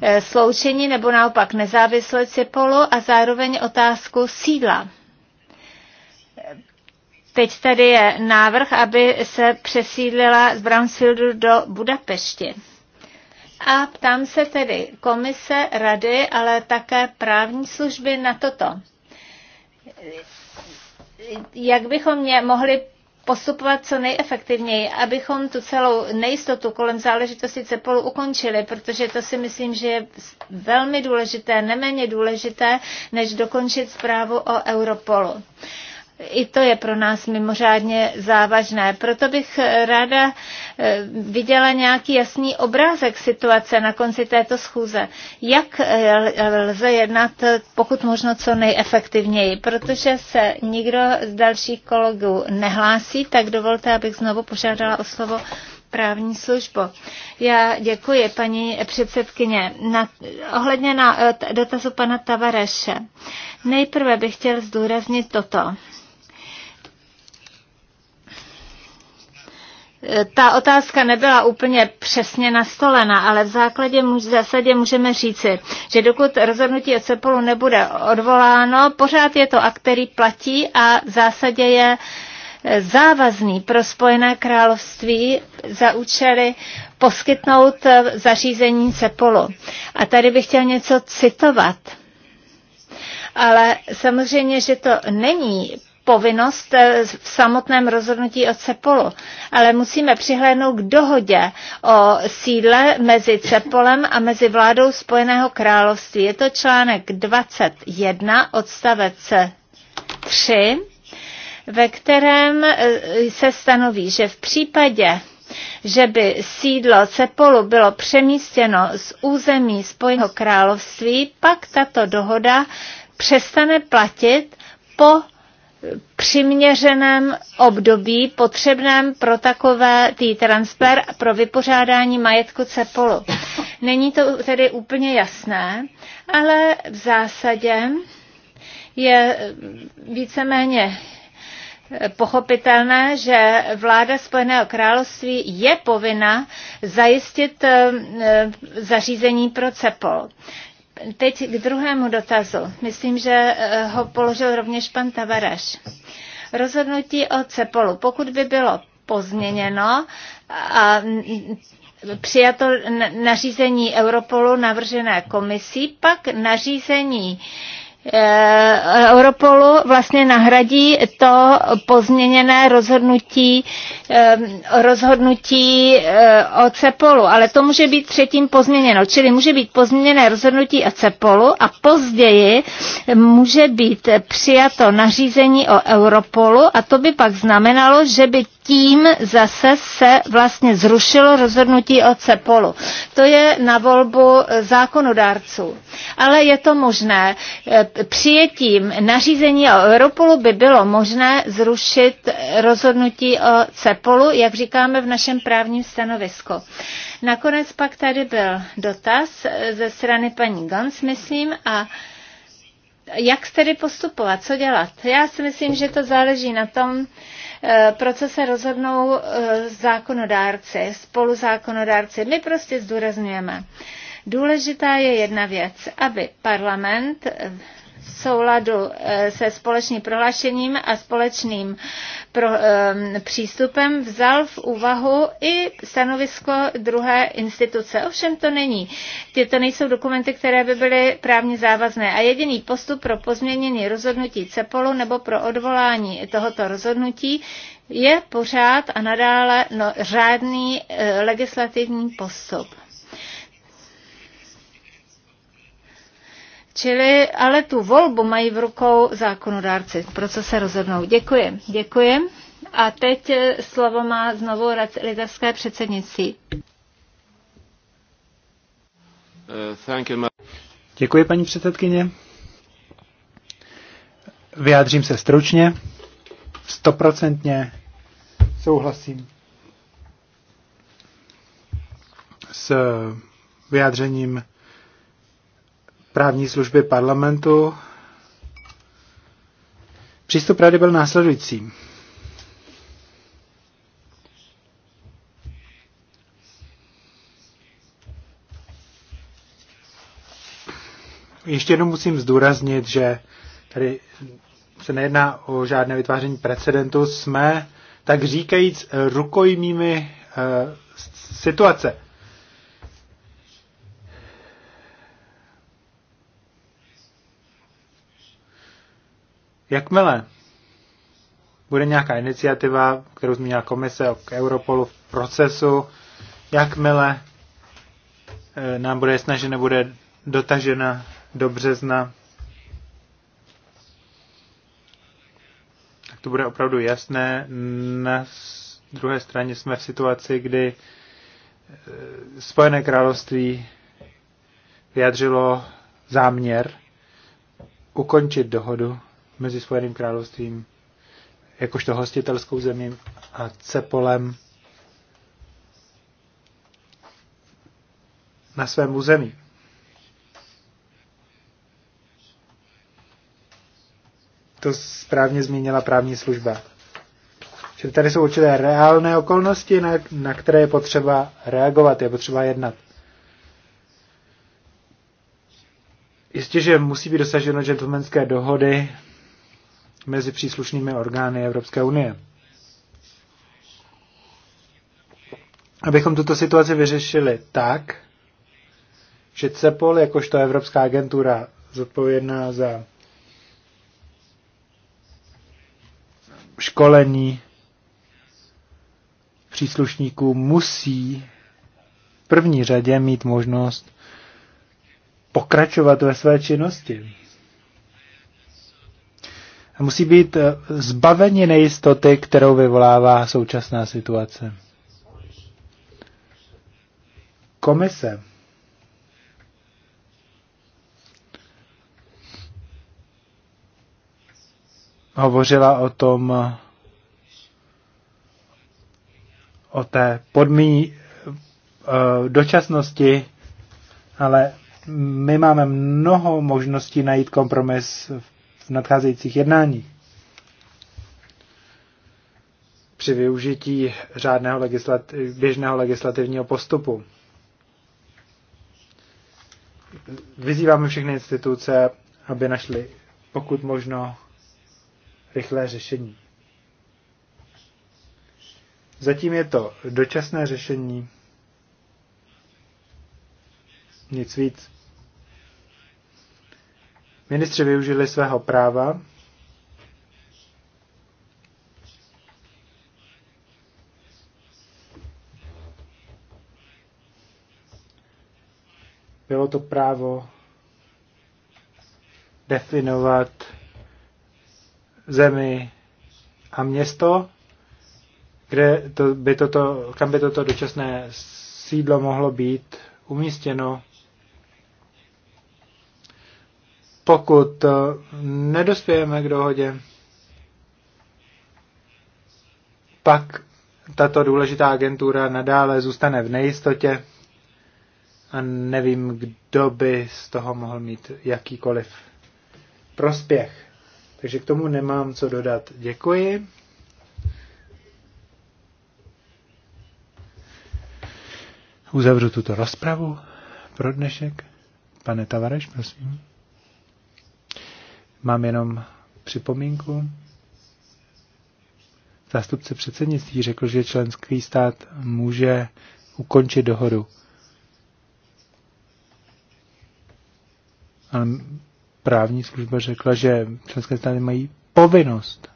eh, sloučení nebo naopak nezávislé cipolu a zároveň otázku sídla. Teď tady je návrh, aby se přesídlila z Brownsfieldu do Budapešti. A ptám se tedy komise, rady, ale také právní služby na toto. Jak bychom mě mohli postupovat co nejefektivněji, abychom tu celou nejistotu kolem záležitosti CEPOLu ukončili, protože to si myslím, že je velmi důležité, neméně důležité, než dokončit zprávu o Europolu i to je pro nás mimořádně závažné. Proto bych ráda eh, viděla nějaký jasný obrázek situace na konci této schůze. Jak eh, lze jednat pokud možno co nejefektivněji? Protože se nikdo z dalších kolegů nehlásí, tak dovolte, abych znovu požádala o slovo právní službu. Já děkuji, paní předsedkyně. Na, ohledně na eh, dotazu pana Tavareše. Nejprve bych chtěl zdůraznit toto. ta otázka nebyla úplně přesně nastolena, ale v, základě, v zásadě můžeme říci, že dokud rozhodnutí o CEPOLu nebude odvoláno, pořád je to akt, který platí a v zásadě je e, závazný pro Spojené království za účely poskytnout e, zařízení CEPOLu. A tady bych chtěl něco citovat. Ale samozřejmě, že to není povinnost eh, v samotném rozhodnutí o CEPOLu, ale musíme přihlédnout k dohodě o sídle mezi CEPOLem a mezi vládou Spojeného království. Je to článek 21 odstavec 3, ve kterém eh, se stanoví, že v případě že by sídlo Cepolu bylo přemístěno z území Spojeného království, pak tato dohoda přestane platit po přiměřeném období potřebném pro takové tý transfer pro vypořádání majetku Cepolu. Není to tedy úplně jasné, ale v zásadě je víceméně pochopitelné, že vláda Spojeného království je povinna zajistit eh, zařízení pro CEPOL teď k druhému dotazu. Myslím, že eh, ho položil rovněž pan Tavareš. Rozhodnutí o CEPOLu. Pokud by bylo pozměněno a mm, přijato nařízení Europolu navržené komisí, pak nařízení Eh, Europolu vlastně nahradí to pozměněné rozhodnutí, eh, rozhodnutí eh, o CEPOLu, ale to může být třetím pozměněno, čili může být pozměněné rozhodnutí o CEPOLu a později může být přijato nařízení o Europolu a to by pak znamenalo, že by tím zase se vlastně zrušilo rozhodnutí o CEPOLu. To je na volbu e, zákonodárců. Ale je to možné. E, přijetím nařízení o Europolu by bylo možné zrušit rozhodnutí o CEPOLu, jak říkáme v našem právním stanovisku. Nakonec pak tady byl dotaz e, ze strany paní Gans, myslím, a jak tedy postupovat, co dělat. Já si myslím, že to záleží na tom, Eh, Procese rozhodnou eh, zákonodárci, spoluzákonodárci. My prostě zdůrazňujeme. Důležitá je jedna věc, aby parlament v souladu eh, se společným prohlášením a společným pro, um, přístupem vzal v úvahu i stanovisko druhé instituce. Ovšem to není. Tyto nejsou dokumenty, které by byly právně závazné. A jediný postup pro pozměnění rozhodnutí CEPOLu nebo pro odvolání tohoto rozhodnutí je pořád a nadále no, řádný e, legislativní postup. Čili, ale tu volbu mají v rukou zákonodárci, pro co se rozhodnou. Děkuji, děkuji. A teď eh, slovo má znovu litevské předsednictví. Eh, děkuji, paní předsedkyně. Vyjádřím se stručně. Stoprocentně souhlasím s vyjádřením právní služby parlamentu. Přístup rady byl následující. Ještě jednou musím zdůraznit, že tady se nejedná o žádné vytváření precedentu. Jsme, tak říkajíc, rukojmími e, eh, situace. Jakmile bude nějaká iniciativa, kterou zmínila komise k Europolu v procesu, jakmile e, nám bude jasné, že nebude dotažena do března, tak to bude opravdu jasné. Na druhé straně jsme v situaci, kdy e, Spojené království vyjadřilo záměr ukončit dohodu mezi Spojeným královstvím jakožto hostitelskou zemí a Cepolem na svém území. To správně zmínila právní služba. Čili tady jsou určité reálné okolnosti, na, na které je potřeba reagovat, je potřeba jednat. Jistě, že musí být dosaženo gentlemanské dohody mezi příslušnými orgány Evropské unie. Abychom tuto situaci vyřešili tak, že CEPOL, jakožto Evropská agentura zodpovědná za školení příslušníků, musí v první řadě mít možnost pokračovat ve své činnosti musí být eh, zbaveni nejistoty, kterou vyvolává současná situace. Komise hovořila o tom, o té podmí eh, dočasnosti, ale my máme mnoho možností najít kompromis v nadcházejících jednáních. Při využití řádného legislat- běžného legislativního postupu. Vyzýváme všechny instituce, aby našli pokud možno rychlé řešení. Zatím je to dočasné řešení, nic víc. Ministři využili svého práva bylo to právo definovat zemi a město, kde to by toto, kam by toto dočasné sídlo mohlo být umístěno. pokud eh, nedospějeme k dohodě, pak tato důležitá agentura nadále zůstane v nejistotě a nevím, kdo by z toho mohl mít jakýkoliv prospěch. Takže k tomu nemám co dodat. Děkuji. Uzavřu tuto rozpravu pro dnešek. Pane Tavareš, prosím. Mám jenom připomínku. Zástupce předsednictví řekl, že členský stát může ukončit dohodu. Ale právní služba řekla, že členské státy mají povinnost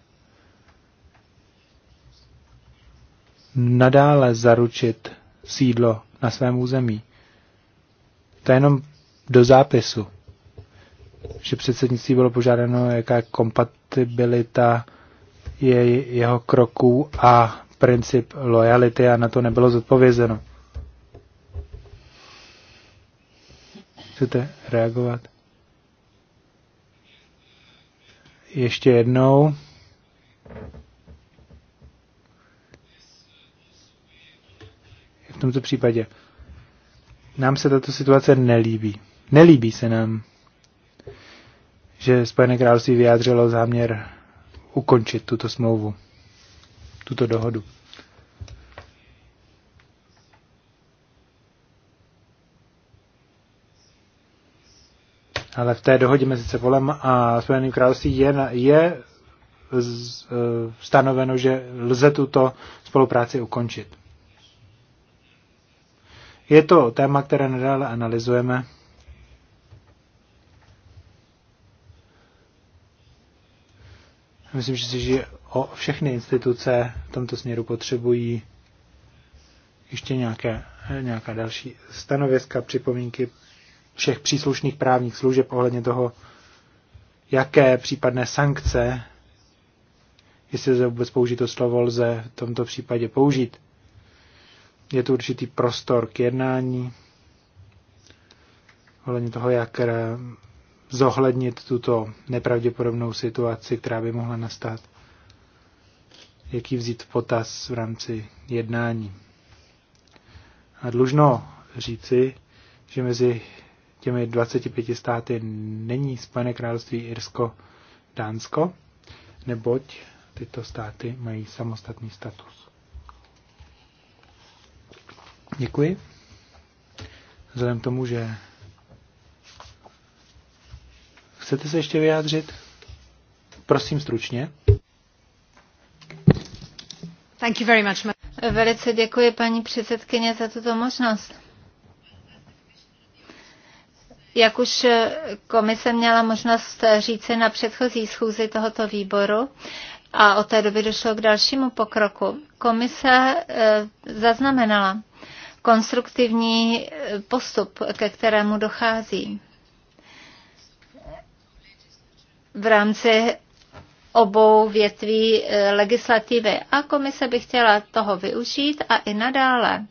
nadále zaručit sídlo na svém území. To je jenom do zápisu že předsednictví bylo požádáno, jaká kompatibilita je jeho kroků a princip lojality a na to nebylo zodpovězeno. Chcete reagovat? Ještě jednou. V tomto případě. Nám se tato situace nelíbí. Nelíbí se nám že Spojené království vyjádřilo záměr ukončit tuto smlouvu, tuto dohodu. Ale v té dohodě mezi Cepolem a Spojeným království je, je z, e, stanoveno, že lze tuto spolupráci ukončit. Je to téma, které nadále analyzujeme. Myslím si, že o všechny instituce v tomto směru potřebují ještě nějaké, nějaká další stanoviska, připomínky všech příslušných právních služeb ohledně toho, jaké případné sankce, jestli se vůbec použít to slovo, lze v tomto případě použít. Je tu určitý prostor k jednání ohledně toho, jak eh, zohlednit tuto nepravděpodobnou situaci, která by mohla nastat, jak ji vzít v potaz v rámci jednání. A dlužno říci, že mezi těmi 25 státy není Spojené království Irsko, Dánsko, neboť tyto státy mají samostatný status. Děkuji. Vzhledem tomu, že Chcete se ještě vyjádřit? Prosím stručně. Thank you very much. Velice děkuji paní předsedkyně za tuto možnost. Jak už komise měla možnost říci na předchozí schůzi tohoto výboru, a od té doby došlo k dalšímu pokroku. Komise eh, zaznamenala konstruktivní eh, postup, ke kterému dochází v rámci obou větví eh, legislativy. A komise by chtěla toho využít a i nadále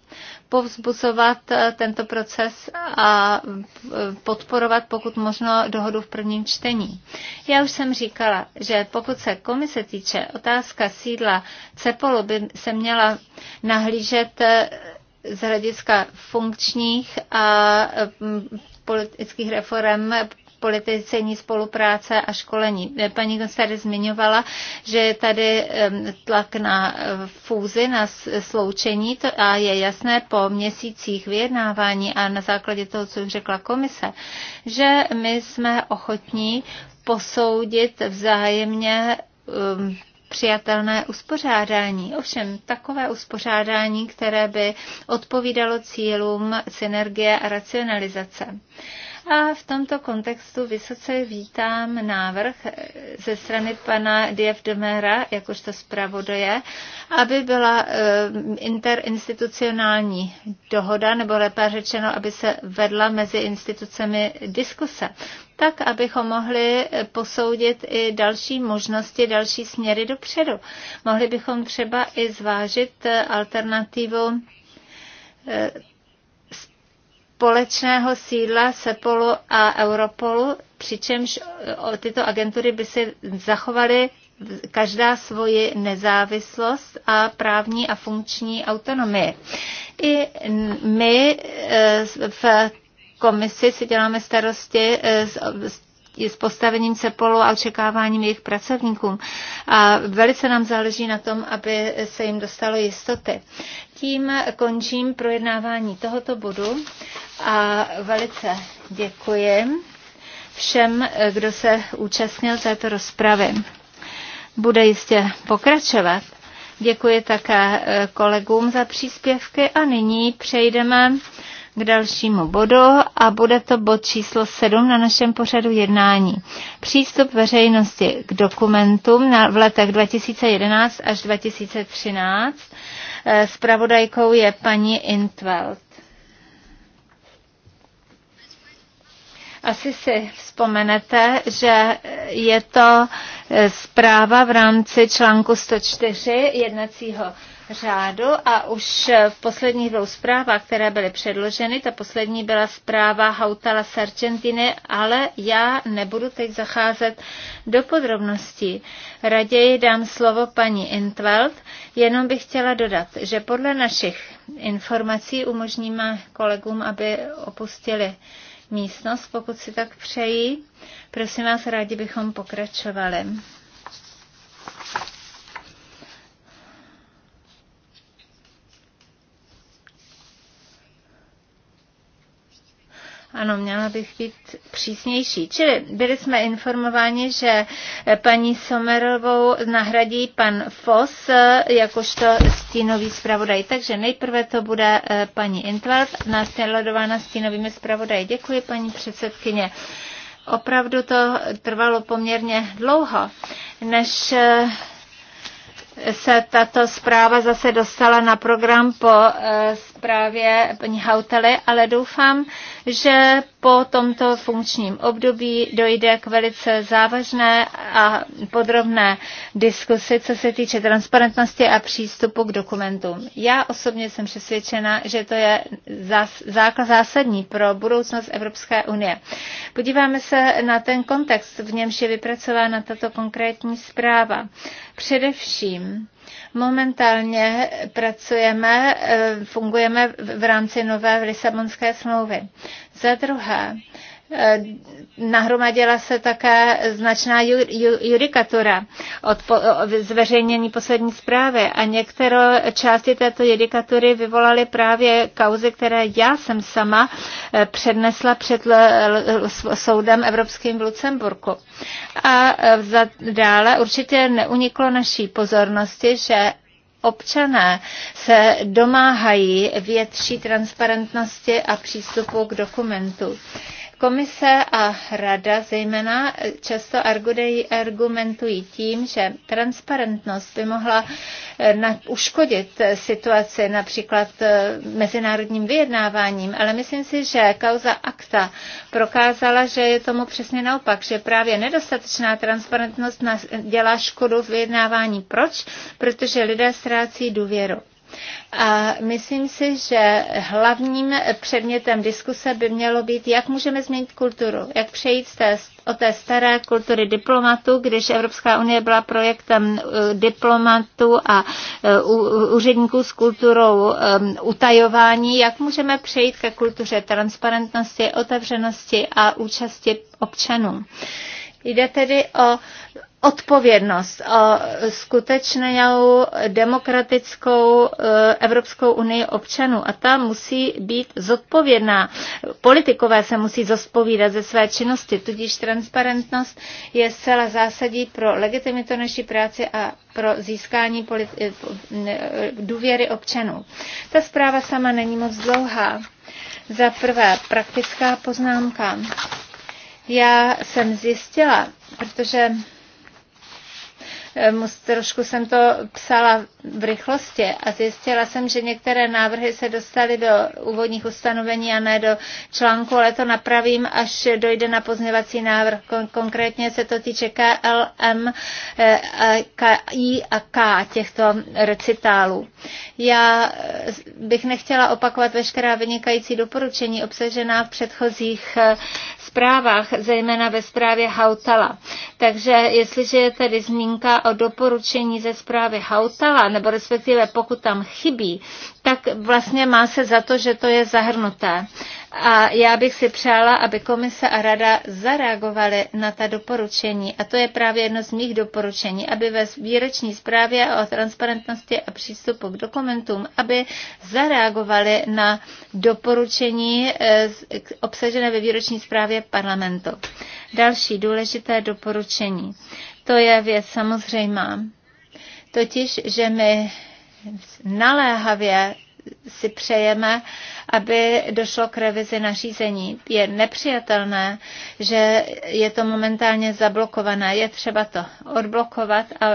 povzbuzovat eh, tento proces a eh, podporovat pokud možno dohodu v prvním čtení. Já už jsem říkala, že pokud se komise týče otázka sídla CEPOLu by se měla nahlížet z hlediska funkčních a politických reform policejní spolupráce a školení. Eh, Paní tady zmiňovala, že je tady tlak na eh, fúzi, na sloučení a je jasné po měsících vyjednávání a na základě toho, co řekla komise, že my jsme ochotní posoudit vzájemně přijatelné uspořádání. Ovšem takové uspořádání, které by odpovídalo cílům synergie a racionalizace. A v tomto kontextu vysoce vítám návrh ze strany pana Demera, jakožto zpravodaje, aby byla eh, interinstitucionální dohoda, nebo lépe řečeno, aby se vedla mezi institucemi diskuse tak, abychom mohli posoudit i další možnosti, další směry dopředu. Mohli bychom třeba i zvážit eh, alternativu eh, společného sídla SEPOLu a Europolu, přičemž tyto agentury by si zachovaly každá svoji nezávislost a právní a funkční autonomii. I my e, v komisi si děláme starosti e, s s postavením CEPOLu a očekáváním jejich pracovníkům. A velice nám záleží na tom, aby se jim dostalo jistoty. Tím končím projednávání tohoto bodu a velice děkuji všem, kdo se účastnil této rozpravy. Bude jistě pokračovat. Děkuji také eh, kolegům za příspěvky a nyní přejdeme k dalšímu bodu a bude to bod číslo 7 na našem pořadu jednání. Přístup veřejnosti k dokumentům na, v letech 2011 až 2013. Spravodajkou eh, je paní Intveld. Asi si vzpomenete, že je to zpráva v rámci článku 104 jednacího řádu a už v posledních dvou zprávách, které byly předloženy, ta poslední byla zpráva Hautala Sargentiny, ale já nebudu teď zacházet do podrobností. Raději dám slovo paní Intveld, jenom bych chtěla dodat, že podle našich informací umožníme kolegům, aby opustili místnost, pokud si tak přejí. Prosím vás, rádi bychom pokračovali. Ano, měla bych být přísnější. Čili byli jsme informováni, že paní Somerovou nahradí pan Fos eh, jakožto stínový zpravodaj. Takže nejprve to bude eh, paní Intvald, následována stínovými zpravodaji. Děkuji, paní předsedkyně. Opravdu to trvalo poměrně dlouho, než eh, se tato zpráva zase dostala na program po právě paní Hautely, ale doufám, že po tomto funkčním období dojde k velice závažné a podrobné diskusi, co se týče transparentnosti a přístupu k dokumentům. Já osobně jsem přesvědčena, že to je základ zásadní pro budoucnost Evropské unie. Podíváme se na ten kontext, v němž je vypracována tato konkrétní zpráva. Především Momentálně pracujeme, eh, fungujeme v rámci nové Lisabonské smlouvy. Za druhé, Eh, nahromadila se také značná judikatura od eh, zveřejnění poslední zprávy a některé části této judikatury vyvolaly právě kauzy, které já jsem sama eh, přednesla před soudem Evropským v Lucemburku. A dále určitě neuniklo naší pozornosti, že občané se domáhají větší transparentnosti a přístupu k dokumentu. Komise a rada zejména často argumentují tím, že transparentnost by mohla eh, uškodit eh, situaci například eh, mezinárodním vyjednáváním, ale myslím si, že kauza akta prokázala, že je tomu přesně naopak, že právě nedostatečná transparentnost dělá škodu v vyjednávání. Proč? Protože lidé ztrácí důvěru. A myslím si, že hlavním předmětem diskuse by mělo být, jak můžeme změnit kulturu, jak přejít z té, od té staré kultury diplomatu, když Evropská unie byla projektem uh, diplomatu a uh, úředníků s kulturou um, utajování, jak můžeme přejít ke kultuře transparentnosti, otevřenosti a účasti občanů. Jde tedy o odpovědnost, o skutečnou demokratickou eh, Evropskou unii občanů. A ta musí být zodpovědná. Politikové se musí zodpovídat ze své činnosti, tudíž transparentnost je zcela zásadní pro legitimitu naší práce a pro získání eh, eh, důvěry občanů. Ta zpráva sama není moc dlouhá. Za prvé praktická poznámka. Já jsem zjistila, protože eh, trošku jsem to psala v rychlosti a zjistila jsem, že některé návrhy se dostaly do úvodních ustanovení a ne do článku, ale to napravím, až dojde na pozněvací návrh. Konkrétně se to týče KLM, eh, KI a K těchto recitálů. Já eh, bych nechtěla opakovat veškerá vynikající doporučení obsažená v předchozích zprávách, zejména ve zprávě Hautala. Takže jestliže je tady zmínka o doporučení ze zprávy Hautala, nebo respektive pokud tam chybí, tak vlastně má se za to, že to je zahrnuté. A já bych si přála, aby komise a rada zareagovaly na ta doporučení. A to je právě jedno z mých doporučení, aby ve výroční zprávě o transparentnosti a přístupu k dokumentům, aby zareagovaly na doporučení eh, obsažené ve výroční zprávě parlamentu. Další důležité doporučení. To je věc samozřejmá. Totiž, že my naléhavě si přejeme, aby došlo k revizi nařízení. Je nepřijatelné, že je to momentálně zablokované. Je třeba to odblokovat a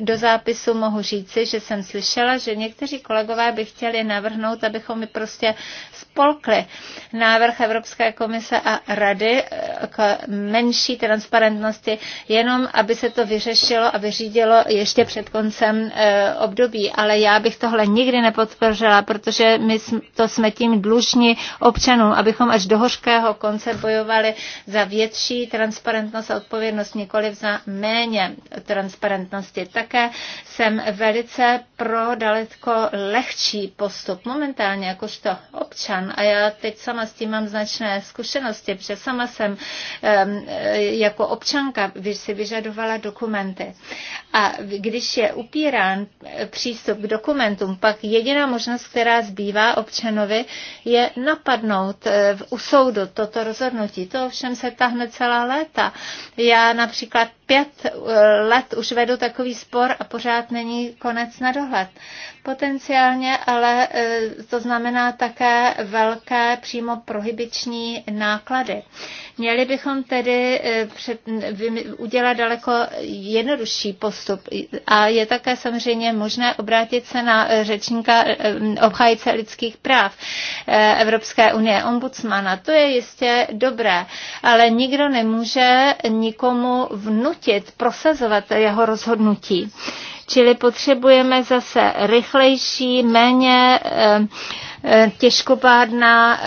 do zápisu mohu říci, že jsem slyšela, že někteří kolegové by chtěli navrhnout, abychom mi prostě spolkli návrh Evropské komise a rady k menší transparentnosti, jenom aby se to vyřešilo a vyřídilo ještě před koncem eh, období. Ale já bych tohle nikdy nepodpořila, protože my to jsme tím dlužní občanům, abychom až do hořkého konce bojovali za větší transparentnost a odpovědnost, nikoliv za méně transparentnosti. Také jsem velice pro daleko lehčí postup. Momentálně jakožto občan a já teď sama s tím mám značné zkušenosti, protože sama jsem jako občanka si vyžadovala dokumenty. A když je upírán přístup k dokumentům, pak jediná možnost, která zbývá občanovi, je napadnout eh, u soudu toto rozhodnutí. To ovšem se tahne celá léta. Já například pět eh, let už vedu takový spor a pořád není konec na dohled. Potenciálně ale eh, to znamená také velké přímo prohybiční náklady. Měli bychom tedy udělat daleko jednodušší postup a je také samozřejmě možné obrátit se na řečníka obhájce lidských práv. Eh, Evropské unie, ombudsmana. To je jistě dobré, ale nikdo nemůže nikomu vnutit, prosazovat jeho rozhodnutí. Čili potřebujeme zase rychlejší, méně eh, eh, těžkopádná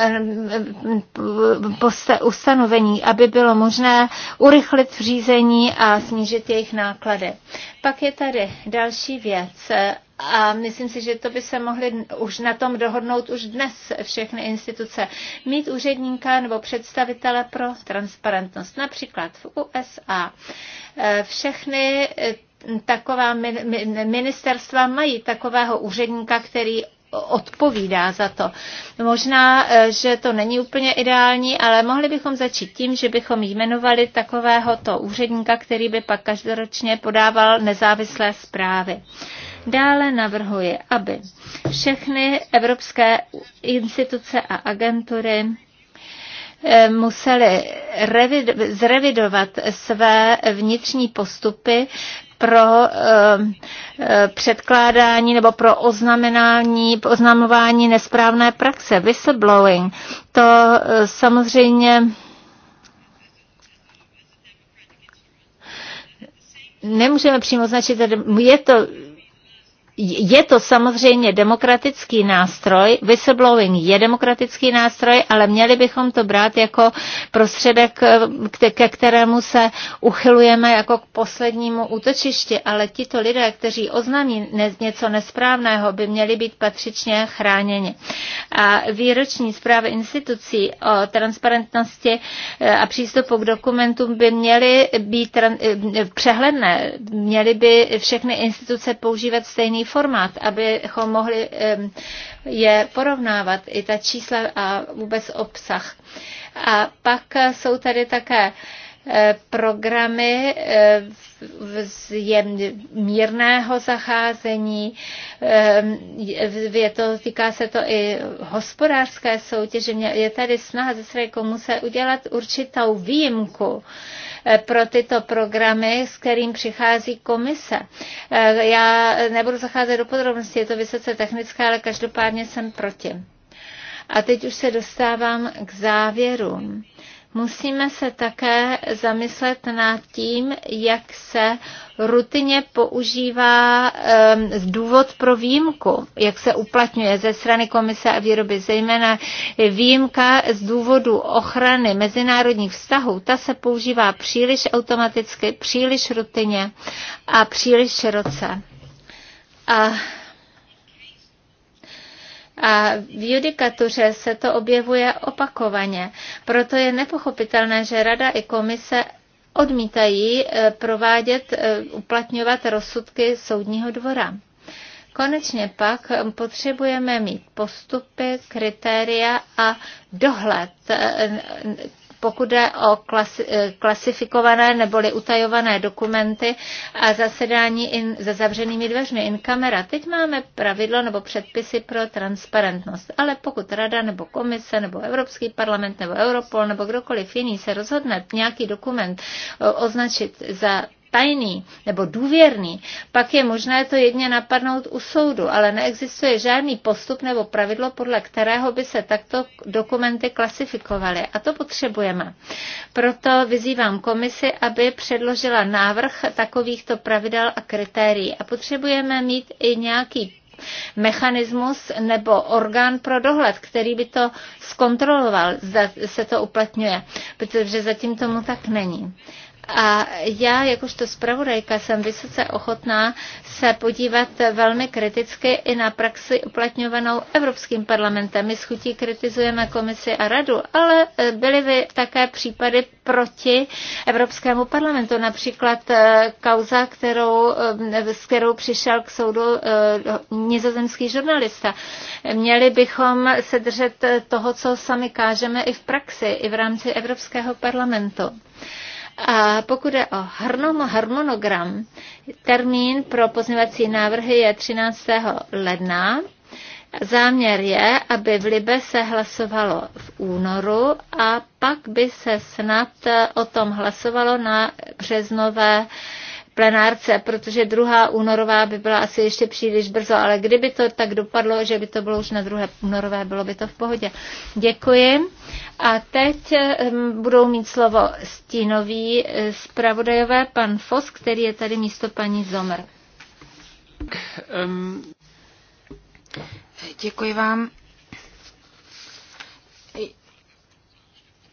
ustanovení, aby bylo možné urychlit řízení a snížit jejich náklady. Pak je tady další věc a myslím si, že to by se mohly už na tom dohodnout už dnes všechny instituce. Mít úředníka nebo představitele pro transparentnost, například v USA. E, všechny e, taková ministerstva mají takového úředníka, který odpovídá za to. Možná, e, že to není úplně ideální, ale mohli bychom začít tím, že bychom jmenovali takovéhoto úředníka, který by pak každoročně podával nezávislé zprávy. Dále navrhuji, aby všechny evropské instituce a agentury eh, museli zrevidovat své vnitřní postupy pro eh, eh, předkládání nebo pro oznamenání, oznamování nesprávné praxe, whistleblowing. To samozřejmě nemůžeme přímo označit, je to je to samozřejmě demokratický nástroj, whistleblowing je demokratický nástroj, ale měli bychom to brát jako prostředek, eh, ke kterému se uchylujeme jako k poslednímu útočišti, ale tito lidé, kteří oznámí něco nesprávného, by měli být patřičně chráněni. A výroční zprávy institucí o transparentnosti eh, a přístupu k dokumentům by měly být eh, přehledné, měly by všechny instituce používat stejný formát, abychom mohli je porovnávat, i ta čísla a vůbec obsah. A pak jsou tady také Eh, programy eh, z mírného zacházení, eh, je to, týká se to i hospodářské soutěže, je tady snaha ze své komise udělat určitou výjimku pro tyto programy, s kterým přichází komise. Já nebudu zacházet do podrobností, je to vysoce technické, ale každopádně jsem proti. A teď už se dostávám k závěru. Musíme se také zamyslet nad tím, jak se rutině používá um, důvod pro výjimku, jak se uplatňuje ze strany komise a výroby, zejména výjimka z důvodu ochrany mezinárodních vztahů, ta se používá příliš automaticky, příliš rutině a příliš široce. A a v judikatuře se to objevuje opakovaně. Proto je nepochopitelné, že Rada i komise odmítají e, provádět, e, uplatňovat rozsudky soudního dvora. Konečně pak potřebujeme mít postupy, kritéria a dohled, e, pokud jde o eh, klasifikované neboli utajované dokumenty a zasedání in, za zavřenými dveřmi in kamera. Teď máme pravidlo nebo předpisy pro transparentnost, ale pokud rada nebo komise nebo Evropský parlament nebo Europol nebo kdokoliv jiný se rozhodne nějaký dokument eh, označit za tajný nebo důvěrný, pak je možné to jedně napadnout u soudu, ale neexistuje žádný postup nebo pravidlo, podle kterého by se takto dokumenty klasifikovaly. A to potřebujeme. Proto vyzývám komisi, aby předložila návrh takovýchto pravidel a kritérií. A potřebujeme mít i nějaký mechanismus nebo orgán pro dohled, který by to zkontroloval, zda se to uplatňuje, protože zatím tomu tak není. A já, jakožto zpravodajka, jsem vysoce ochotná se podívat velmi kriticky i na praxi uplatňovanou Evropským parlamentem. My s chutí kritizujeme komisi a radu, ale e, byly by také případy proti Evropskému parlamentu. Například e, kauza, kterou, e, s kterou přišel k soudu nizozemský žurnalista. Měli bychom se držet toho, co sami kážeme i v praxi, i v rámci Evropského parlamentu. A pokud je o harmonogram, termín pro pozměvací návrhy je 13. ledna. Záměr je, aby v Libe se hlasovalo v únoru a pak by se snad o tom hlasovalo na březnové plenárce, protože druhá únorová by byla asi ještě příliš brzo, ale kdyby to tak dopadlo, že by to bylo už na druhé únorové, bylo by to v pohodě. Děkuji. A teď budou mít slovo stínový eh, zpravodajové pan Fos, který je tady místo paní Zomer. Děkuji vám.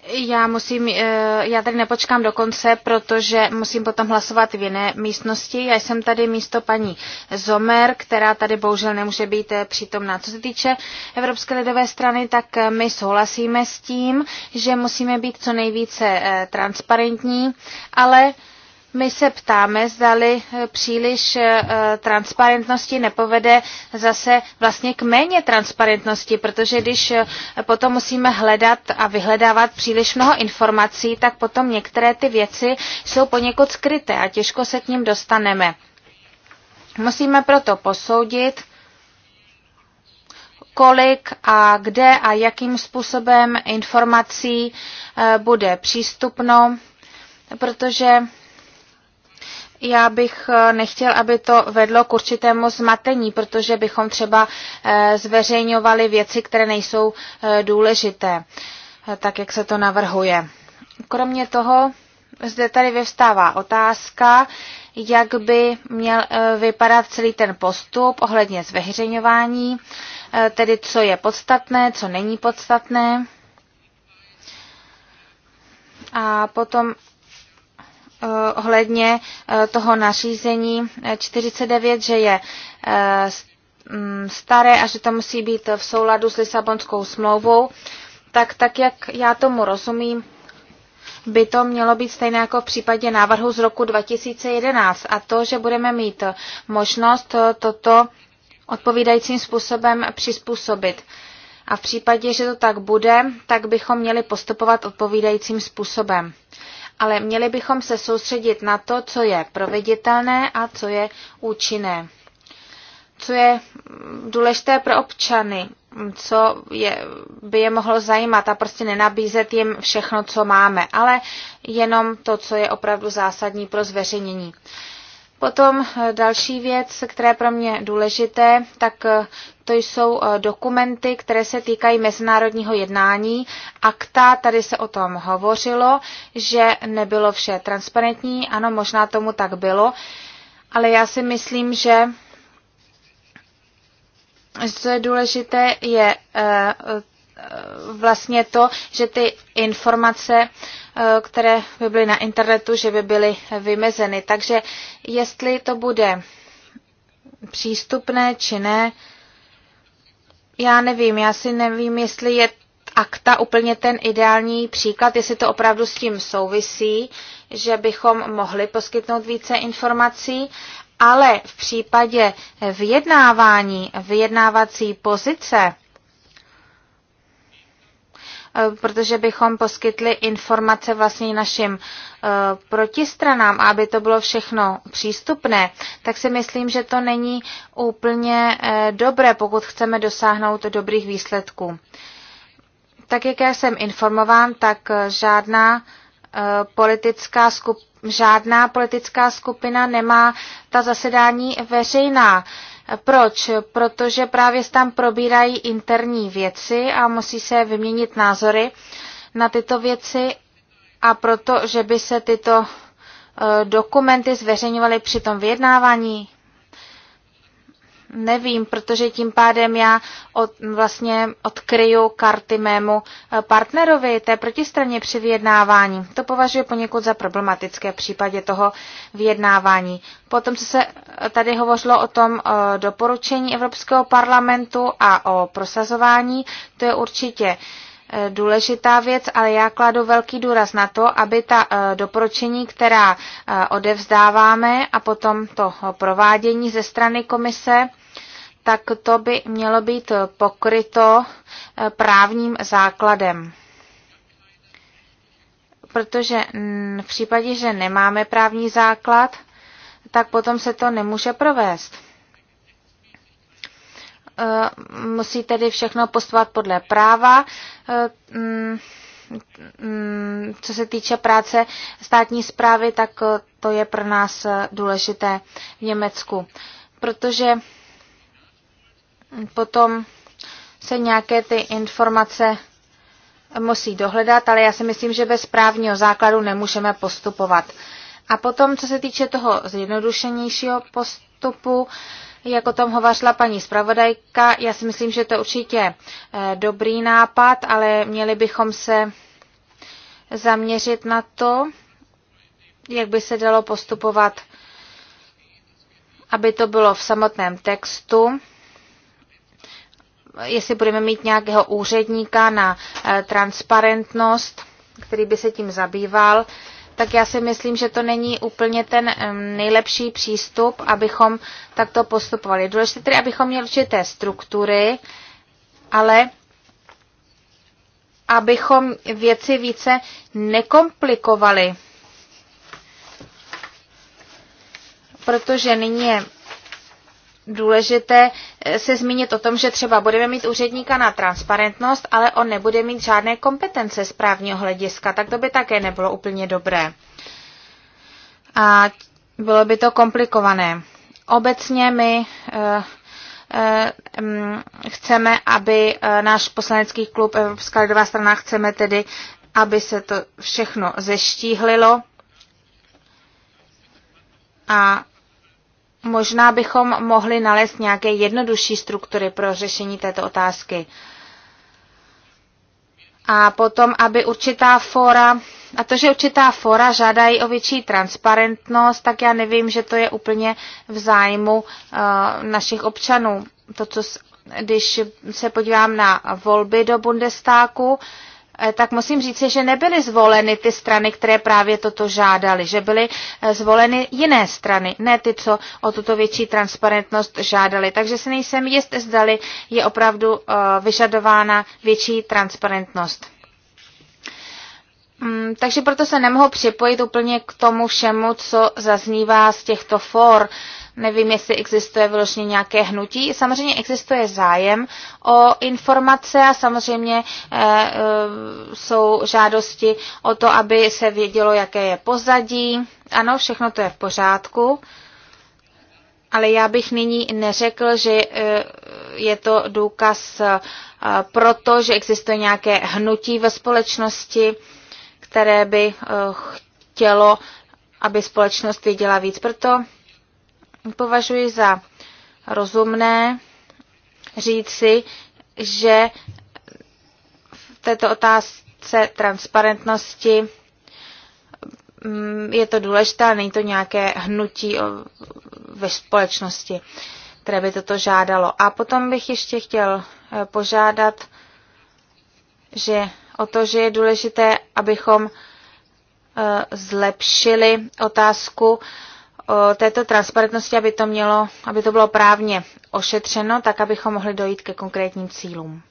Já musím, eh, já tady nepočkám do konce, protože musím potom hlasovat v jiné místnosti. Já jsem tady místo paní Zomer, která tady bohužel nemůže být eh, přítomná. Co se týče Evropské lidové strany, tak eh, my souhlasíme s tím, že musíme být co nejvíce transparentní, ale my se ptáme, zdali e, příliš e, transparentnosti nepovede zase vlastně k méně transparentnosti, protože když e, potom musíme hledat a vyhledávat příliš mnoho informací, tak potom některé ty věci jsou poněkud skryté a těžko se k ním dostaneme. Musíme proto posoudit, kolik a kde a jakým způsobem informací bude přístupno, protože já bych eh, nechtěl, aby to vedlo k určitému zmatení, protože bychom třeba eh, zveřejňovali věci, které nejsou eh, důležité, tak jak se to navrhuje. Kromě toho zde tady vyvstává otázka, jak by měl vypadat celý ten postup ohledně zveřejňování, tedy co je podstatné, co není podstatné. A potom Eh, ohledně eh, toho nařízení 49, eh, že je mm, staré a že to musí být v souladu s Lisabonskou smlouvou, tak tak, jak já tomu rozumím, by to mělo být stejné jako v případě návrhu z roku 2011 a to, že budeme mít možnost toto odpovídajícím způsobem přizpůsobit. A v případě, že to tak bude, tak bychom měli postupovat odpovídajícím způsobem ale měli bychom se soustředit na to, co je proveditelné a co je účinné. Co je důležité pro občany, co je, by je mohlo zajímat a prostě nenabízet jim všechno, co máme, ale jenom to, co je opravdu zásadní pro zveřejnění. Potom eh, další věc, která je pro mě důležité, tak eh, to jsou eh, dokumenty, které se týkají mezinárodního jednání. Akta, tady se o tom hovořilo, že nebylo vše transparentní, ano, možná tomu tak bylo, ale já si myslím, že co je důležité, je Eh, vlastně to, že ty informace, eh, které by byly na internetu, že by byly vymezeny. Takže jestli to bude přístupné či ne, já nevím, já si nevím, jestli je akta úplně ten ideální příklad, jestli to opravdu s tím souvisí, že bychom mohli poskytnout více informací, ale v případě vyjednávání, vyjednávací pozice, Eh, protože bychom poskytli informace vlastně našim eh, protistranám, aby to bylo všechno přístupné, tak si myslím, že to není úplně eh, dobré, pokud chceme dosáhnout dobrých výsledků. Tak jak já jsem informován, tak žádná politická skupina žádná politická skupina nemá ta zasedání veřejná. Proč? Protože právě tam probírají interní věci a musí se vyměnit názory na tyto věci a proto, že by se tyto eh, dokumenty zveřejňovaly při tom vyjednávání nevím, protože tím pádem já od, vlastně odkryju karty mému eh, partnerovi, té protistraně při vyjednávání. To považuji poněkud za problematické v případě toho vyjednávání. Potom, co se eh, tady hovořilo o tom eh, doporučení Evropského parlamentu a o prosazování, to je určitě důležitá věc, ale já kladu velký důraz na to, aby ta doporučení, která odevzdáváme a potom to provádění ze strany komise, tak to by mělo být pokryto eh, právním základem. Protože v případě, že nemáme právní základ, tak potom se to nemůže provést. Eh, musí tedy všechno postovat podle práva eh, co se týče práce státní zprávy, tak to je pro nás důležité v Německu, protože potom se nějaké ty informace musí dohledat, ale já si myslím, že bez právního základu nemůžeme postupovat. A potom, co se týče toho zjednodušenějšího postupu, jak o tom hovařila paní zpravodajka, já si myslím, že to je určitě eh, dobrý nápad, ale měli bychom se zaměřit na to, jak by se dalo postupovat, aby to bylo v samotném textu jestli budeme mít nějakého úředníka na eh, transparentnost, který by se tím zabýval, tak já si myslím, že to není úplně ten eh, nejlepší přístup, abychom takto postupovali. Důležité tedy, abychom měli určité struktury, ale abychom věci více nekomplikovali. Protože nyní je důležité eh, se zmínit o tom, že třeba budeme mít úředníka na transparentnost, ale on nebude mít žádné kompetence z právního hlediska, tak to by také nebylo úplně dobré. A bylo by to komplikované. Obecně my eh, eh, mm, chceme, aby náš poslanecký klub Evropská lidová strana chceme tedy, aby se to všechno zeštíhlilo a Možná bychom mohli nalézt nějaké jednodušší struktury pro řešení této otázky. A potom, aby určitá fora, a to, že určitá fora žádají o větší transparentnost, tak já nevím, že to je úplně v zájmu uh, našich občanů. To, co, když se podívám na volby do Bundestáku, Eh, tak musím říct, že nebyly zvoleny ty strany, které právě toto žádaly, že byly eh, zvoleny jiné strany, ne ty, co o tuto větší transparentnost žádaly. Takže si nejsem jist, zdali je opravdu eh, vyžadována větší transparentnost. Mm, takže proto se nemohu připojit úplně k tomu všemu, co zaznívá z těchto for Nevím, jestli existuje vyloženě nějaké hnutí. Samozřejmě existuje zájem o informace a samozřejmě eh, eh, jsou žádosti o to, aby se vědělo, jaké je pozadí. Ano, všechno to je v pořádku. Ale já bych nyní neřekl, že eh, je to důkaz proto, že existuje nějaké hnutí ve společnosti, které by chtělo, aby společnost věděla víc. Proto považuji za rozumné říci, že v této otázce transparentnosti mm, je to důležité, ale není to nějaké hnutí ve společnosti, které by toto žádalo. A potom bych ještě chtěl eh, požádat, že o to, že je důležité, abychom eh, zlepšili otázku této transparentnosti, aby to, mělo, aby to bylo právně ošetřeno, tak abychom mohli dojít ke konkrétním cílům.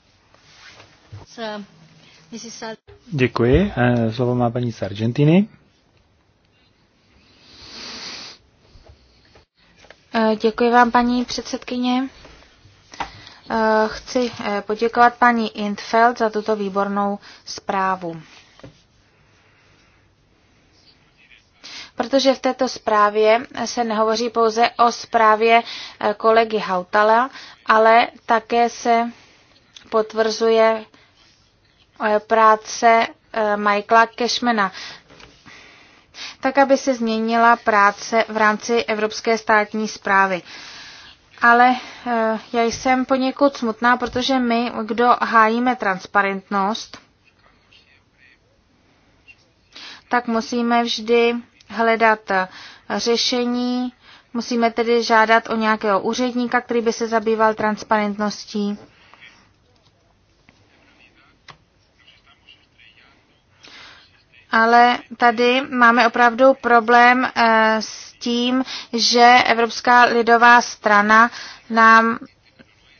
Děkuji. Eh, slovo má paní z Argentiny. Eh, děkuji vám, paní předsedkyně. Eh, chci poděkovat paní Intfeld za tuto výbornou zprávu. protože v této zprávě se nehovoří pouze o zprávě eh, kolegy Hautala, ale také se potvrzuje eh, práce eh, Michaela Cashmana, tak aby se změnila práce v rámci Evropské státní zprávy. Ale já jsem poněkud smutná, protože my, kdo hájíme transparentnost, tak musíme vždy hledat řešení. Musíme tedy žádat o nějakého úředníka, který by se zabýval transparentností. Ale tady máme opravdu problém eh, s tím, že Evropská lidová strana nám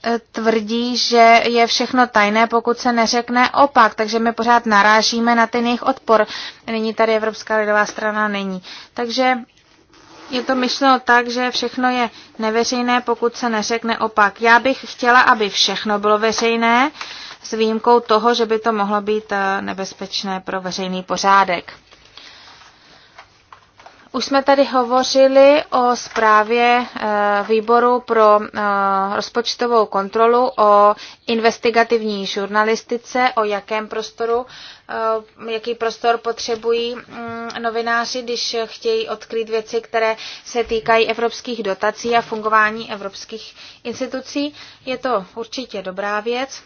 Eh, tvrdí, že je všechno tajné, pokud se neřekne opak, takže my pořád narážíme na ten jejich odpor. Nyní tady Evropská lidová strana není. Takže je to myšleno tak, že všechno je neveřejné, pokud se neřekne opak. Já bych chtěla, aby všechno bylo veřejné, s výjimkou toho, že by to mohlo být eh, nebezpečné pro veřejný pořádek. Už jsme tady hovořili o zprávě eh, výboru pro eh, rozpočtovou kontrolu, o investigativní žurnalistice, o jakém prostoru, eh, jaký prostor potřebují mm, novináři, když chtějí odkryt věci, které se týkají evropských dotací a fungování evropských institucí. Je to určitě dobrá věc.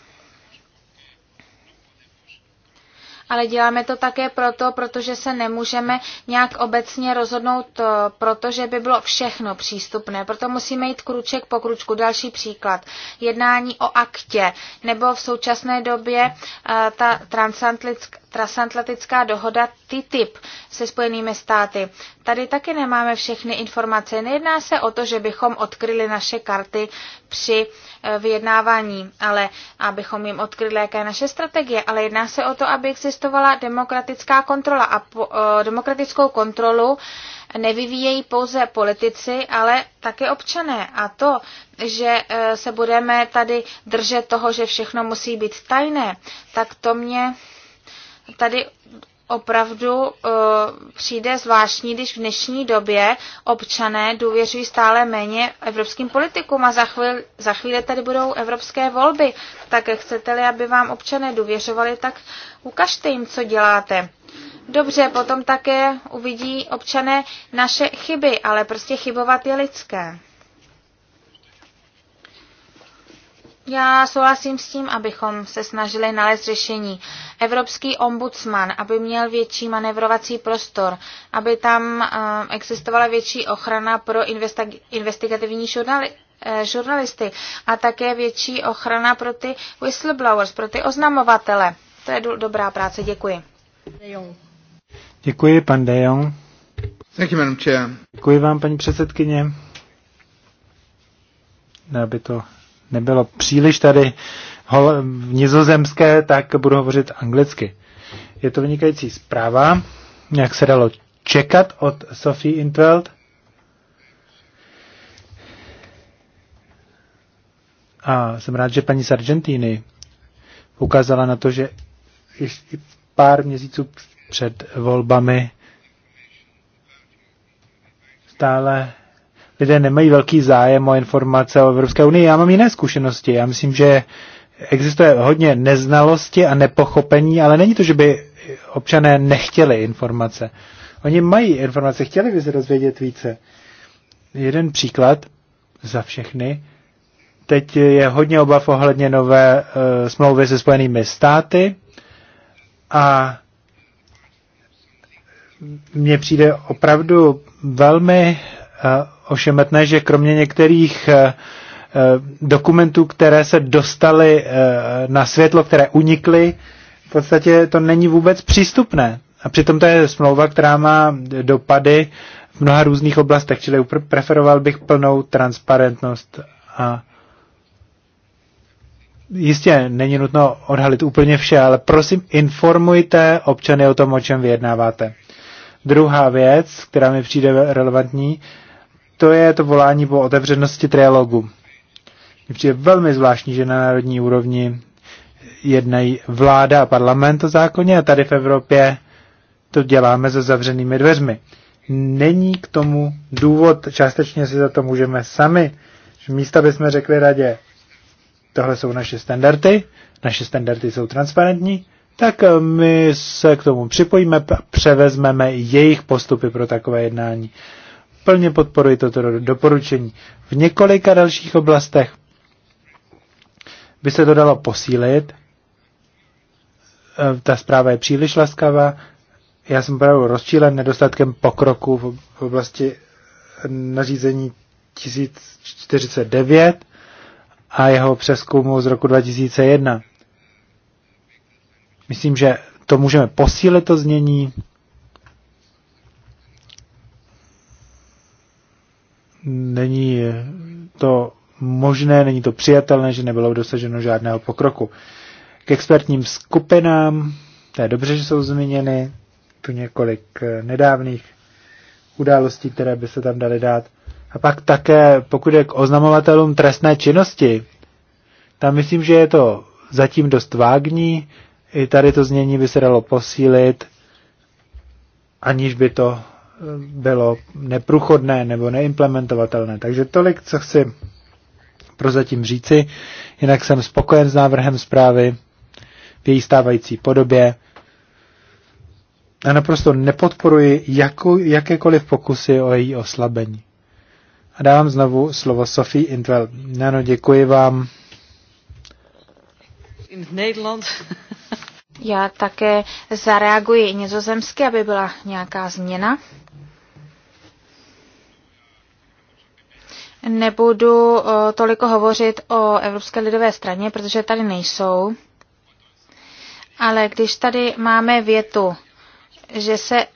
ale děláme to také proto, protože se nemůžeme nějak obecně rozhodnout, eh, protože by bylo všechno přístupné. Proto musíme jít kruček po kručku. Další příklad. Jednání o aktě. Nebo v současné době eh, ta transatlantická transatlantická dohoda TTIP se Spojenými státy. Tady taky nemáme všechny informace. Nejedná se o to, že bychom odkryli naše karty při eh, vyjednávání, ale abychom jim odkryli, jaká je naše strategie, ale jedná se o to, aby existovala demokratická kontrola a po, eh, demokratickou kontrolu nevyvíjejí pouze politici, ale také občané. A to, že eh, se budeme tady držet toho, že všechno musí být tajné, tak to mě tady opravdu uh, přijde zvláštní, když v dnešní době občané důvěřují stále méně evropským politikům a za, chvíli, za chvíli tady budou evropské volby. Tak chcete-li, aby vám občané důvěřovali, tak ukažte jim, co děláte. Dobře, potom také uvidí občané naše chyby, ale prostě chybovat je lidské. Já souhlasím s tím, abychom se snažili nalézt řešení. Evropský ombudsman, aby měl větší manevrovací prostor, aby tam eh, existovala větší ochrana pro investigativní žurnali- eh, žurnalisty a také větší ochrana pro ty whistleblowers, pro ty oznamovatele. To je do- dobrá práce, děkuji. Děkuji, pan De Jong. Děkuji vám, paní předsedkyně. Aby to nebylo příliš tady nizozemské, tak budu hovořit anglicky. Je to vynikající zpráva, jak se dalo čekat od Sophie Intveld. A jsem rád, že paní z Argentíny ukázala na to, že ještě pár měsíců před volbami stále lidé nemají velký zájem o informace o Evropské unii. Já mám jiné zkušenosti. Já myslím, že existuje hodně neznalosti a nepochopení, ale není to, že by občané nechtěli informace. Oni mají informace, chtěli by se dozvědět více. Jeden příklad za všechny. Teď je hodně obav ohledně nové e, smlouvy se Spojenými státy a mně přijde opravdu velmi Eh, ošemetné, že kromě některých eh, eh, dokumentů, které se dostaly na světlo, které unikly, v podstatě to není vůbec přístupné. A přitom to je smlouva, která má dopady v mnoha různých oblastech, čili preferoval bych plnou transparentnost a jistě není nutno odhalit úplně vše, ale prosím informujte občany o tom, o čem vyjednáváte. Druhá věc, která mi přijde relevantní, to je to volání po otevřenosti trialogu. Mně přijde velmi zvláštní, že na národní úrovni jednají vláda a parlament o zákoně a tady v Evropě to děláme za zavřenými dveřmi. Není k tomu důvod, částečně si za to můžeme sami. že Místa bychom řekli radě, tohle jsou naše standardy, naše standardy jsou transparentní, tak eh, my se k tomu připojíme, převezmeme jejich postupy pro takové jednání plně podporuji toto doporučení. V několika dalších oblastech by se to dalo posílit. Eh, ta zpráva je příliš laskavá. Já jsem opravdu rozčílen nedostatkem pokroku v oblasti nařízení 1049 a jeho přeskumu z roku 2001. Myslím, že to můžeme posílit to znění není to možné, není to přijatelné, že nebylo dosaženo žádného pokroku. K expertním skupinám, to je dobře, že jsou zmíněny, tu několik eh, nedávných událostí, které by se tam daly dát. A pak také, pokud je k oznamovatelům trestné činnosti, tam myslím, že je to zatím dost vágní, i tady to znění by se dalo posílit, aniž by to bylo neprůchodné nebo neimplementovatelné. Takže tolik, co chci prozatím říci. Jinak jsem spokojen s návrhem zprávy v její stávající podobě. A naprosto nepodporuji jakou jakékoliv pokusy o její oslabení. A dávám znovu slovo Sophie Intwell. Ano, děkuji vám. In Nederland. <laughs> Já také zareaguji nizozemsky, aby byla nějaká změna. Nebudu eh, toliko hovořit o Evropské lidové straně, protože tady nejsou. Ale když tady máme větu, že se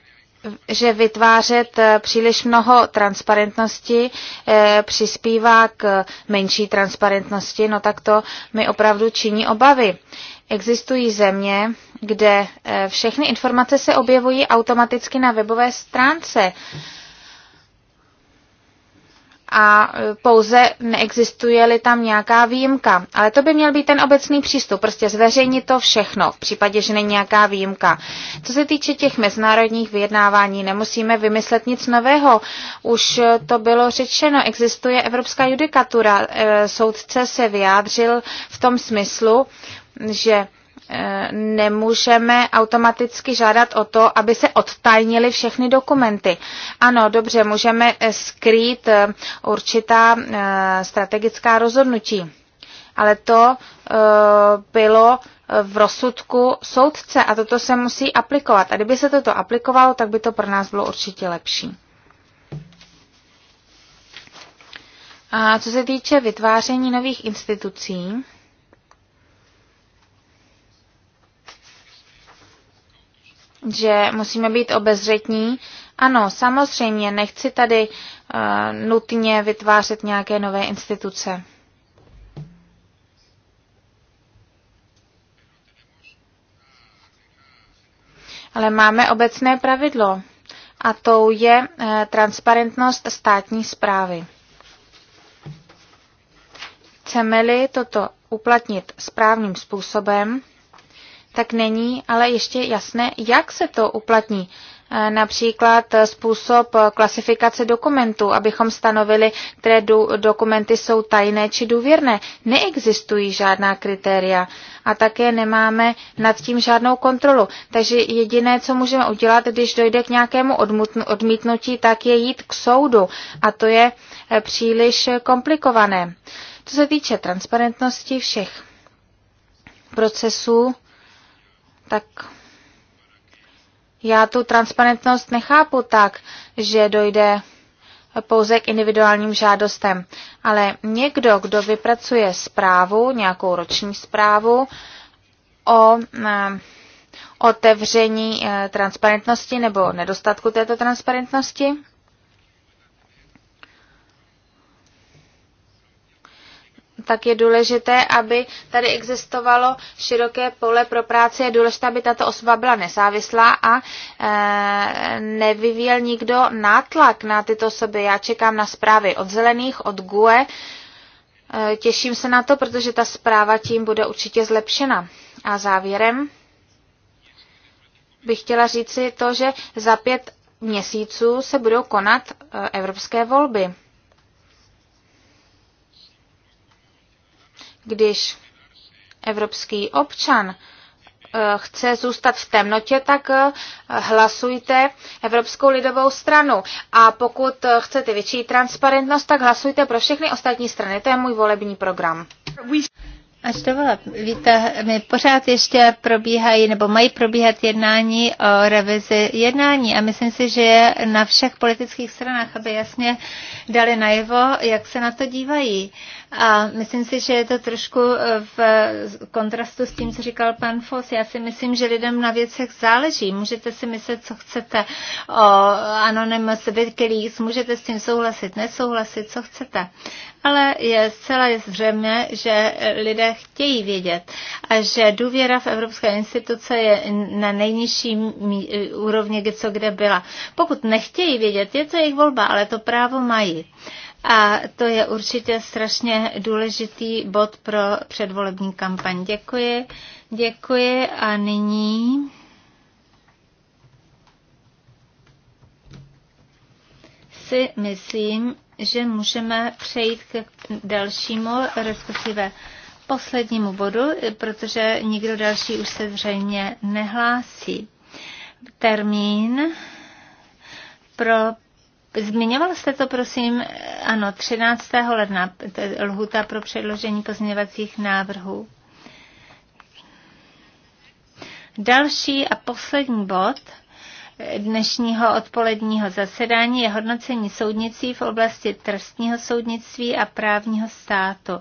že vytvářet eh, příliš mnoho transparentnosti eh, přispívá k menší transparentnosti, no tak to mi opravdu činí obavy. Existují země, kde eh, všechny informace se objevují automaticky na webové stránce. Hmm a e, pouze neexistuje-li tam nějaká výjimka. Ale to by měl být ten obecný přístup, prostě zveřejnit to všechno, v případě, že není nějaká výjimka. Co se týče těch mezinárodních vyjednávání, nemusíme vymyslet nic nového. Už e, to bylo řečeno, existuje evropská judikatura. E, soudce se vyjádřil v tom smyslu, že nemůžeme automaticky žádat o to, aby se odtajnily všechny dokumenty. Ano, dobře, můžeme eh, skrýt eh, určitá eh, strategická rozhodnutí, ale to bylo v rozsudku soudce a toto se musí aplikovat. A kdyby se toto aplikovalo, tak by to pro nás bylo určitě lepší. A co se týče vytváření nových institucí, že musíme být obezřetní. Ano, samozřejmě, nechci tady uh, nutně vytvářet nějaké nové instituce. Ale máme obecné pravidlo a tou je eh, transparentnost státní zprávy. Chceme-li toto uplatnit správným způsobem, tak není ale ještě jasné, jak se to uplatní. Eh, například způsob eh, klasifikace dokumentů, abychom stanovili, které dokumenty jsou tajné či důvěrné. Neexistují žádná kritéria a také nemáme nad tím žádnou kontrolu. Takže jediné, co můžeme udělat, když dojde k nějakému odmítnutí, tak je jít k soudu a to je eh, příliš komplikované. Co se týče transparentnosti všech procesů, tak já tu transparentnost nechápu tak, že dojde pouze k individuálním žádostem, ale někdo, kdo vypracuje zprávu, nějakou roční zprávu o eh, otevření eh, transparentnosti nebo nedostatku této transparentnosti, tak je důležité, aby tady existovalo široké pole pro práci. Je důležité, aby tato osoba byla nezávislá a e, nevyvíjel nikdo nátlak na tyto osoby. Já čekám na zprávy od zelených, od GUE. E, těším se na to, protože ta zpráva tím bude určitě zlepšena. A závěrem bych chtěla říci to, že za pět měsíců se budou konat eh, evropské volby. Když evropský občan eh, chce zůstat v temnotě, tak eh, hlasujte Evropskou lidovou stranu. A pokud eh, chcete větší transparentnost, tak hlasujte pro všechny ostatní strany. To je můj volební program. Až byla, víte, my pořád ještě probíhají nebo mají probíhat jednání o revizi jednání a myslím si, že je na všech politických stranách, aby jasně dali najevo, jak se na to dívají. A myslím si, že je to trošku eh, v kontrastu s tím, co říkal pan Fos. Já si myslím, že lidem na věcech záleží. Můžete si myslet, co chcete o Anonymous Wikileaks, můžete s tím souhlasit, nesouhlasit, co chcete. Ale je zcela zřejmé, že lidé chtějí vědět a že důvěra v evropské instituce je na nejnižší úrovni, co kde byla. Pokud nechtějí vědět, je to jejich volba, ale to právo mají. A to je určitě strašně důležitý bod pro předvolební kampaň. Děkuji. Děkuji a nyní si myslím, že můžeme přejít k dalšímu, respektive poslednímu bodu, protože nikdo další už se zřejmě nehlásí. Termín pro Zmiňoval jste to, prosím, ano, 13. ledna, to je lhuta pro předložení pozměňovacích návrhů. Další a poslední bod dnešního odpoledního zasedání je hodnocení soudnicí v oblasti trestního soudnictví a právního státu.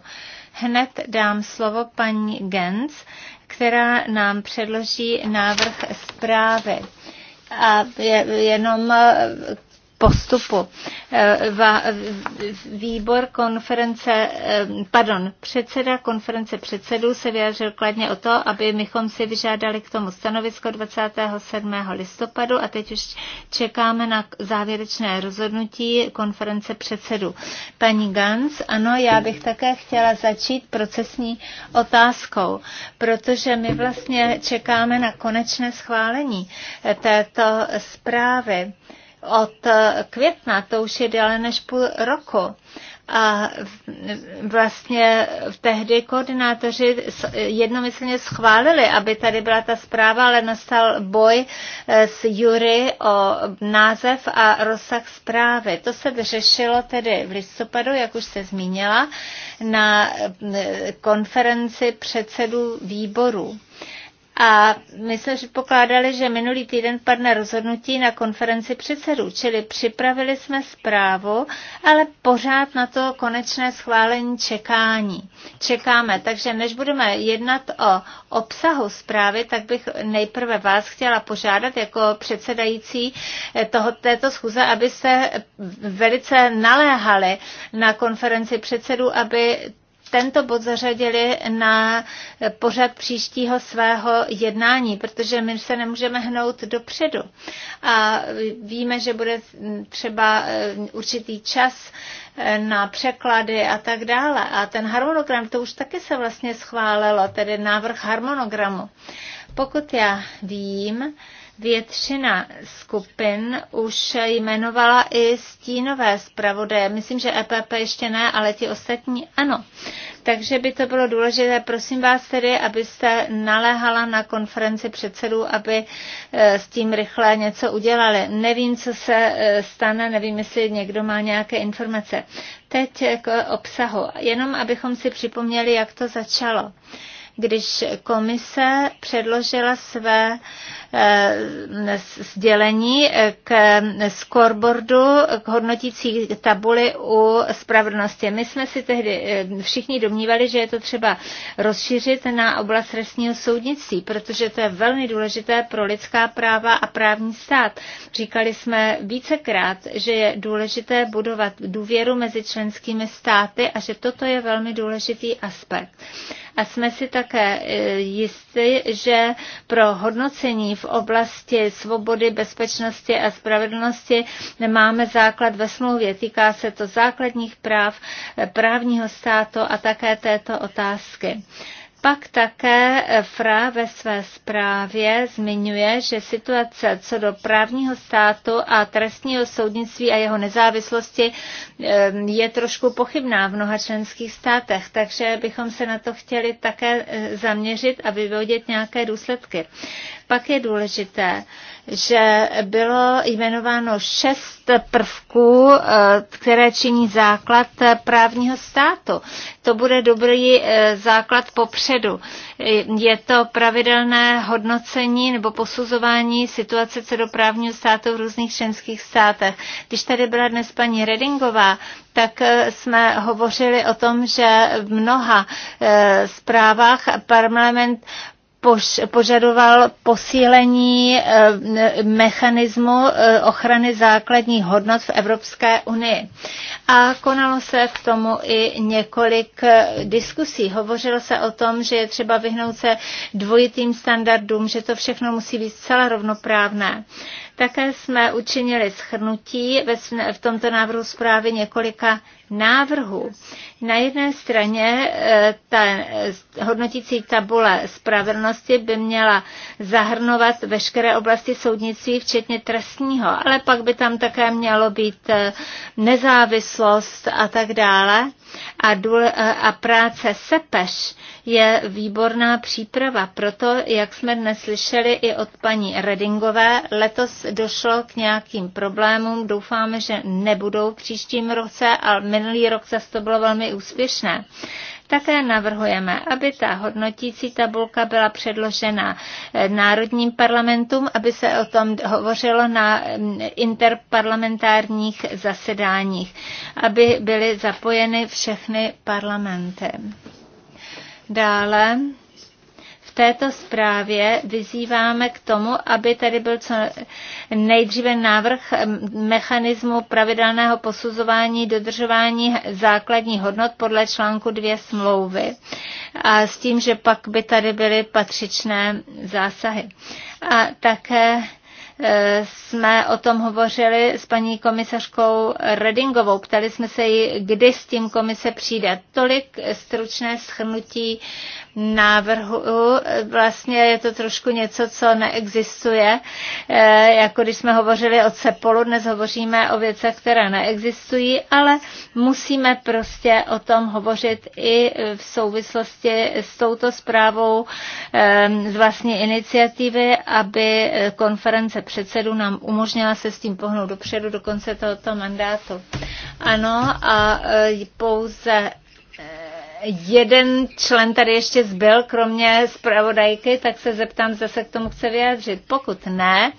Hned dám slovo paní Gens, která nám předloží návrh zprávy. A jenom postupu. Eh, výbor konference, eh, pardon, předseda konference předsedů se vyjádřil kladně o to, aby mychom si vyžádali k tomu stanovisko 27. listopadu a teď už čekáme na závěrečné rozhodnutí konference předsedů. Paní Gans, ano, já bych také chtěla začít procesní otázkou, protože my vlastně čekáme na konečné schválení eh, této zprávy od května, to už je déle než půl roku. A vlastně v tehdy koordinátoři jednomyslně schválili, aby tady byla ta zpráva, ale nastal boj eh, s Jury o název a rozsah zprávy. To se vyřešilo tedy v listopadu, jak už se zmínila, na eh, konferenci předsedů výborů. A my jsme předpokládali, že minulý týden padne rozhodnutí na konferenci předsedů, čili připravili jsme zprávu, ale pořád na to konečné schválení čekání. Čekáme, takže než budeme jednat o obsahu zprávy, tak bych nejprve vás chtěla požádat jako předsedající eh, toho, této schůze, abyste velice naléhali na konferenci předsedů, aby tento bod zařadili na pořad příštího svého jednání, protože my se nemůžeme hnout dopředu. A víme, že bude třeba eh, určitý čas eh, na překlady a tak dále. A ten harmonogram, to už taky se vlastně schválilo, tedy návrh harmonogramu. Pokud já vím, Většina skupin už jmenovala i stínové zpravodaje. Myslím, že EPP ještě ne, ale ti ostatní ano. Takže by to bylo důležité. Prosím vás tedy, abyste naléhala na konferenci předsedů, aby eh, s tím rychle něco udělali. Nevím, co se eh, stane, nevím, jestli někdo má nějaké informace. Teď k obsahu. Jenom abychom si připomněli, jak to začalo když komise předložila své Eh, sdělení k scoreboardu, k hodnotící tabuli u spravedlnosti. My jsme si tehdy eh, všichni domnívali, že je to třeba rozšířit na oblast trestního soudnictví, protože to je velmi důležité pro lidská práva a právní stát. Říkali jsme vícekrát, že je důležité budovat důvěru mezi členskými státy a že toto je velmi důležitý aspekt. A jsme si také eh, jistí, že pro hodnocení v oblasti svobody, bezpečnosti a spravedlnosti nemáme základ ve smlouvě. Týká se to základních práv, právního státu a také této otázky. Pak také FRA ve své zprávě zmiňuje, že situace co do právního státu a trestního soudnictví a jeho nezávislosti ehm, je trošku pochybná v mnoha členských státech, takže bychom se na to chtěli také eh, zaměřit a vyvodit nějaké důsledky. Pak je důležité, že bylo jmenováno šest prvků, eh, které činí základ právního státu. To bude dobrý eh, základ popředu. Je to pravidelné hodnocení nebo posuzování situace co do právního státu v různých členských státech. Když tady byla dnes paní Redingová, tak eh, jsme hovořili o tom, že v mnoha zprávách parlament požadoval posílení eh, mechanismu eh, ochrany základních hodnot v Evropské unii. A konalo se k tomu i několik eh, diskusí. Hovořilo se o tom, že je třeba vyhnout se dvojitým standardům, že to všechno musí být zcela rovnoprávné. Také jsme učinili schrnutí v tomto návrhu zprávy několika návrhů. Na jedné straně e, ta e, hodnotící tabule spravedlnosti by měla zahrnovat veškeré oblasti soudnictví, včetně trestního, ale pak by tam také mělo být e, nezávislost a tak dále. A, důl, a práce SEPEŠ je výborná příprava. Proto, jak jsme dnes slyšeli i od paní Redingové, letos došlo k nějakým problémům. Doufáme, že nebudou v příštím roce, ale minulý rok zase to bylo velmi úspěšné. Také navrhujeme, aby ta hodnotící tabulka byla předložena eh, národním parlamentům, aby se o tom hovořilo na mm, interparlamentárních zasedáních, aby byly zapojeny všechny parlamenty. Dále této zprávě vyzýváme k tomu, aby tady byl co nejdříve návrh mechanismu pravidelného posuzování dodržování základních hodnot podle článku 2 smlouvy a s tím, že pak by tady byly patřičné zásahy. A také e, jsme o tom hovořili s paní komisařkou Redingovou. Ptali jsme se ji, kdy s tím komise přijde. Tolik stručné schrnutí návrhu. Vlastně je to trošku něco, co neexistuje. Eh, jako když jsme hovořili o CEPOLu, dnes hovoříme o věcech, které neexistují, ale musíme prostě o tom hovořit i v souvislosti s touto zprávou ehm, z vlastní iniciativy, aby eh, konference předsedů nám umožnila se s tím pohnout dopředu do konce tohoto mandátu. Ano, a eh, pouze jeden člen tady ještě zbyl, kromě zpravodajky, tak se zeptám, zda se k tomu chce vyjádřit. Pokud ne,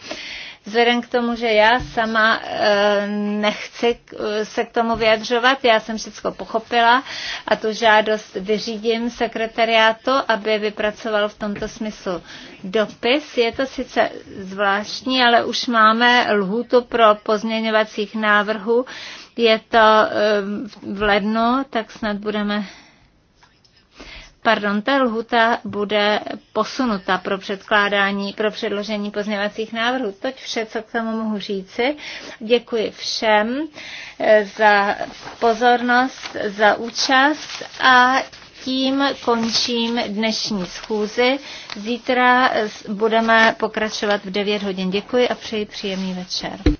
vzhledem k tomu, že já sama eh, nechci se k tomu vyjadřovat, já jsem všechno pochopila a tu žádost vyřídím sekretariátu, aby vypracoval v tomto smyslu dopis. Je to sice zvláštní, ale už máme lhůtu pro pozměňovacích návrhů. Je to eh, v lednu, tak snad budeme pardon, ta lhuta bude posunuta pro předkládání, pro předložení pozměvacích návrhů. Toť vše, co k tomu mohu říci. Děkuji všem eh, za pozornost, za účast a tím končím dnešní schůzi. Zítra budeme pokračovat v 9 hodin. Děkuji a přeji příjemný večer.